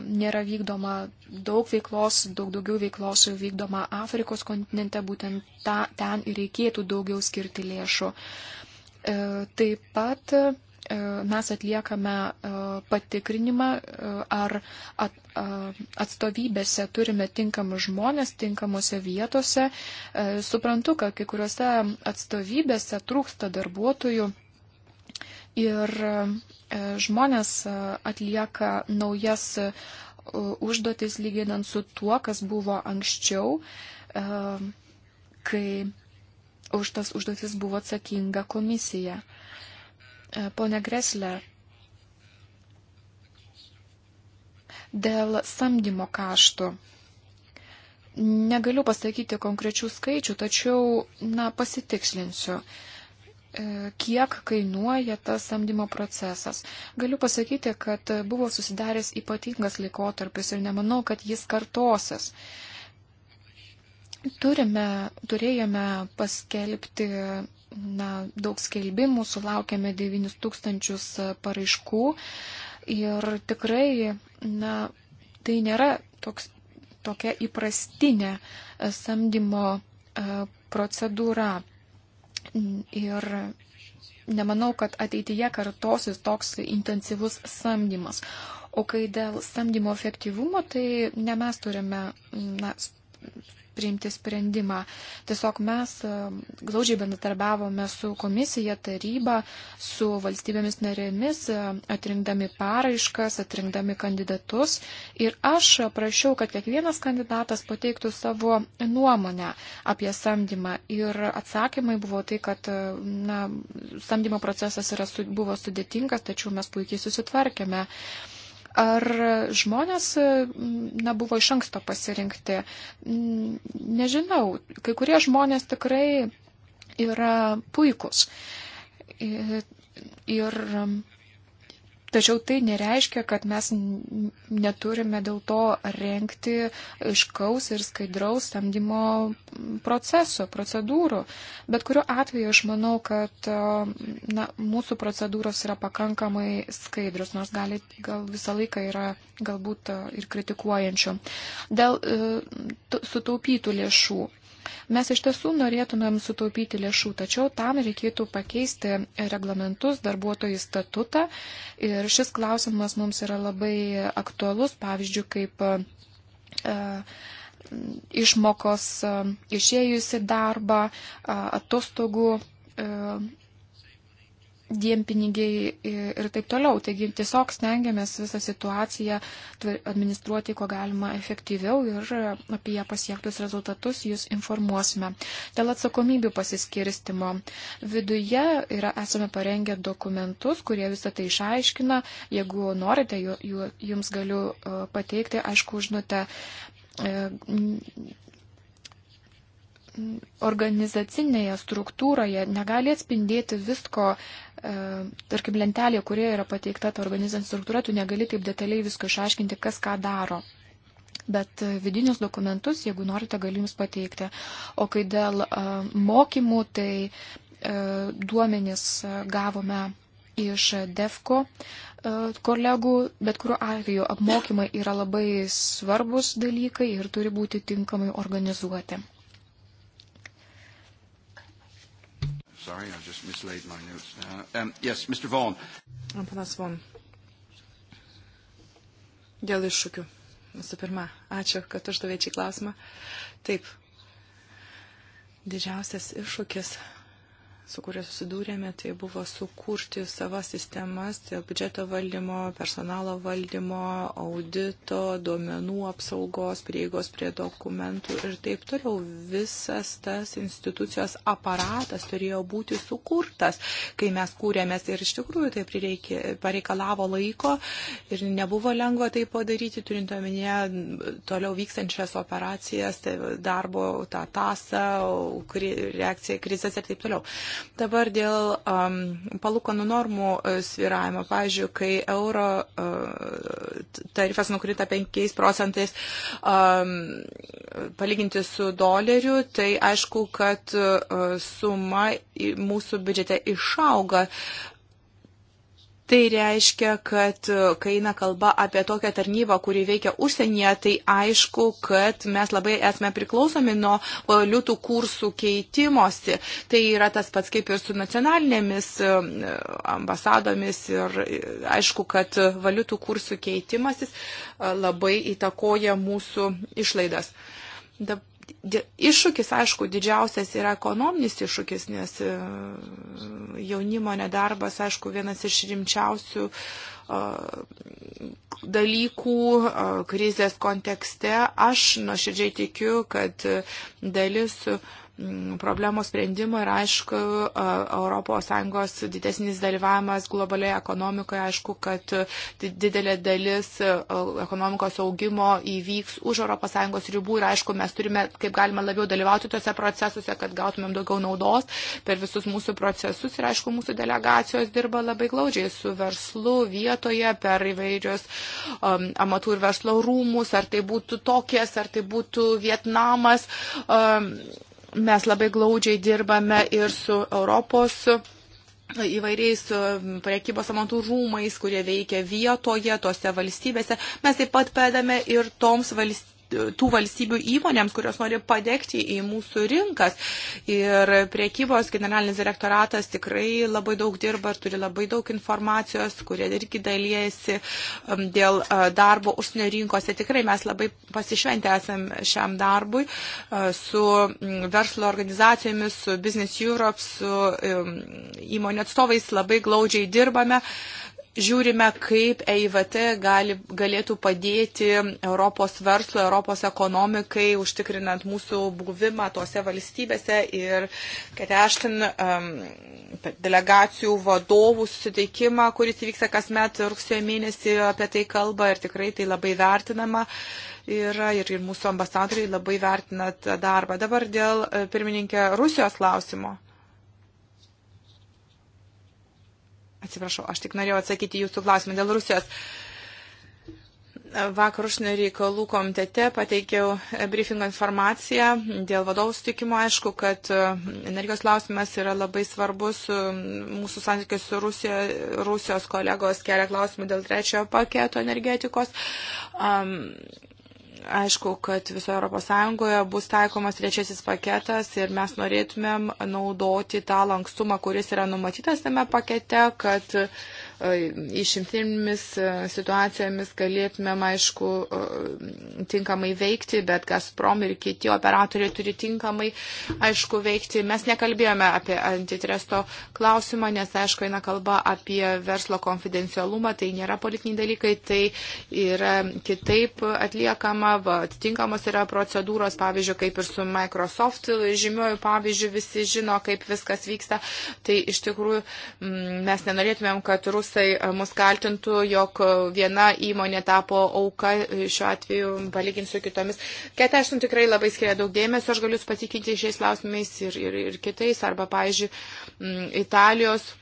nėra vykdoma daug veiklos, daug daugiau veiklos vykdoma Afrikos kontinente, būtent ta, ten ir reikėtų daugiau skirti lėšų. Taip pat mes atliekame patikrinimą, ar at, atstovybėse turime tinkamus žmonės, tinkamose vietose. Suprantu, kad kai kuriuose atstovybėse trūksta darbuotojų ir žmonės atlieka naujas užduotis lyginant su tuo, kas buvo anksčiau, kai už tas užduotis buvo atsakinga komisija. Pone Greslė, Dėl samdymo kaštų. Negaliu pasakyti konkrečių skaičių, tačiau, na, pasitikslinsiu, e, kiek kainuoja tas samdymo procesas. Galiu pasakyti, kad buvo susidaręs ypatingas laikotarpis ir nemanau, kad jis kartosis. Turime, turėjome paskelbti na, daug skelbimų, sulaukėme 9000 e, paraiškų, Ir tikrai, na, tai nėra toks, tokia įprastinė e, samdymo e, procedūra. Ir nemanau, kad ateityje kartosis toks intensyvus samdymas. O kai dėl samdymo efektyvumo, tai ne mes turime na, priimti sprendimą. Tiesiog mes e, glaudžiai bendradarbiavome su komisija, taryba, su valstybėmis narėmis, e, atrinkdami paraiškas, atrinkdami kandidatus. Ir aš prašiau, kad kiekvienas kandidatas pateiktų savo nuomonę apie samdymą. Ir atsakymai buvo tai, kad e, na, samdymo procesas yra, buvo sudėtingas, tačiau mes puikiai susitvarkėme. Ar žmonės mm, na, buvo iš anksto pasirinkti? Mm, nežinau. Kai kurie žmonės tikrai yra puikus. Ir Tačiau tai nereiškia, kad mes neturime dėl to renkti iškaus ir skaidraus samdymo proceso, procedūrų. Bet kuriuo atveju aš manau, kad na, mūsų procedūros yra pakankamai skaidrus, nors gali, gal visą laiką yra galbūt ir kritikuojančių. Dėl e, sutaupytų lėšų Mes iš tiesų norėtumėm sutaupyti lėšų, tačiau tam reikėtų pakeisti reglamentus, darbuotojų statutą ir šis klausimas mums yra labai aktualus, pavyzdžiui, kaip e, išmokos e, išėjus į darbą, atostogų e, dienpinigiai ir taip toliau. Taigi tiesiog stengiamės visą situaciją administruoti, ko galima efektyviau ir apie pasiektus rezultatus jūs informuosime. Dėl atsakomybių pasiskirstimo viduje yra, esame parengę dokumentus, kurie visą tai išaiškina. Jeigu norite, jums galiu e, pateikti, aišku, žinote, organizacinėje struktūroje negali atspindėti visko, e, tarkim, lentelė, kurioje yra pateikta ta organizacinė struktūra, tu negali taip detaliai visko išaiškinti, kas ką daro. Bet e, vidinius dokumentus, jeigu norite, galiu jums pateikti. O kai dėl e, mokymų, tai duomenys gavome iš DEFCO kolegų, bet kuriuo atveju apmokymai yra labai svarbus dalykai ir turi būti tinkamai organizuoti. sorry, I just mislaid my notes now. Um, yes, Mr. Vaughan. Panas Vaughan. Dėl iššūkių. Visų pirma, ačiū, kad uždavėčiai klausimą. Taip, didžiausias iššūkis su kuria susidūrėme, tai buvo sukurti savas sistemas dėl biudžeto valdymo, personalo valdymo, audito, duomenų apsaugos, prieigos prie dokumentų ir taip toliau. Visas tas institucijos aparatas turėjo būti sukurtas, kai mes kūrėmės ir iš tikrųjų tai prireikė, pareikalavo laiko ir nebuvo lengva tai padaryti, turint omenyje toliau vykstančias operacijas, tai darbo tą tasą, reakciją į krizės ir taip toliau. Dabar dėl um, palūkanų normų e, sviravimo. Pavyzdžiui, kai euro uh, tarifas nukrita 5 procentais um, palyginti su doleriu, tai aišku, kad uh, suma mūsų biudžete išauga. Tai reiškia, kad e, kai eina kalba apie tokią tarnybą, kuri veikia užsienyje, tai aišku, kad mes labai esame priklausomi nuo valiutų kursų keitimosi. Tai yra tas pats kaip ir su nacionalinėmis e, ambasadomis ir e, aišku, kad valiutų kursų keitimasis labai įtakoja mūsų išlaidas. Dabar Iššūkis, aišku, didžiausias yra ekonominis iššūkis, nes e, jaunimo nedarbas, aišku, vienas iš rimčiausių e, dalykų e, krizės kontekste. Aš nuoširdžiai tikiu, kad dalis Mm, problemos sprendimo ir aišku, ES didesnis dalyvavimas globalioje ekonomikoje, aišku, kad didelė dalis ekonomikos augimo įvyks už ES ribų ir aišku, mes turime kaip galima labiau dalyvauti tose procesuose, kad gautumėm daugiau naudos per visus mūsų procesus ir aišku, mūsų delegacijos dirba labai glaudžiai su verslu vietoje per įvairius um, amatų ir verslo rūmus, ar tai būtų tokies, ar tai būtų Vietnamas. Um, Mes labai glaudžiai dirbame ir su Europos įvairiais e, prekybos amantų rūmais, kurie veikia vietoje, tose valstybėse. Mes taip pat pedame ir toms valstybėms E, tų valstybių įmonėms, kurios nori padėkti į mūsų rinkas. Ir priekybos generalinis direktoratas tikrai labai daug dirba ir turi labai daug informacijos, kurie irgi dalyjasi um, dėl e, darbo užsienio rinkose. Tikrai mes labai pasišventę esam šiam darbui e, su mm, verslo organizacijomis, su Business Europe, su įmonių atstovais labai glaudžiai dirbame žiūrime, kaip EIVT gali, galėtų padėti Europos verslo, Europos ekonomikai, užtikrinant mūsų buvimą tose valstybėse ir kad eštin um, delegacijų vadovų susitikimą, kuris įvyksta kasmet rugsėjo mėnesį, apie tai kalba ir tikrai tai labai vertinama. Yra, ir, ir mūsų ambasadoriai labai vertina tą darbą. Dabar dėl e, pirmininkė Rusijos klausimo. Atsiprašau, aš tik norėjau atsakyti jūsų klausimą dėl Rusijos. Vakar užsienio reikalų komitete pateikiau briefingo informaciją dėl vadovų sutikimo. Aišku, kad e, energijos klausimas yra labai svarbus. E, mūsų santykius su Rusija, Rusijos kolegos kelia klausimų dėl trečiojo paketo energetikos. Um, Aišku, kad visoje Europos Sąjungoje bus taikomas trečiasis paketas ir mes norėtumėm naudoti tą lankstumą, kuris yra numatytas tame pakete, kad uh, išimtinėmis e, situacijomis galėtumėm, aišku, e, tinkamai veikti, bet Gazprom ir kiti operatoriai turi tinkamai, aišku, veikti. Mes nekalbėjome apie antitresto klausimą, nes, aišku, eina kalba apie verslo konfidencialumą, tai nėra politiniai dalykai, tai yra kitaip atliekama, va, atitinkamos yra procedūros, pavyzdžiui, kaip ir su Microsoft žymiuoju pavyzdžiu visi žino, kaip viskas vyksta. Tai iš tikrųjų mm, mes nenorėtumėm, kad Rusija jisai e, mus kaltintų, jog e, viena įmonė tapo auka e, šiuo atveju, palyginti su kitomis. Ketešim tikrai labai skiria daug dėmesio, aš galiu jūs patikinti šiais klausimais ir, ir, ir kitais, arba, pavyzdžiui, Italijos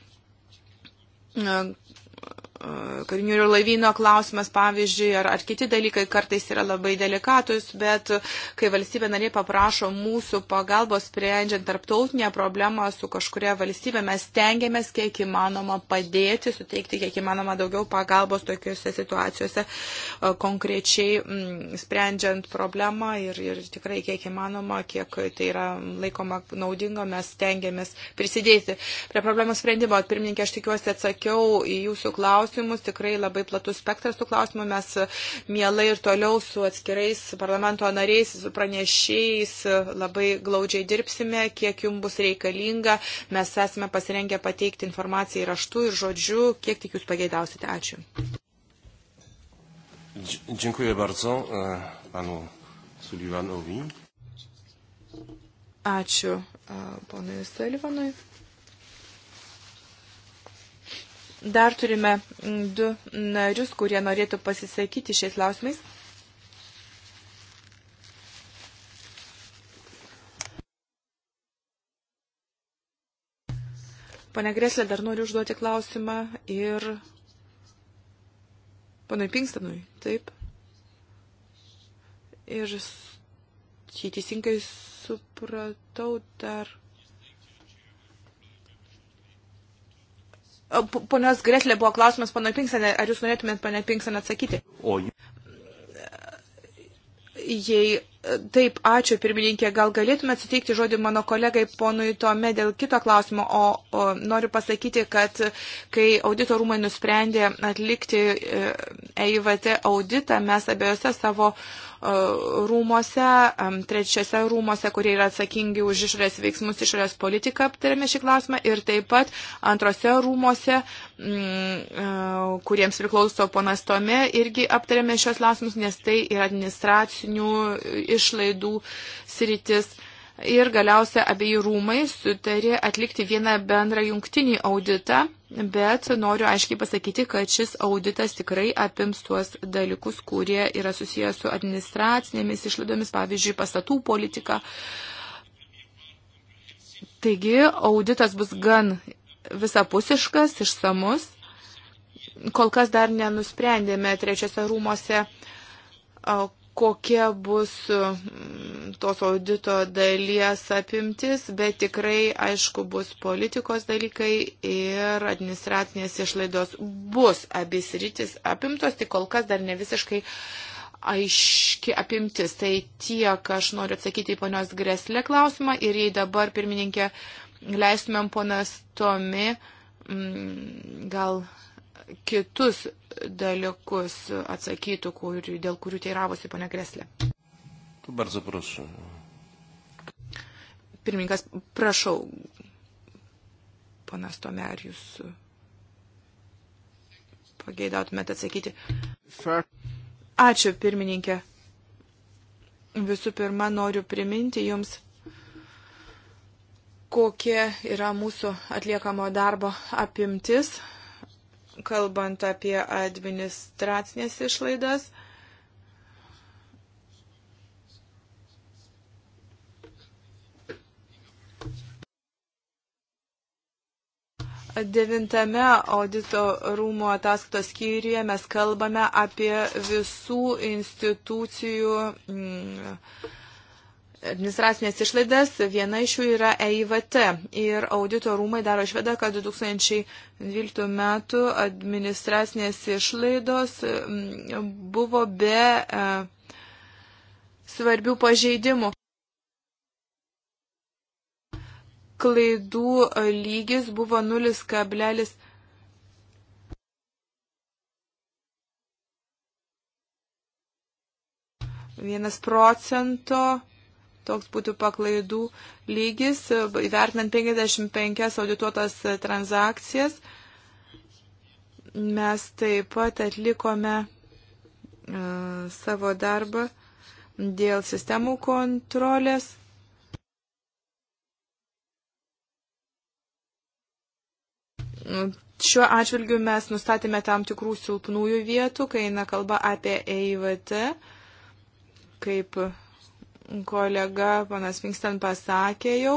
karinių ir laivyno klausimas, pavyzdžiui, ar, ar kiti dalykai kartais yra labai delikatus, bet kai valstybė narė paprašo mūsų pagalbos sprendžiant tarptautinę problemą su kažkuria valstybė, mes tengiamės kiek įmanoma padėti, suteikti kiek įmanoma daugiau pagalbos tokiuose situacijose, e, konkrečiai m, mm, sprendžiant problemą ir, ir tikrai kiek įmanoma, kiek tai yra laikoma naudinga, mes tengiamės prisidėti prie problemos sprendimo. Pirmininkė, aš tikiuosi atsakiau į jūsų klausimą klausimus, tikrai labai platus spektras tų klausimų. Mes mielai ir toliau su atskirais parlamento nariais, pranešėjais labai glaudžiai dirbsime, kiek jums bus reikalinga. Mes esame pasirengę pateikti informaciją ir raštu, ir žodžiu, kiek tik jūs pageidausite. Ačiū. Dziękuję bardzo e, panu Sullivanowi. Ačiū e, ponui Sullivanui. Dar turime mm, du narius, kurie norėtų pasisakyti šiais klausimais. Pane Greslė, dar noriu užduoti klausimą ir panui Pinkstanui, taip. Ir jei teisingai supratau, dar Ponios Greslė buvo klausimas, pana Pinksenė, ar jūs norėtumėt, pana Pinksenė, atsakyti? O jei taip, ačiū pirmininkė, gal galėtumėt suteikti žodį mano kolegai ponui Tome dėl kito klausimo, o, o noriu pasakyti, kad kai audito rūmai nusprendė atlikti EIVT e auditą, mes abiejose savo E, rūmose, e, trečiose rūmose, kurie yra atsakingi už išorės veiksmus, išorės politiką aptarėme šį klausimą ir taip pat antrose rūmose, mm, e, kuriems priklauso ponas Tome, irgi aptarėme šios klausimus, nes tai yra administracinių išlaidų sritis. Ir galiausia abiejų rūmai sutarė atlikti vieną bendrą jungtinį auditą Bet noriu aiškiai pasakyti, kad šis auditas tikrai apims tuos dalykus, kurie yra susijęs su administracinėmis išlaidomis, pavyzdžiui, pastatų politika. Taigi, auditas bus gan visapusiškas, išsamus. Kol kas dar nenusprendėme trečiose rūmose, kokia bus mm, tos audito dalies apimtis, bet tikrai, aišku, bus politikos dalykai ir administracinės išlaidos bus abis rytis apimtos, tik kol kas dar ne visiškai aiški apimtis. Tai tiek aš noriu atsakyti į ponios Greslė klausimą ir jei dabar, pirmininkė, leistumėm ponas Tomi, mm, gal kitus dalykus atsakytų, kur, dėl kurių teiravosi pana Greslė. Bardzo proszę. Pirmininkas, prašau, panas Tome, ar jūs pageidautumėte atsakyti? Ačiū, pirmininkė. Visų pirma, noriu priminti jums, kokia yra mūsų atliekamo darbo apimtis kalbant apie administracinės išlaidas. Devintame audito rūmų ataskaitos skyriuje mes kalbame apie visų institucijų mm, administracinės išlaidas, viena iš jų yra EIVT. Ir audito rūmai daro išvedą, kad 2012 metų administracinės išlaidos mm, buvo be e, svarbių pažeidimų. Klaidų e, lygis buvo 0,5. Vienas procento toks būtų paklaidų lygis, įvertinant 55 audituotas transakcijas. Mes taip pat atlikome e, savo darbą dėl sistemų kontrolės. Šiuo atžvilgiu mes nustatėme tam tikrų silpnųjų vietų, kai eina kalba apie EIVT, kaip kolega panas Vinkstan pasakė jau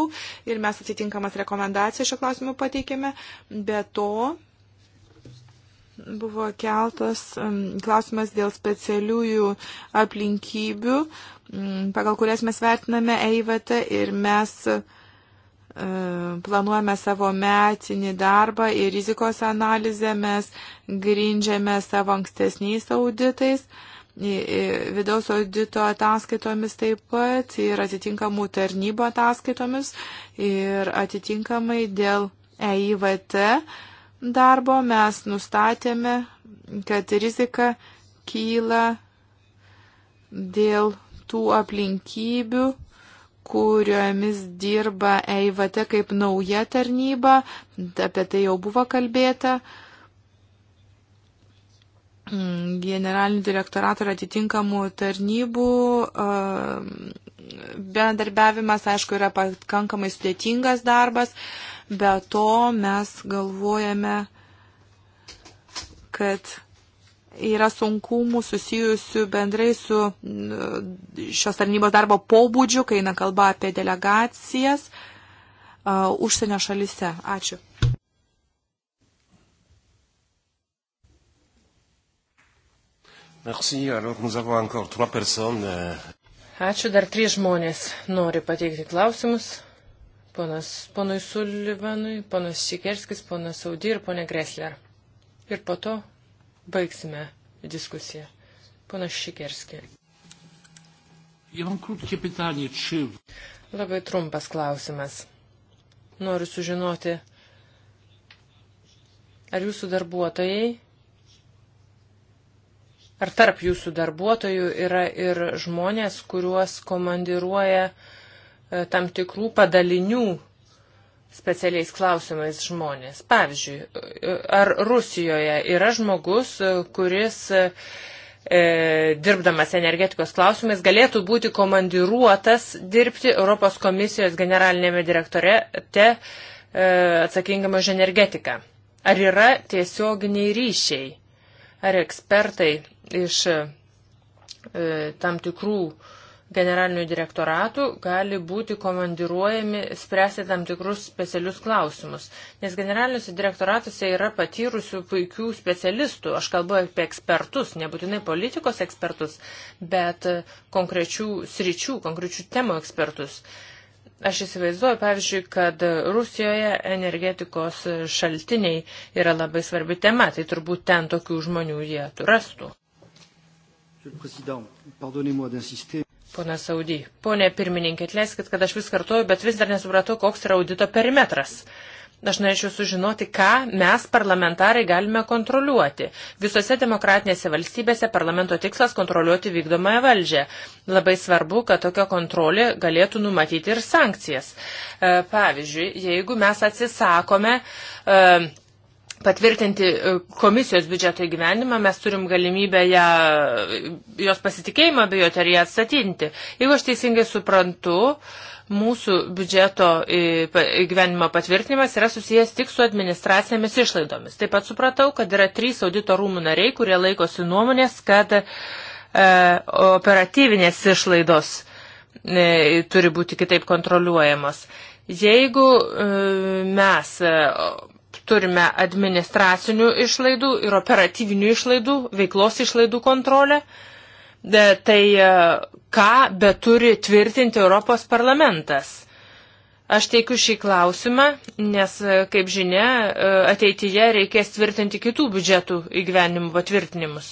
ir mes atitinkamas rekomendacijas šio klausimu pateikėme. Be to buvo keltas um, klausimas dėl specialiųjų aplinkybių, um, pagal kurias mes vertiname EIVT ir mes uh, planuojame savo metinį darbą ir rizikos analizę, mes grindžiame savo ankstesniais auditais vidaus audito ataskaitomis taip pat ir atitinkamų tarnybų ataskaitomis ir atitinkamai dėl EIVT darbo mes nustatėme, kad rizika kyla dėl tų aplinkybių, kuriomis dirba EIVT kaip nauja tarnyba, apie tai jau buvo kalbėta, generalinių direktoratų ir atitinkamų tarnybų e, bendarbiavimas, aišku, yra pakankamai sudėtingas darbas, be to mes galvojame, kad yra sunkumų susijusių bendrai su e, šios tarnybos darbo pobūdžiu, kai eina kalba apie delegacijas e, užsienio šalise. Ačiū. Merci. Alors, nous avons encore trois personnes. Euh, Ačiū, dar trys žmonės nori pateikti klausimus. Ponas, ponui Sulivanui, ponas Šikerskis, ponas Saudi ir ponė Gresler. Ir po to baigsime dyskusję. Ponas Šikerski. Ja mam krótkie pytanie, czy... Labai trumpas klausimas. Noriu sužinoti, ar jūsų darbuotojai ar tarp jūsų darbuotojų yra ir žmonės, kuriuos komandiruoja e, tam tikrų padalinių specialiais klausimais žmonės. Pavyzdžiui, e, ar Rusijoje yra žmogus, e, kuris e, dirbdamas energetikos klausimais galėtų būti komandiruotas dirbti Europos komisijos generalinėme direktorete e, atsakingam už energetiką. Ar yra tiesioginiai ryšiai? Ar ekspertai iš e, tam tikrų generalinių direktoratų gali būti komandiruojami spręsti tam tikrus specialius klausimus. Nes generaliniuose direktoratuose yra patyrusių puikių specialistų, aš kalbu apie ekspertus, nebūtinai politikos ekspertus, bet konkrečių sričių, konkrečių temų ekspertus. Aš įsivaizduoju, pavyzdžiui, kad Rusijoje energetikos šaltiniai yra labai svarbi tema, tai turbūt ten tokių žmonių jie rastų. Pone Saudy, ponė pirmininkė, atleiskit, kad aš vis kartuoju, bet vis dar nesupratau, koks yra audito perimetras. Aš norėčiau sužinoti, ką mes parlamentarai galime kontroliuoti. Visose demokratinėse valstybėse parlamento tikslas kontroliuoti vykdomąją valdžią. Labai svarbu, kad tokia kontrolė galėtų numatyti ir sankcijas. E, pavyzdžiui, jeigu mes atsisakome e, patvirtinti e, komisijos biudžeto įgyvenimą, mes turim galimybę ją, jos pasitikėjimą bijoti ar ją atstatinti. Jeigu aš teisingai suprantu, mūsų biudžeto e, įgyvenimo patvirtinimas yra susijęs tik su administracinėmis išlaidomis. Taip pat supratau, kad yra trys audito rūmų nariai, kurie laikosi nuomonės, kad e, operatyvinės išlaidos e, turi būti kitaip kontroliuojamos. Jeigu e, mes. E, turime administracinių išlaidų ir operatyvinių išlaidų, veiklos išlaidų kontrolę. Tai e, ką beturi tvirtinti Europos parlamentas? Aš teikiu šį klausimą, nes, e, kaip žinia, e, ateityje reikės tvirtinti kitų biudžetų įgyvendinimus.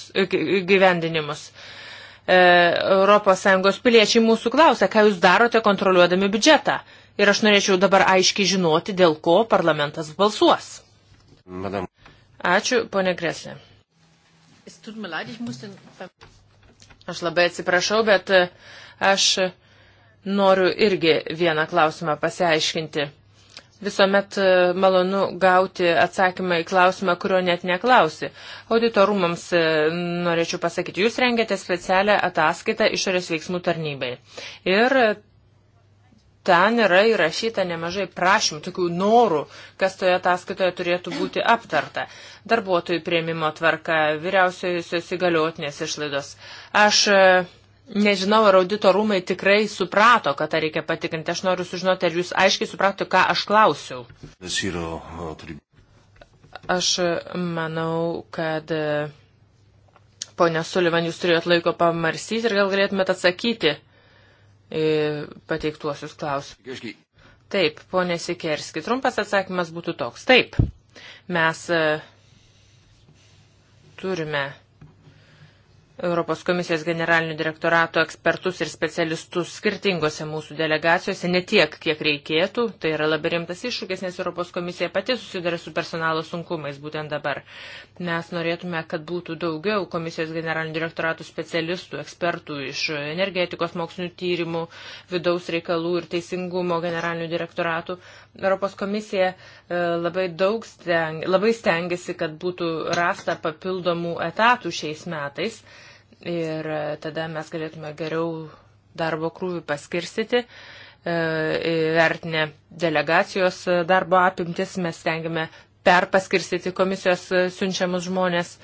ES piliečiai mūsų klausia, ką jūs darote kontroliuodami biudžetą ir aš norėčiau dabar aiškiai žinoti, dėl ko parlamentas balsuos. Madam. Ačiū, ponė Greslė. Aš labai atsiprašau, bet e, aš noriu irgi vieną klausimą pasiaiškinti. Visuomet e, malonu gauti atsakymą į klausimą, kurio net neklausi. Auditorumams e, norėčiau pasakyti, jūs rengiate specialią ataskaitą išorės veiksmų tarnybai. Ir ten yra įrašyta nemažai prašymų, tokių norų, kas toje ataskaitoje turėtų būti aptarta. Darbuotojų prieimimo tvarka, vyriausiosios įgaliotinės išlaidos. Aš e, nežinau, ar audito rūmai tikrai suprato, kad tą reikia patikrinti. Aš noriu sužinoti, ar jūs aiškiai suprato, ką aš klausiau. Aš manau, kad. E, Pone Sulivan, jūs turėjot laiko pamarsyti ir gal galėtumėt atsakyti pateiktuosius klausimus. Taip, ponė Sikerski, trumpas atsakymas būtų toks. Taip, mes e, turime Europos komisijos generalinių direktorato ekspertus ir specialistus skirtingose mūsų delegacijose ne tiek, kiek reikėtų. Tai yra labai rimtas iššūkis, nes Europos komisija pati susiduria su personalo sunkumais būtent dabar. Mes norėtume, kad būtų daugiau komisijos generalinių direktoratų specialistų, ekspertų iš energetikos mokslinių tyrimų, vidaus reikalų ir teisingumo generalinių direktoratų. Europos komisija e, labai daug steng, labai stengiasi, kad būtų rasta papildomų etatų šiais metais ir e, tada mes galėtume geriau darbo krūvį paskirstyti. E, Vertinę delegacijos darbo apimtis mes stengiame perpaskirstyti komisijos siunčiamus žmonės.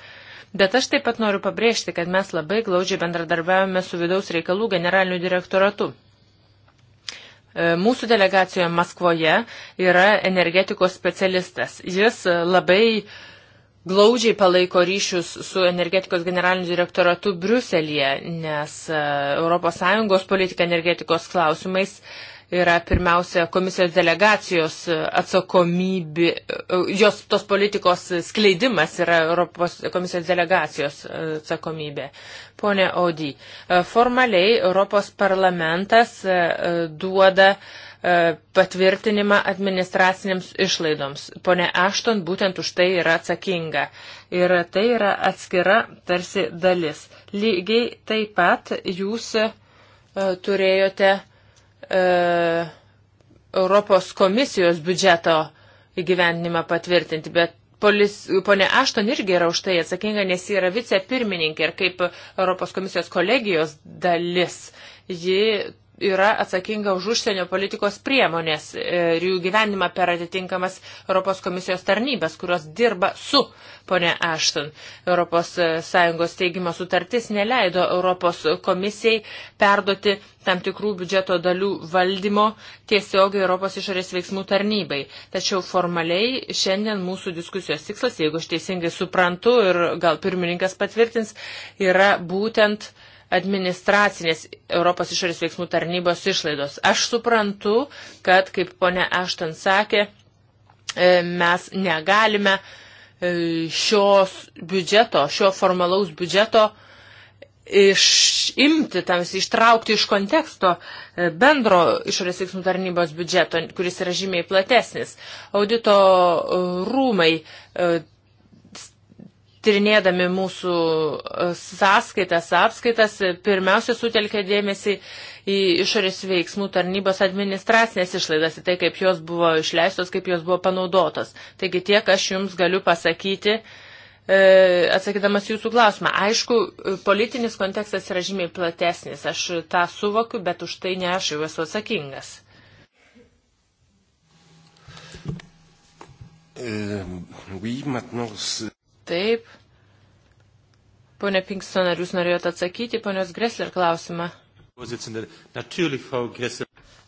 Bet aš taip pat noriu pabrėžti, kad mes labai glaudžiai bendradarbiavome su vidaus reikalų generaliniu direktoratu. E, mūsų delegacijoje Maskvoje yra energetikos specialistas. Jis labai uh, glaudžiai palaiko ryšius su energetikos generaliniu direktoratu Briuselėje, nes ES politika energetikos klausimais yra pirmiausia komisijos delegacijos e, atsakomybė, e, jos tos politikos skleidimas yra Europos komisijos delegacijos e, atsakomybė. Pone Audy, formaliai Europos parlamentas duoda uh, E, patvirtinimą administracinėms išlaidoms. Pone Ašton būtent už tai yra atsakinga. Ir tai yra atskira tarsi dalis. Lygiai taip pat jūs e, turėjote e, Europos komisijos biudžeto įgyvendinimą patvirtinti, bet Polis, ponė Ašton irgi yra už tai atsakinga, nes ji yra vicepirmininkė ir kaip Europos komisijos kolegijos dalis, ji yra atsakinga už užsienio politikos priemonės e, ir jų gyvenimą per atitinkamas Europos komisijos tarnybės, kurios dirba su ponė Ashton. ES e, teigimo sutartis neleido Europos komisijai perduoti tam tikrų biudžeto dalių valdymo tiesiogiai Europos išorės veiksmų tarnybai. Tačiau formaliai šiandien mūsų diskusijos tikslas, jeigu aš teisingai suprantu ir gal pirmininkas patvirtins, yra būtent uh, administracinės Europos išorės veiksmų tarnybos išlaidos. Aš suprantu, kad, kaip ponia Aštan sakė, e, mes negalime e, šios biudžeto, šio formalaus biudžeto išimti, tams ištraukti iš konteksto e, bendro išorės veiksmų tarnybos biudžeto, kuris yra žymiai platesnis. Audito rūmai tirinėdami mūsų e, sąskaitas, apskaitas, pirmiausia sutelkė dėmesį į išorės veiksmų tarnybos administracinės išlaidas, į tai, kaip jos buvo išleistos, kaip jos buvo panaudotos. Taigi tiek aš jums galiu pasakyti, e, atsakydamas jūsų klausimą. Aišku, politinis kontekstas yra žymiai platesnis, aš tą suvokiu, bet už tai ne aš jau esu atsakingas. E, Taip, Pone Pinkson, ar jūs norėjote atsakyti ponios Gresler klausimą?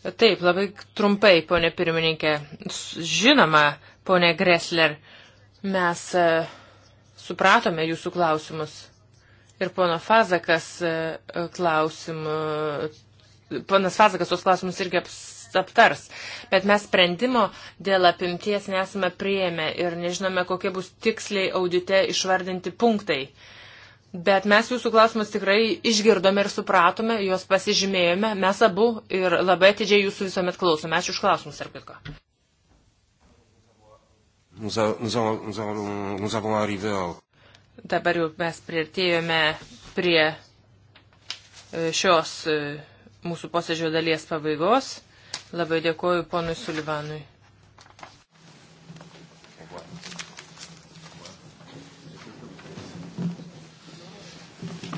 Taip, labai trumpai, ponė pirmininkė. Žinoma, ponė Gresler, mes e, supratome jūsų klausimus. Ir pono Fazakas e, e, klausimų, ponas Fazakas tos klausimus irgi aps, aptars. Bet mes sprendimo dėl apimties nesame prieėmę ir nežinome, kokie bus tiksliai audite išvardinti punktai. Uh, Bet mes jūsų klausimus tikrai išgirdome ir supratome, juos pasižymėjome, mes abu ir labai atidžiai jūsų visuomet klausome. Ačiū už klausimus, tarp kitko. Dabar jau mes prieartėjome prie e, šios e, mūsų posėdžio dalies pabaigos. Labai dėkoju ponui Sulivanui.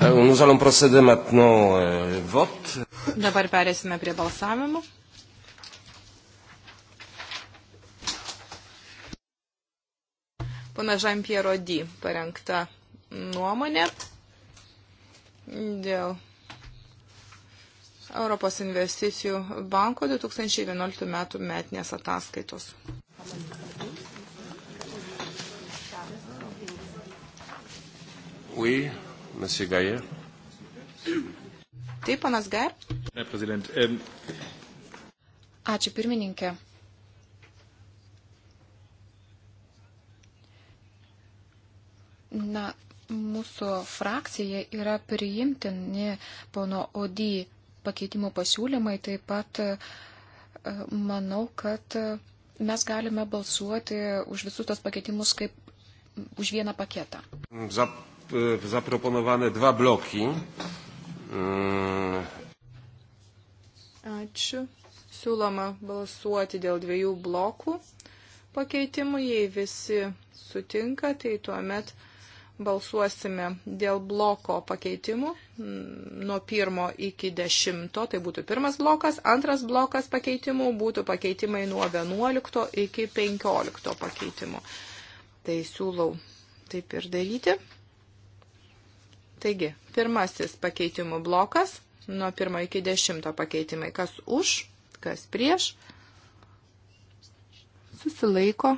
Euh, nous allons procéder maintenant euh, vote. Dabar perėsime prie balsavimų. Pana Žampiero D. parengta nuomonė dėl Europos investicijų banko 2011 metų metinės ataskaitos. Oui. Monsieur Gayer. Taip, panas Gair. Ačiū pirmininkė. Na, mūsų frakcija yra priimtini pono Odį pakeitimų pasiūlymai, taip pat e, manau, kad mes galime balsuoti už visus tos pakeitimus kaip už vieną paketą. Zap. E, zaproponowane dwa bloki. E, Ačiū. Siūloma balsuoti dėl dviejų blokų pakeitimų. Jei visi sutinka, tai tuomet balsuosime dėl bloko pakeitimų mm, nuo pirmo iki dešimto, tai būtų pirmas blokas, antras blokas pakeitimų būtų pakeitimai nuo vienuolikto iki penkiolikto pakeitimų. Tai siūlau taip ir daryti. Taigi, pirmasis pakeitimų blokas nuo pirmo iki dešimto pakeitimai. Kas už, kas prieš. Susilaiko.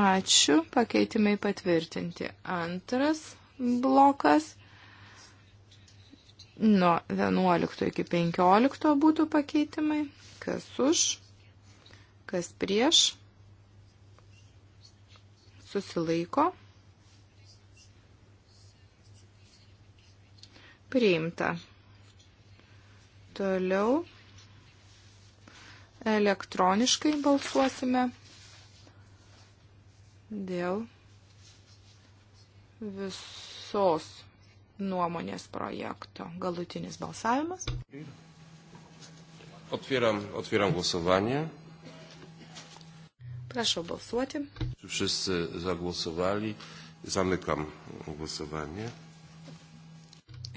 Ačiū. Pakeitimai patvirtinti. Antras blokas. Nuo 11 iki 15 būtų pakeitimai. Kas už, kas prieš. Susilaiko. Priimta. Toliau elektroniškai balsuosime dėl visos nuomonės projekto. Galutinis balsavimas. Otwieram, otwieram głosowanie. Proszę balsuoti. Wszyscy zagłosowali. Zamykam głosowanie.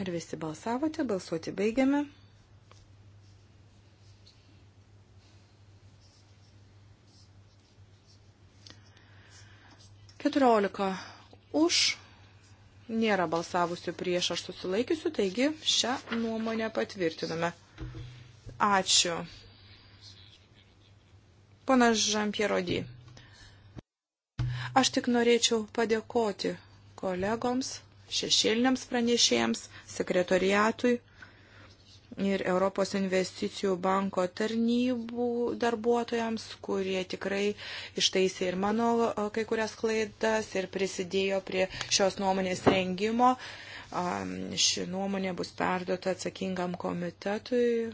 Ir visi balsavote, balsuoti baigiame. Keturiolika už, nėra balsavusių prieš ar susilaikiusių, taigi šią nuomonę patvirtiname. Ačiū. Ponas Žampierodį. Aš tik norėčiau padėkoti kolegoms šešėliniams pranešėjams, sekretoriatui ir Europos investicijų banko tarnybų darbuotojams, kurie tikrai ištaisė ir mano e, kai kurias klaidas ir prisidėjo prie šios nuomonės rengimo. Ši nuomonė bus perduota atsakingam komitetui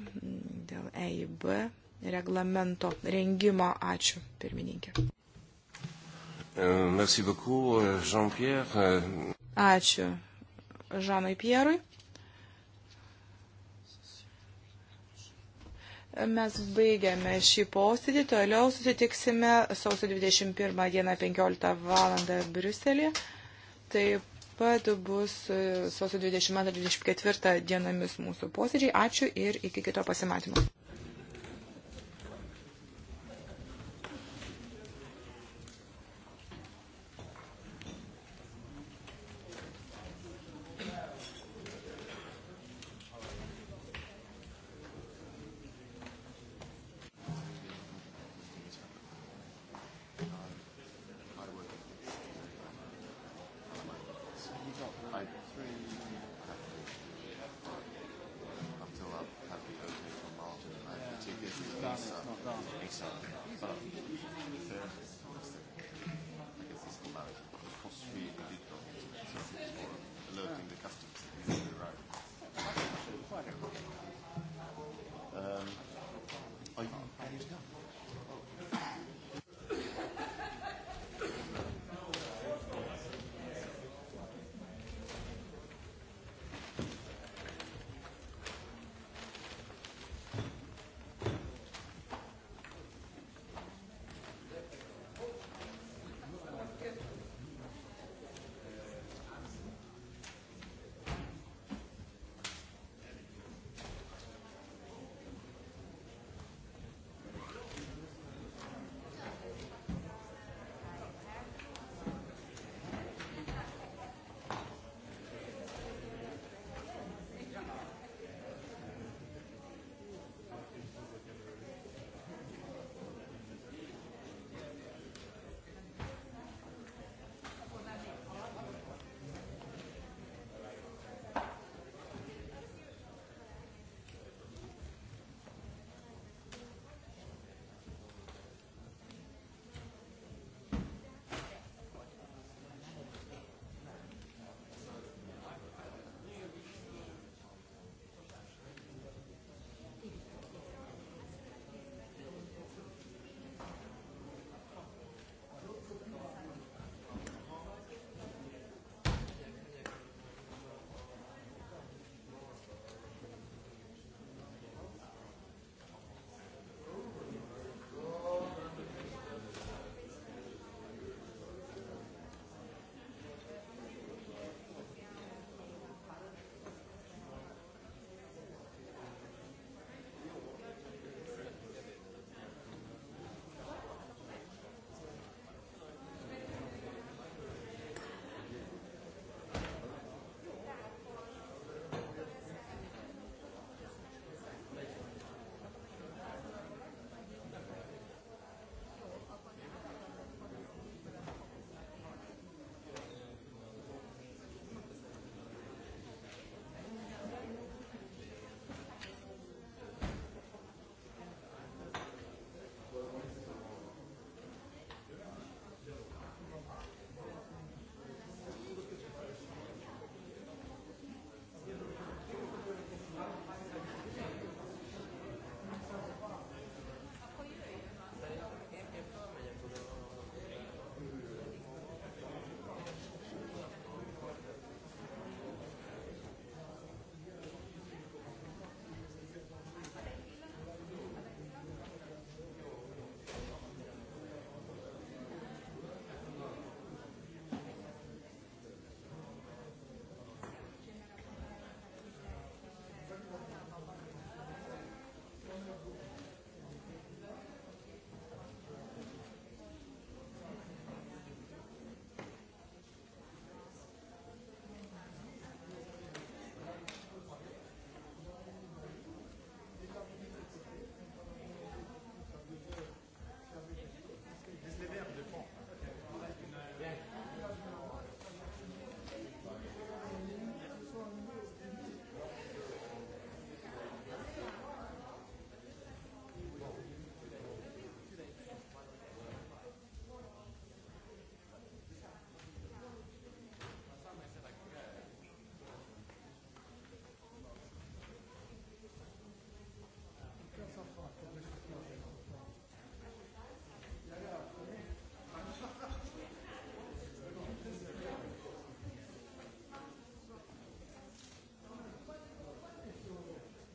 dėl EIB reglamento rengimo. Ačiū, pirmininkė. Euh, merci beaucoup, euh, Jean-Pierre. Euh, Ačiū Žanai Pierui. Mes baigiame šį posėdį, toliau susitiksime sausio 21 dieną 15 val. Briuselėje. Taip pat bus e, sausio 22-24 dienomis mūsų posėdžiai. Ačiū ir iki kito pasimatymo.